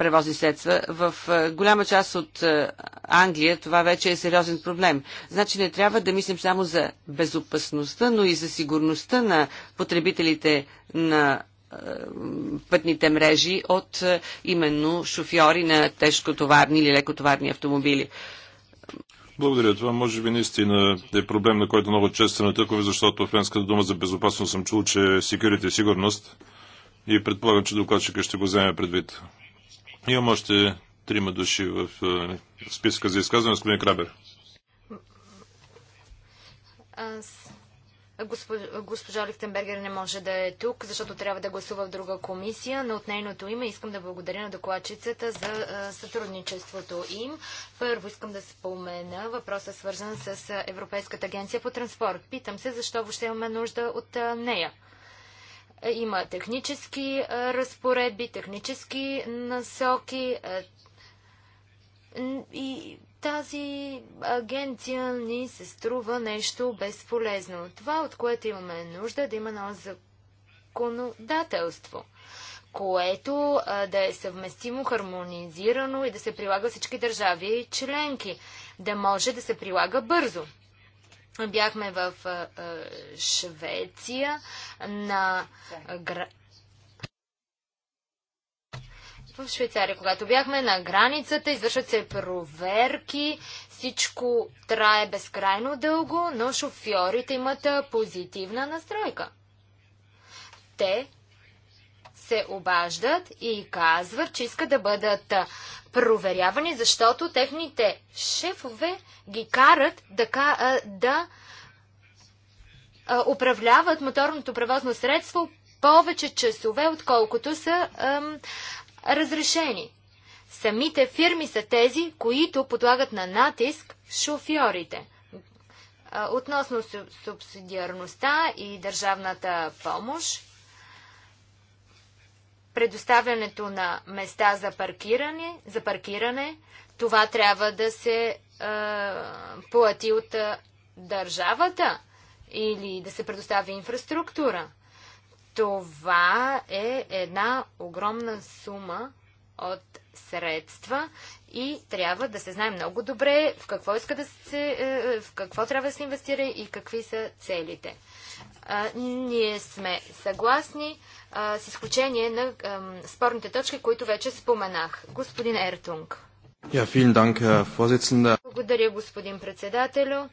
превозни средства. В е, голяма част от е, Англия това вече е сериозен проблем. Значи не трябва да мислим само за безопасността, но и за сигурността на потребителите на е, пътните мрежи от именно шофьори на тежкотоварни или лекотоварни автомобили. Благодаря. Това може би наистина е проблем, на който много често се тъкове, защото френската дума за безопасност съм чул, че security е сигурност и предполагам, че докладчика ще го вземе предвид. Имам още трима души в е, списка за изказване. Господин Крабер. Аз госпожа Лихтенбергер не може да е тук, защото трябва да гласува в друга комисия, но от нейното име искам да благодаря на докладчицата за е, сътрудничеството им. Първо искам да спомена въпроса свързан с е, Европейската агенция по транспорт. Питам се защо въобще имаме нужда от нея. Е, има технически е, разпоредби, технически насоки е, и тази агенция ни се струва нещо безполезно. Това, от което имаме нужда, да има ново законодателство, което а, да е съвместимо, хармонизирано и да се прилага всички държави и членки, да може да се прилага бързо. Бяхме в Швеция на в Швейцария, когато бяхме на границата, извършват се проверки, всичко трае безкрайно дълго, но шофьорите имат позитивна настройка. Те се обаждат и казват, че искат да бъдат проверявани, защото техните шефове ги карат да, да управляват моторното превозно средство повече часове, отколкото са ам, разрешени. Самите фирми са тези, които подлагат на натиск шофьорите. Относно субсидиарността и държавната помощ, предоставянето на места за паркиране, за паркиране това трябва да се е, плати от държавата или да се предостави инфраструктура. Това е една огромна сума от средства и трябва да се знае много добре в какво, иска да се, е, в какво трябва да се инвестира и какви са целите. ние сме съгласни с изключение на спорните точки, които вече споменах. Господин Ертунг. Dank, благодаря, господин председателю.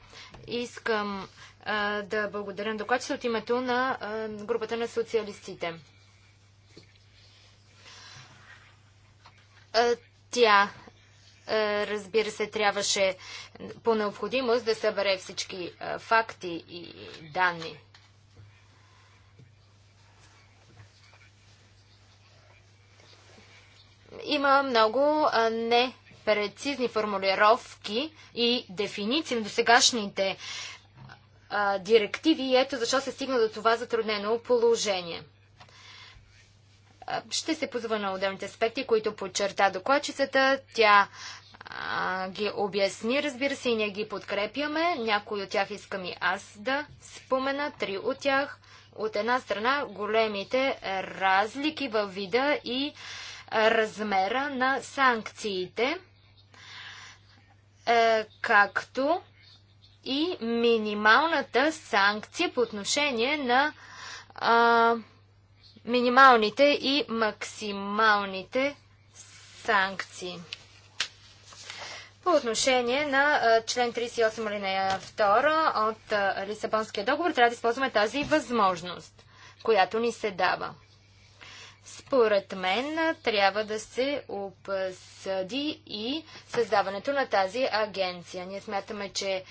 Искам да благодаря на докладчица от името на групата на социалистите. тя, разбира се, трябваше по необходимост да събере всички факти и данни. Има много непрецизни формулировки и дефиниции на досегашните а, директиви и ето защо се стигна до това затруднено положение. Ще се позова на отделните аспекти, които подчерта докладчицата. Тя а, ги обясни, разбира се, и ние ги подкрепяме. Някои от тях искам и аз да спомена. Три от тях. От една страна големите разлики във вида и а, размера на санкциите, е, както и минималната санкция по отношение на минималните и максималните санкции. По отношение на член 38 линия 2 от Лисабонския договор трябва да използваме тази възможност, която ни се дава. Според мен трябва да се обсъди и създаването на тази агенция. Ние смятаме, че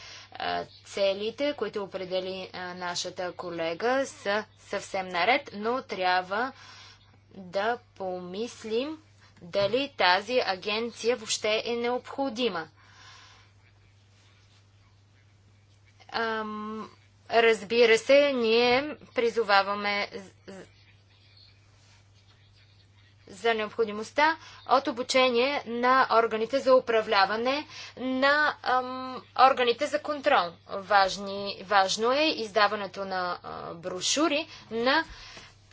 целите, които определи нашата колега, са съвсем наред, но трябва да помислим дали тази агенция въобще е необходима. Разбира се, ние призоваваме за необходимостта от обучение на органите за управляване, на ам, органите за контрол. Важни, важно е издаването на а, брошури на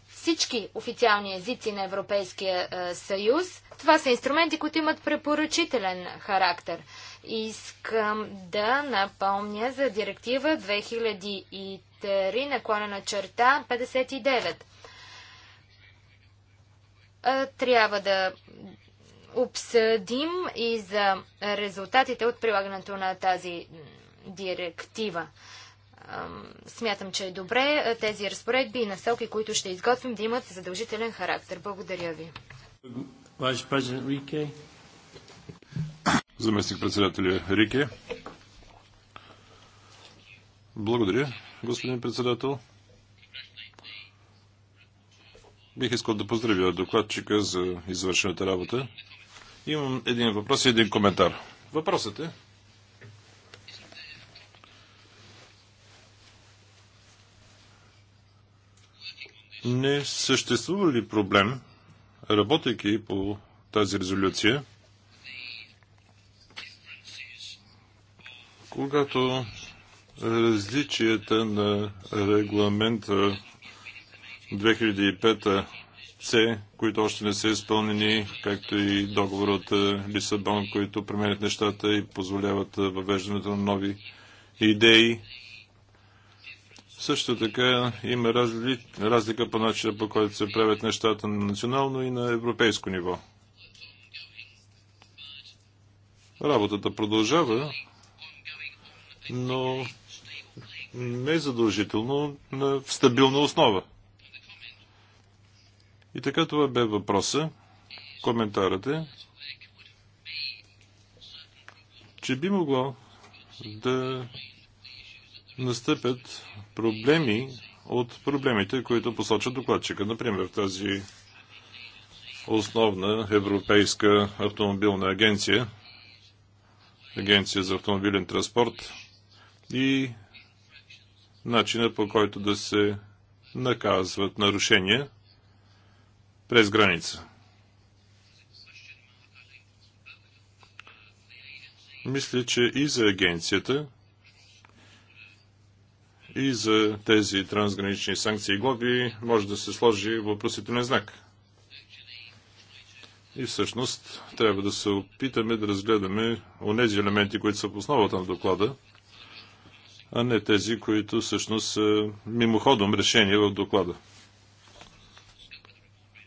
всички официални езици на Европейския а, съюз. Това са инструменти, които имат препоръчителен характер. Искам да напомня за директива 2003 наклона на черта 59 трябва да обсъдим и за резултатите от прилагането на тази директива. Смятам, че е добре тези разпоредби и насоки, които ще изготвим, да имат задължителен характер. Благодаря ви. Заместник председателя Рике. Благодаря, господин председател. Бих искал да поздравя докладчика за извършената работа. Имам един въпрос и един коментар. Въпросът е, не съществува ли проблем, работейки по тази резолюция, когато различията на регламента 2005 С, които още не са изпълнени, както и договор от е, Лисабон, които променят нещата и позволяват е, въвеждането на нови идеи. Също така има разли... разлика по начина, по който се правят нещата на национално и на европейско ниво. Работата продължава, но не е задължително на стабилна основа. И така това бе въпроса, коментарът е, че би могло да настъпят проблеми от проблемите, които посочат докладчика. Например, тази основна европейска автомобилна агенция, агенция за автомобилен транспорт и начина по който да се наказват нарушения – през граница. Мисля, че и за агенцията, и за тези трансгранични санкции и глоби може да се сложи въпросителен знак. И всъщност трябва да се опитаме да разгледаме онези елементи, които са в основата на доклада, а не тези, които всъщност са мимоходом решение в доклада.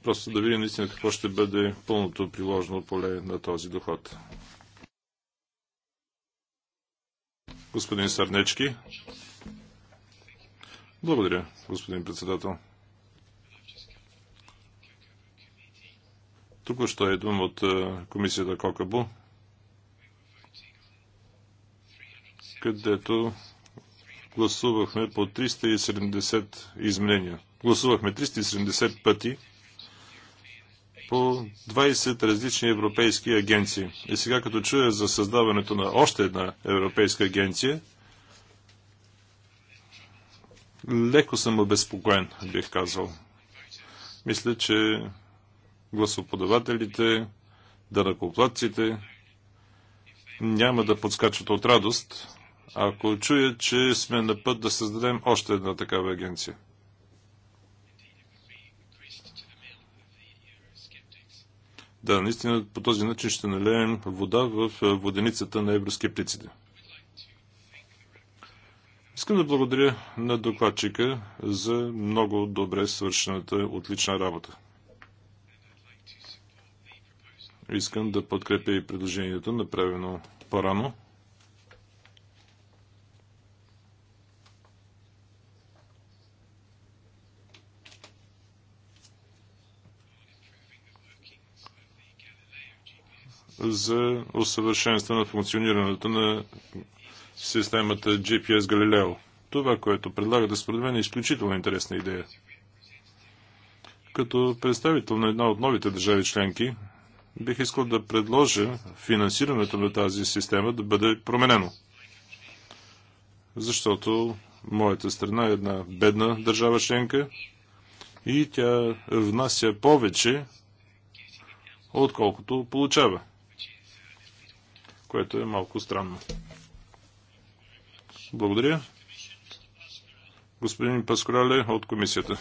Просто да видим наистина какво ще бъде пълното приложено поле на този доход. Господин Сърнечки. Благодаря, господин председател. Тук още е дум от комисията Кокабо, където гласувахме по 370 изменения. Гласувахме 370 пъти по 20 различни европейски агенции. И сега като чуя за създаването на още една европейска агенция, леко съм обезпокоен, бих казал. Мисля, че гласоподавателите, дънакоплатците няма да подскачат от радост, ако чуят, че сме на път да създадем още една такава агенция. Да, наистина по този начин ще налеем вода в е, воденицата на евроскептиците. Искам да благодаря на докладчика за много добре свършената отлична работа. Искам да подкрепя и предложението, направено по-рано за усъвършенстване на функционирането на системата GPS Galileo. Това, което предлага да според мен е изключително интересна идея. Като представител на една от новите държави членки, бих искал да предложа финансирането на тази система да бъде променено. Защото моята страна е една бедна държава членка и тя внася повече, отколкото получава което е малко странно. Благодаря. Господин Паскорале от комисията.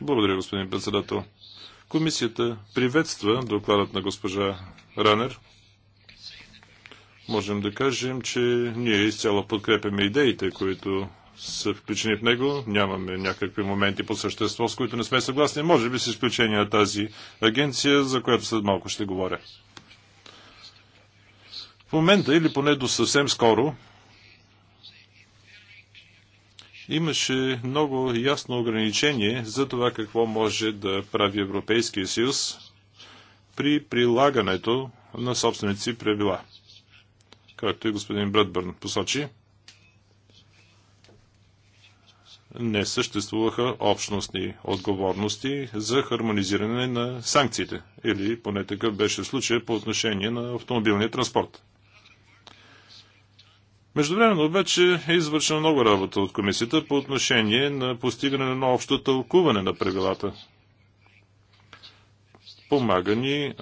Благодаря, господин председател. Комисията приветства докладът на госпожа Ранер. Можем да кажем, че ние изцяло подкрепяме идеите, които са включени в него. Нямаме някакви моменти по същество, с които не сме съгласни. Може би с изключение на тази агенция, за която след малко ще говоря. В момента, или поне до съвсем скоро, имаше много ясно ограничение за това какво може да прави Европейския съюз при прилагането на собственици правила. Както и господин Бредбърн посочи, не съществуваха общностни отговорности за хармонизиране на санкциите. Или поне такъв беше случай по отношение на автомобилния транспорт. Междувременно обаче е извършена много работа от комисията по отношение на постигане на общо тълкуване на правилата. Помага ни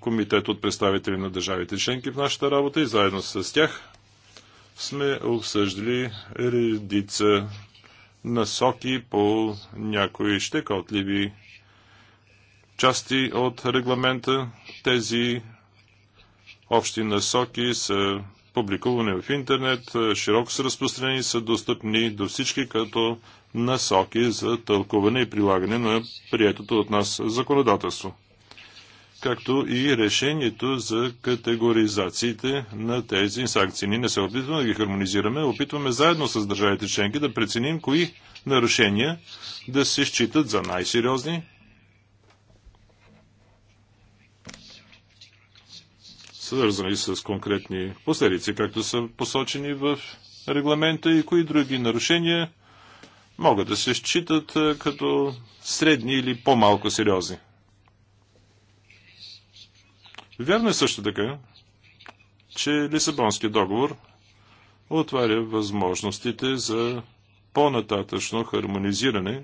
комитет от представители на държавите членки в нашата работа и заедно с тях сме обсъждали редица насоки по някои щекотливи части от регламента. Тези общи насоки са публикувани в интернет, широко са разпространени, са достъпни до всички като насоки за тълкуване и прилагане на приетото от нас законодателство както и решението за категоризациите на тези санкции. Ние не се опитваме да ги хармонизираме, опитваме заедно с държавите членки да преценим кои нарушения да се считат за най-сериозни, свързани с конкретни последици, както са посочени в регламента и кои други нарушения могат да се считат като средни или по-малко сериозни. Вярно е също така, че Лисабонския договор отваря възможностите за по-нататъчно хармонизиране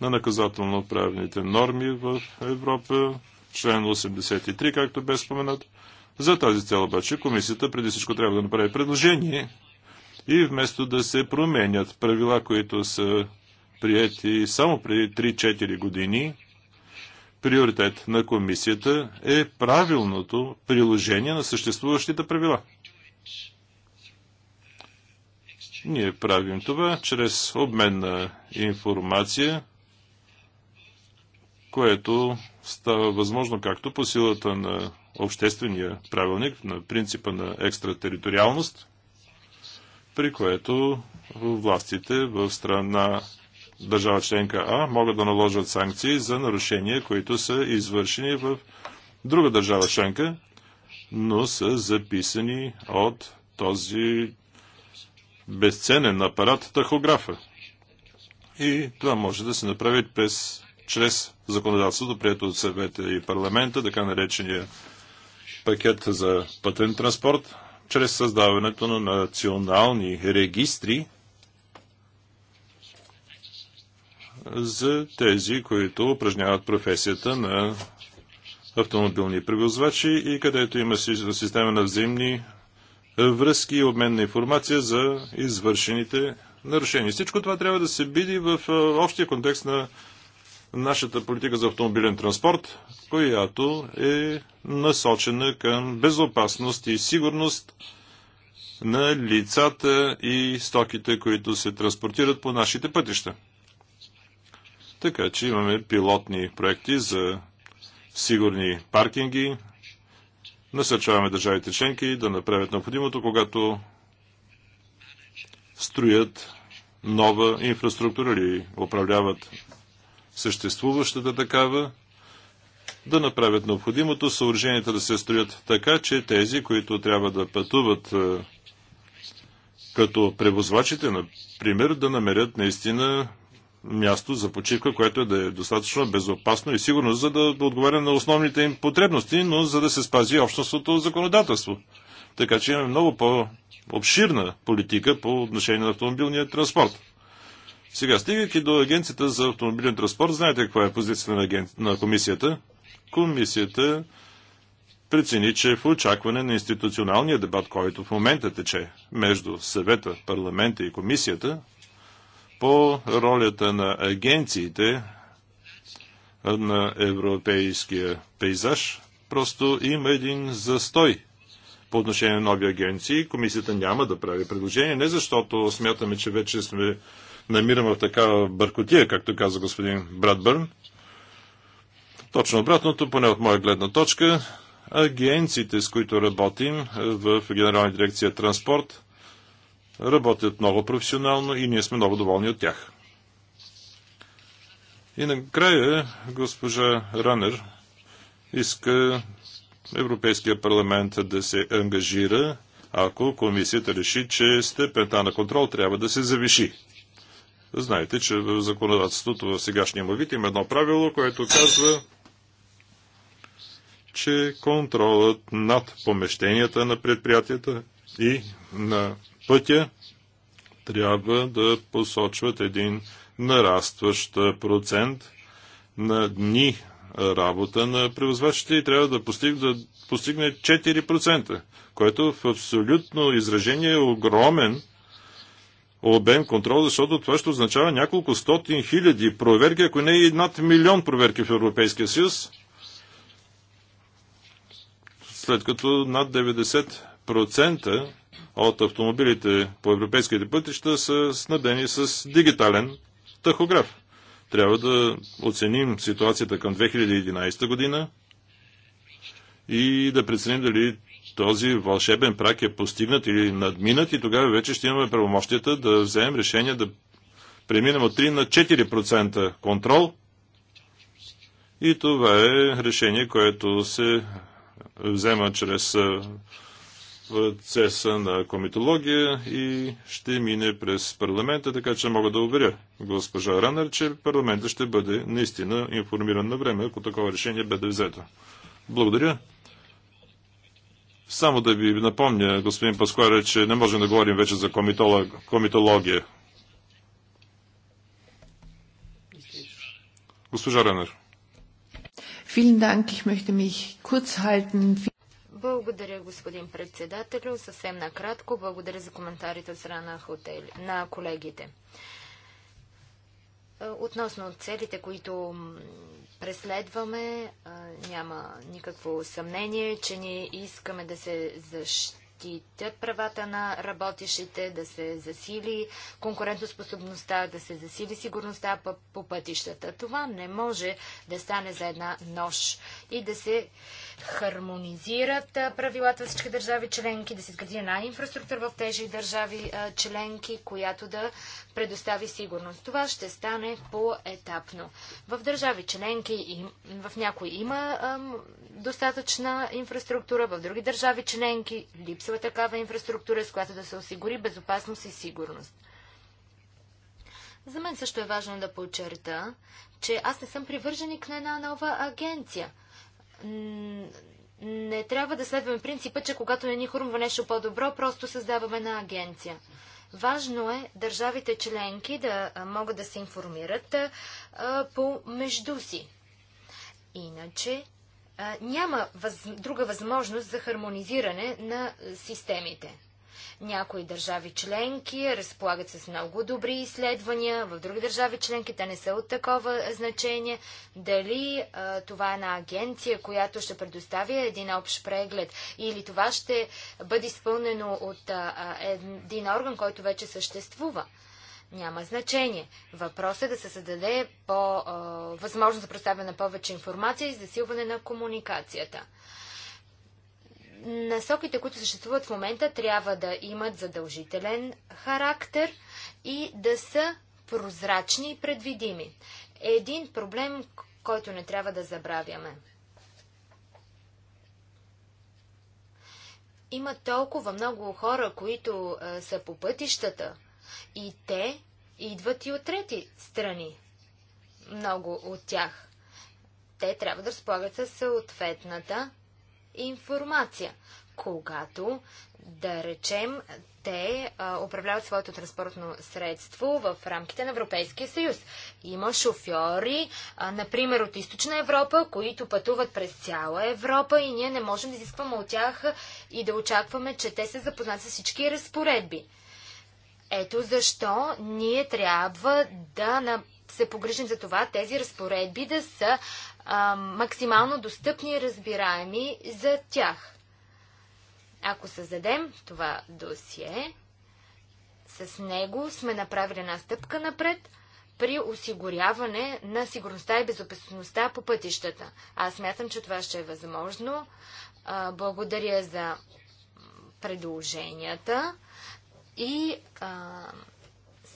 на наказателно-правните норми в Европа, член 83, както бе споменат. За тази цел обаче комисията преди всичко трябва да направи предложение и вместо да се променят правила, които са приети само преди 3-4 години, приоритет на комисията е правилното приложение на съществуващите правила. Ние правим това чрез обмен на информация, което става възможно както по силата на обществения правилник, на принципа на екстратериториалност, при което властите в страна държава членка А могат да наложат санкции за нарушения, които са извършени в друга държава членка, но са записани от този безценен апарат тахографа. И това може да се направи през, чрез законодателството, прието от съвета и парламента, така наречения пакет за пътен транспорт, чрез създаването на национални регистри за тези, които упражняват професията на автомобилни превозвачи и където има система на взаимни връзки и обмен на информация за извършените нарушения. Всичко това трябва да се биди в общия контекст на нашата политика за автомобилен транспорт, която е насочена към безопасност и сигурност на лицата и стоките, които се транспортират по нашите пътища. Така че имаме пилотни проекти за сигурни паркинги. Насърчаваме държавите членки да направят необходимото, когато строят нова инфраструктура или управляват съществуващата такава, да направят необходимото съоръженията да се строят така, че тези, които трябва да пътуват е, като превозвачите, например, да намерят наистина място за почивка, което е да е достатъчно безопасно и сигурно, за да, отговаря на основните им потребности, но за да се спази общностното законодателство. Така че имаме много по-обширна политика по отношение на автомобилния транспорт. Сега, стигайки до Агенцията за автомобилен транспорт, знаете каква е позицията на, агент... на комисията? Комисията прецени, че е в очакване на институционалния дебат, който в момента тече между съвета, парламента и комисията, по ролята на агенциите на европейския пейзаж. Просто има един застой по отношение на нови агенции. Комисията няма да прави предложение, не защото смятаме, че вече сме намираме в такава бъркотия, както каза господин Брадбърн. Точно обратното, поне от моя гледна точка, агенциите, с които работим в Генерална дирекция транспорт, работят много професионално и ние сме много доволни от тях. И накрая госпожа Ранер иска Европейския парламент да се ангажира, ако комисията реши, че степента на контрол трябва да се завиши. Знаете, че в законодателството в сегашния му вид има едно правило, което казва, че контролът над помещенията на предприятията и на пътя трябва да посочват един нарастващ процент на дни работа на превозвачите и трябва да постигне, 4%, което в абсолютно изражение е огромен обем контрол, защото това ще означава няколко стотин хиляди проверки, ако не и над милион проверки в Европейския съюз, след като над 90% от автомобилите по европейските пътища са снабдени с дигитален тахограф. Трябва да оценим ситуацията към 2011 година и да преценим дали този вълшебен прак е постигнат или надминат и тогава вече ще имаме правомощията да вземем решение да преминем от 3 на 4% контрол и това е решение, което се взема чрез процеса на комитология и ще мине през парламента, така че мога да уверя госпожа Ранър, че парламента ще бъде наистина информиран на време, ако такова решение бъде взето. Благодаря. Само да ви напомня, господин Паскуаре, че не можем да говорим вече за комитология. Госпожа Ранър. Vielen Dank. Ich möchte mich kurz halten. Благодаря, господин председател, Съвсем накратко, благодаря за коментарите от страна на, хотели, на колегите. Е, относно целите, които преследваме, е, няма никакво съмнение, че ние искаме да се защитим защитят правата на работещите, да се засили конкурентоспособността, да се засили сигурността по, по пътищата. Това не може да стане за една нощ и да се хармонизират правилата всички държави членки, да се изгради една инфраструктура в тези държави членки, която да предостави сигурност. Това ще стане по-етапно. В държави членки, в някои има достатъчна инфраструктура, в други държави членки липсва съществува такава инфраструктура, с която да се осигури безопасност и сигурност. За мен също е важно да подчерта, че аз не съм привърженик на една нова агенция. Не трябва да следваме принципа, че когато не ни хрумва нещо по-добро, просто създаваме на агенция. Важно е държавите членки да могат да се информират помежду си. Иначе няма въз... друга възможност за хармонизиране на системите. Някои държави членки разполагат с много добри изследвания, в други държави членки те не са от такова значение. Дали а, това е една агенция, която ще предоставя един общ преглед, или това ще бъде изпълнено от а, един орган, който вече съществува няма значение. Въпросът е да се създаде по, а, възможност за представяне на повече информация и засилване на комуникацията. Насоките, които съществуват в момента, трябва да имат задължителен характер и да са прозрачни и предвидими. един проблем, който не трябва да забравяме. Има толкова много хора, които а, са по пътищата, и те идват и от трети страни. Много от тях. Те трябва да разполагат със съответната информация. Когато, да речем, те а, управляват своето транспортно средство в рамките на Европейския съюз. Има шофьори, а, например от Източна Европа, които пътуват през цяла Европа и ние не можем да изискваме от тях и да очакваме, че те се запознат с всички разпоредби. Ето защо ние трябва да се погрижим за това тези разпоредби да са максимално достъпни и разбираеми за тях. Ако създадем това досие, с него сме направили една стъпка напред при осигуряване на сигурността и безопасността по пътищата. Аз смятам, че това ще е възможно. благодаря за предложенията и а,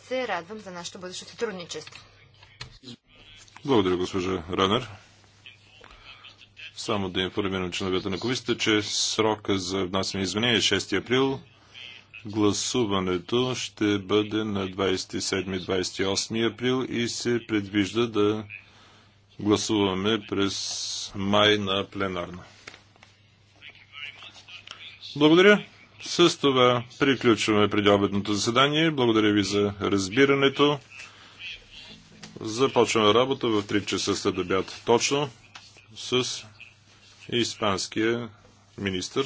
се радвам за нашето бъдещо сътрудничество. Благодаря, госпожа Ранер. Само да информирам членовете на комисията, че срока за внасяне изменения е 6 април. Гласуването ще бъде на 27-28 април и се предвижда да гласуваме през май на пленарна. Благодаря. С това приключваме преди обедното заседание. Благодаря ви за разбирането. Започваме работа в 3 часа след обяд точно с испанския министр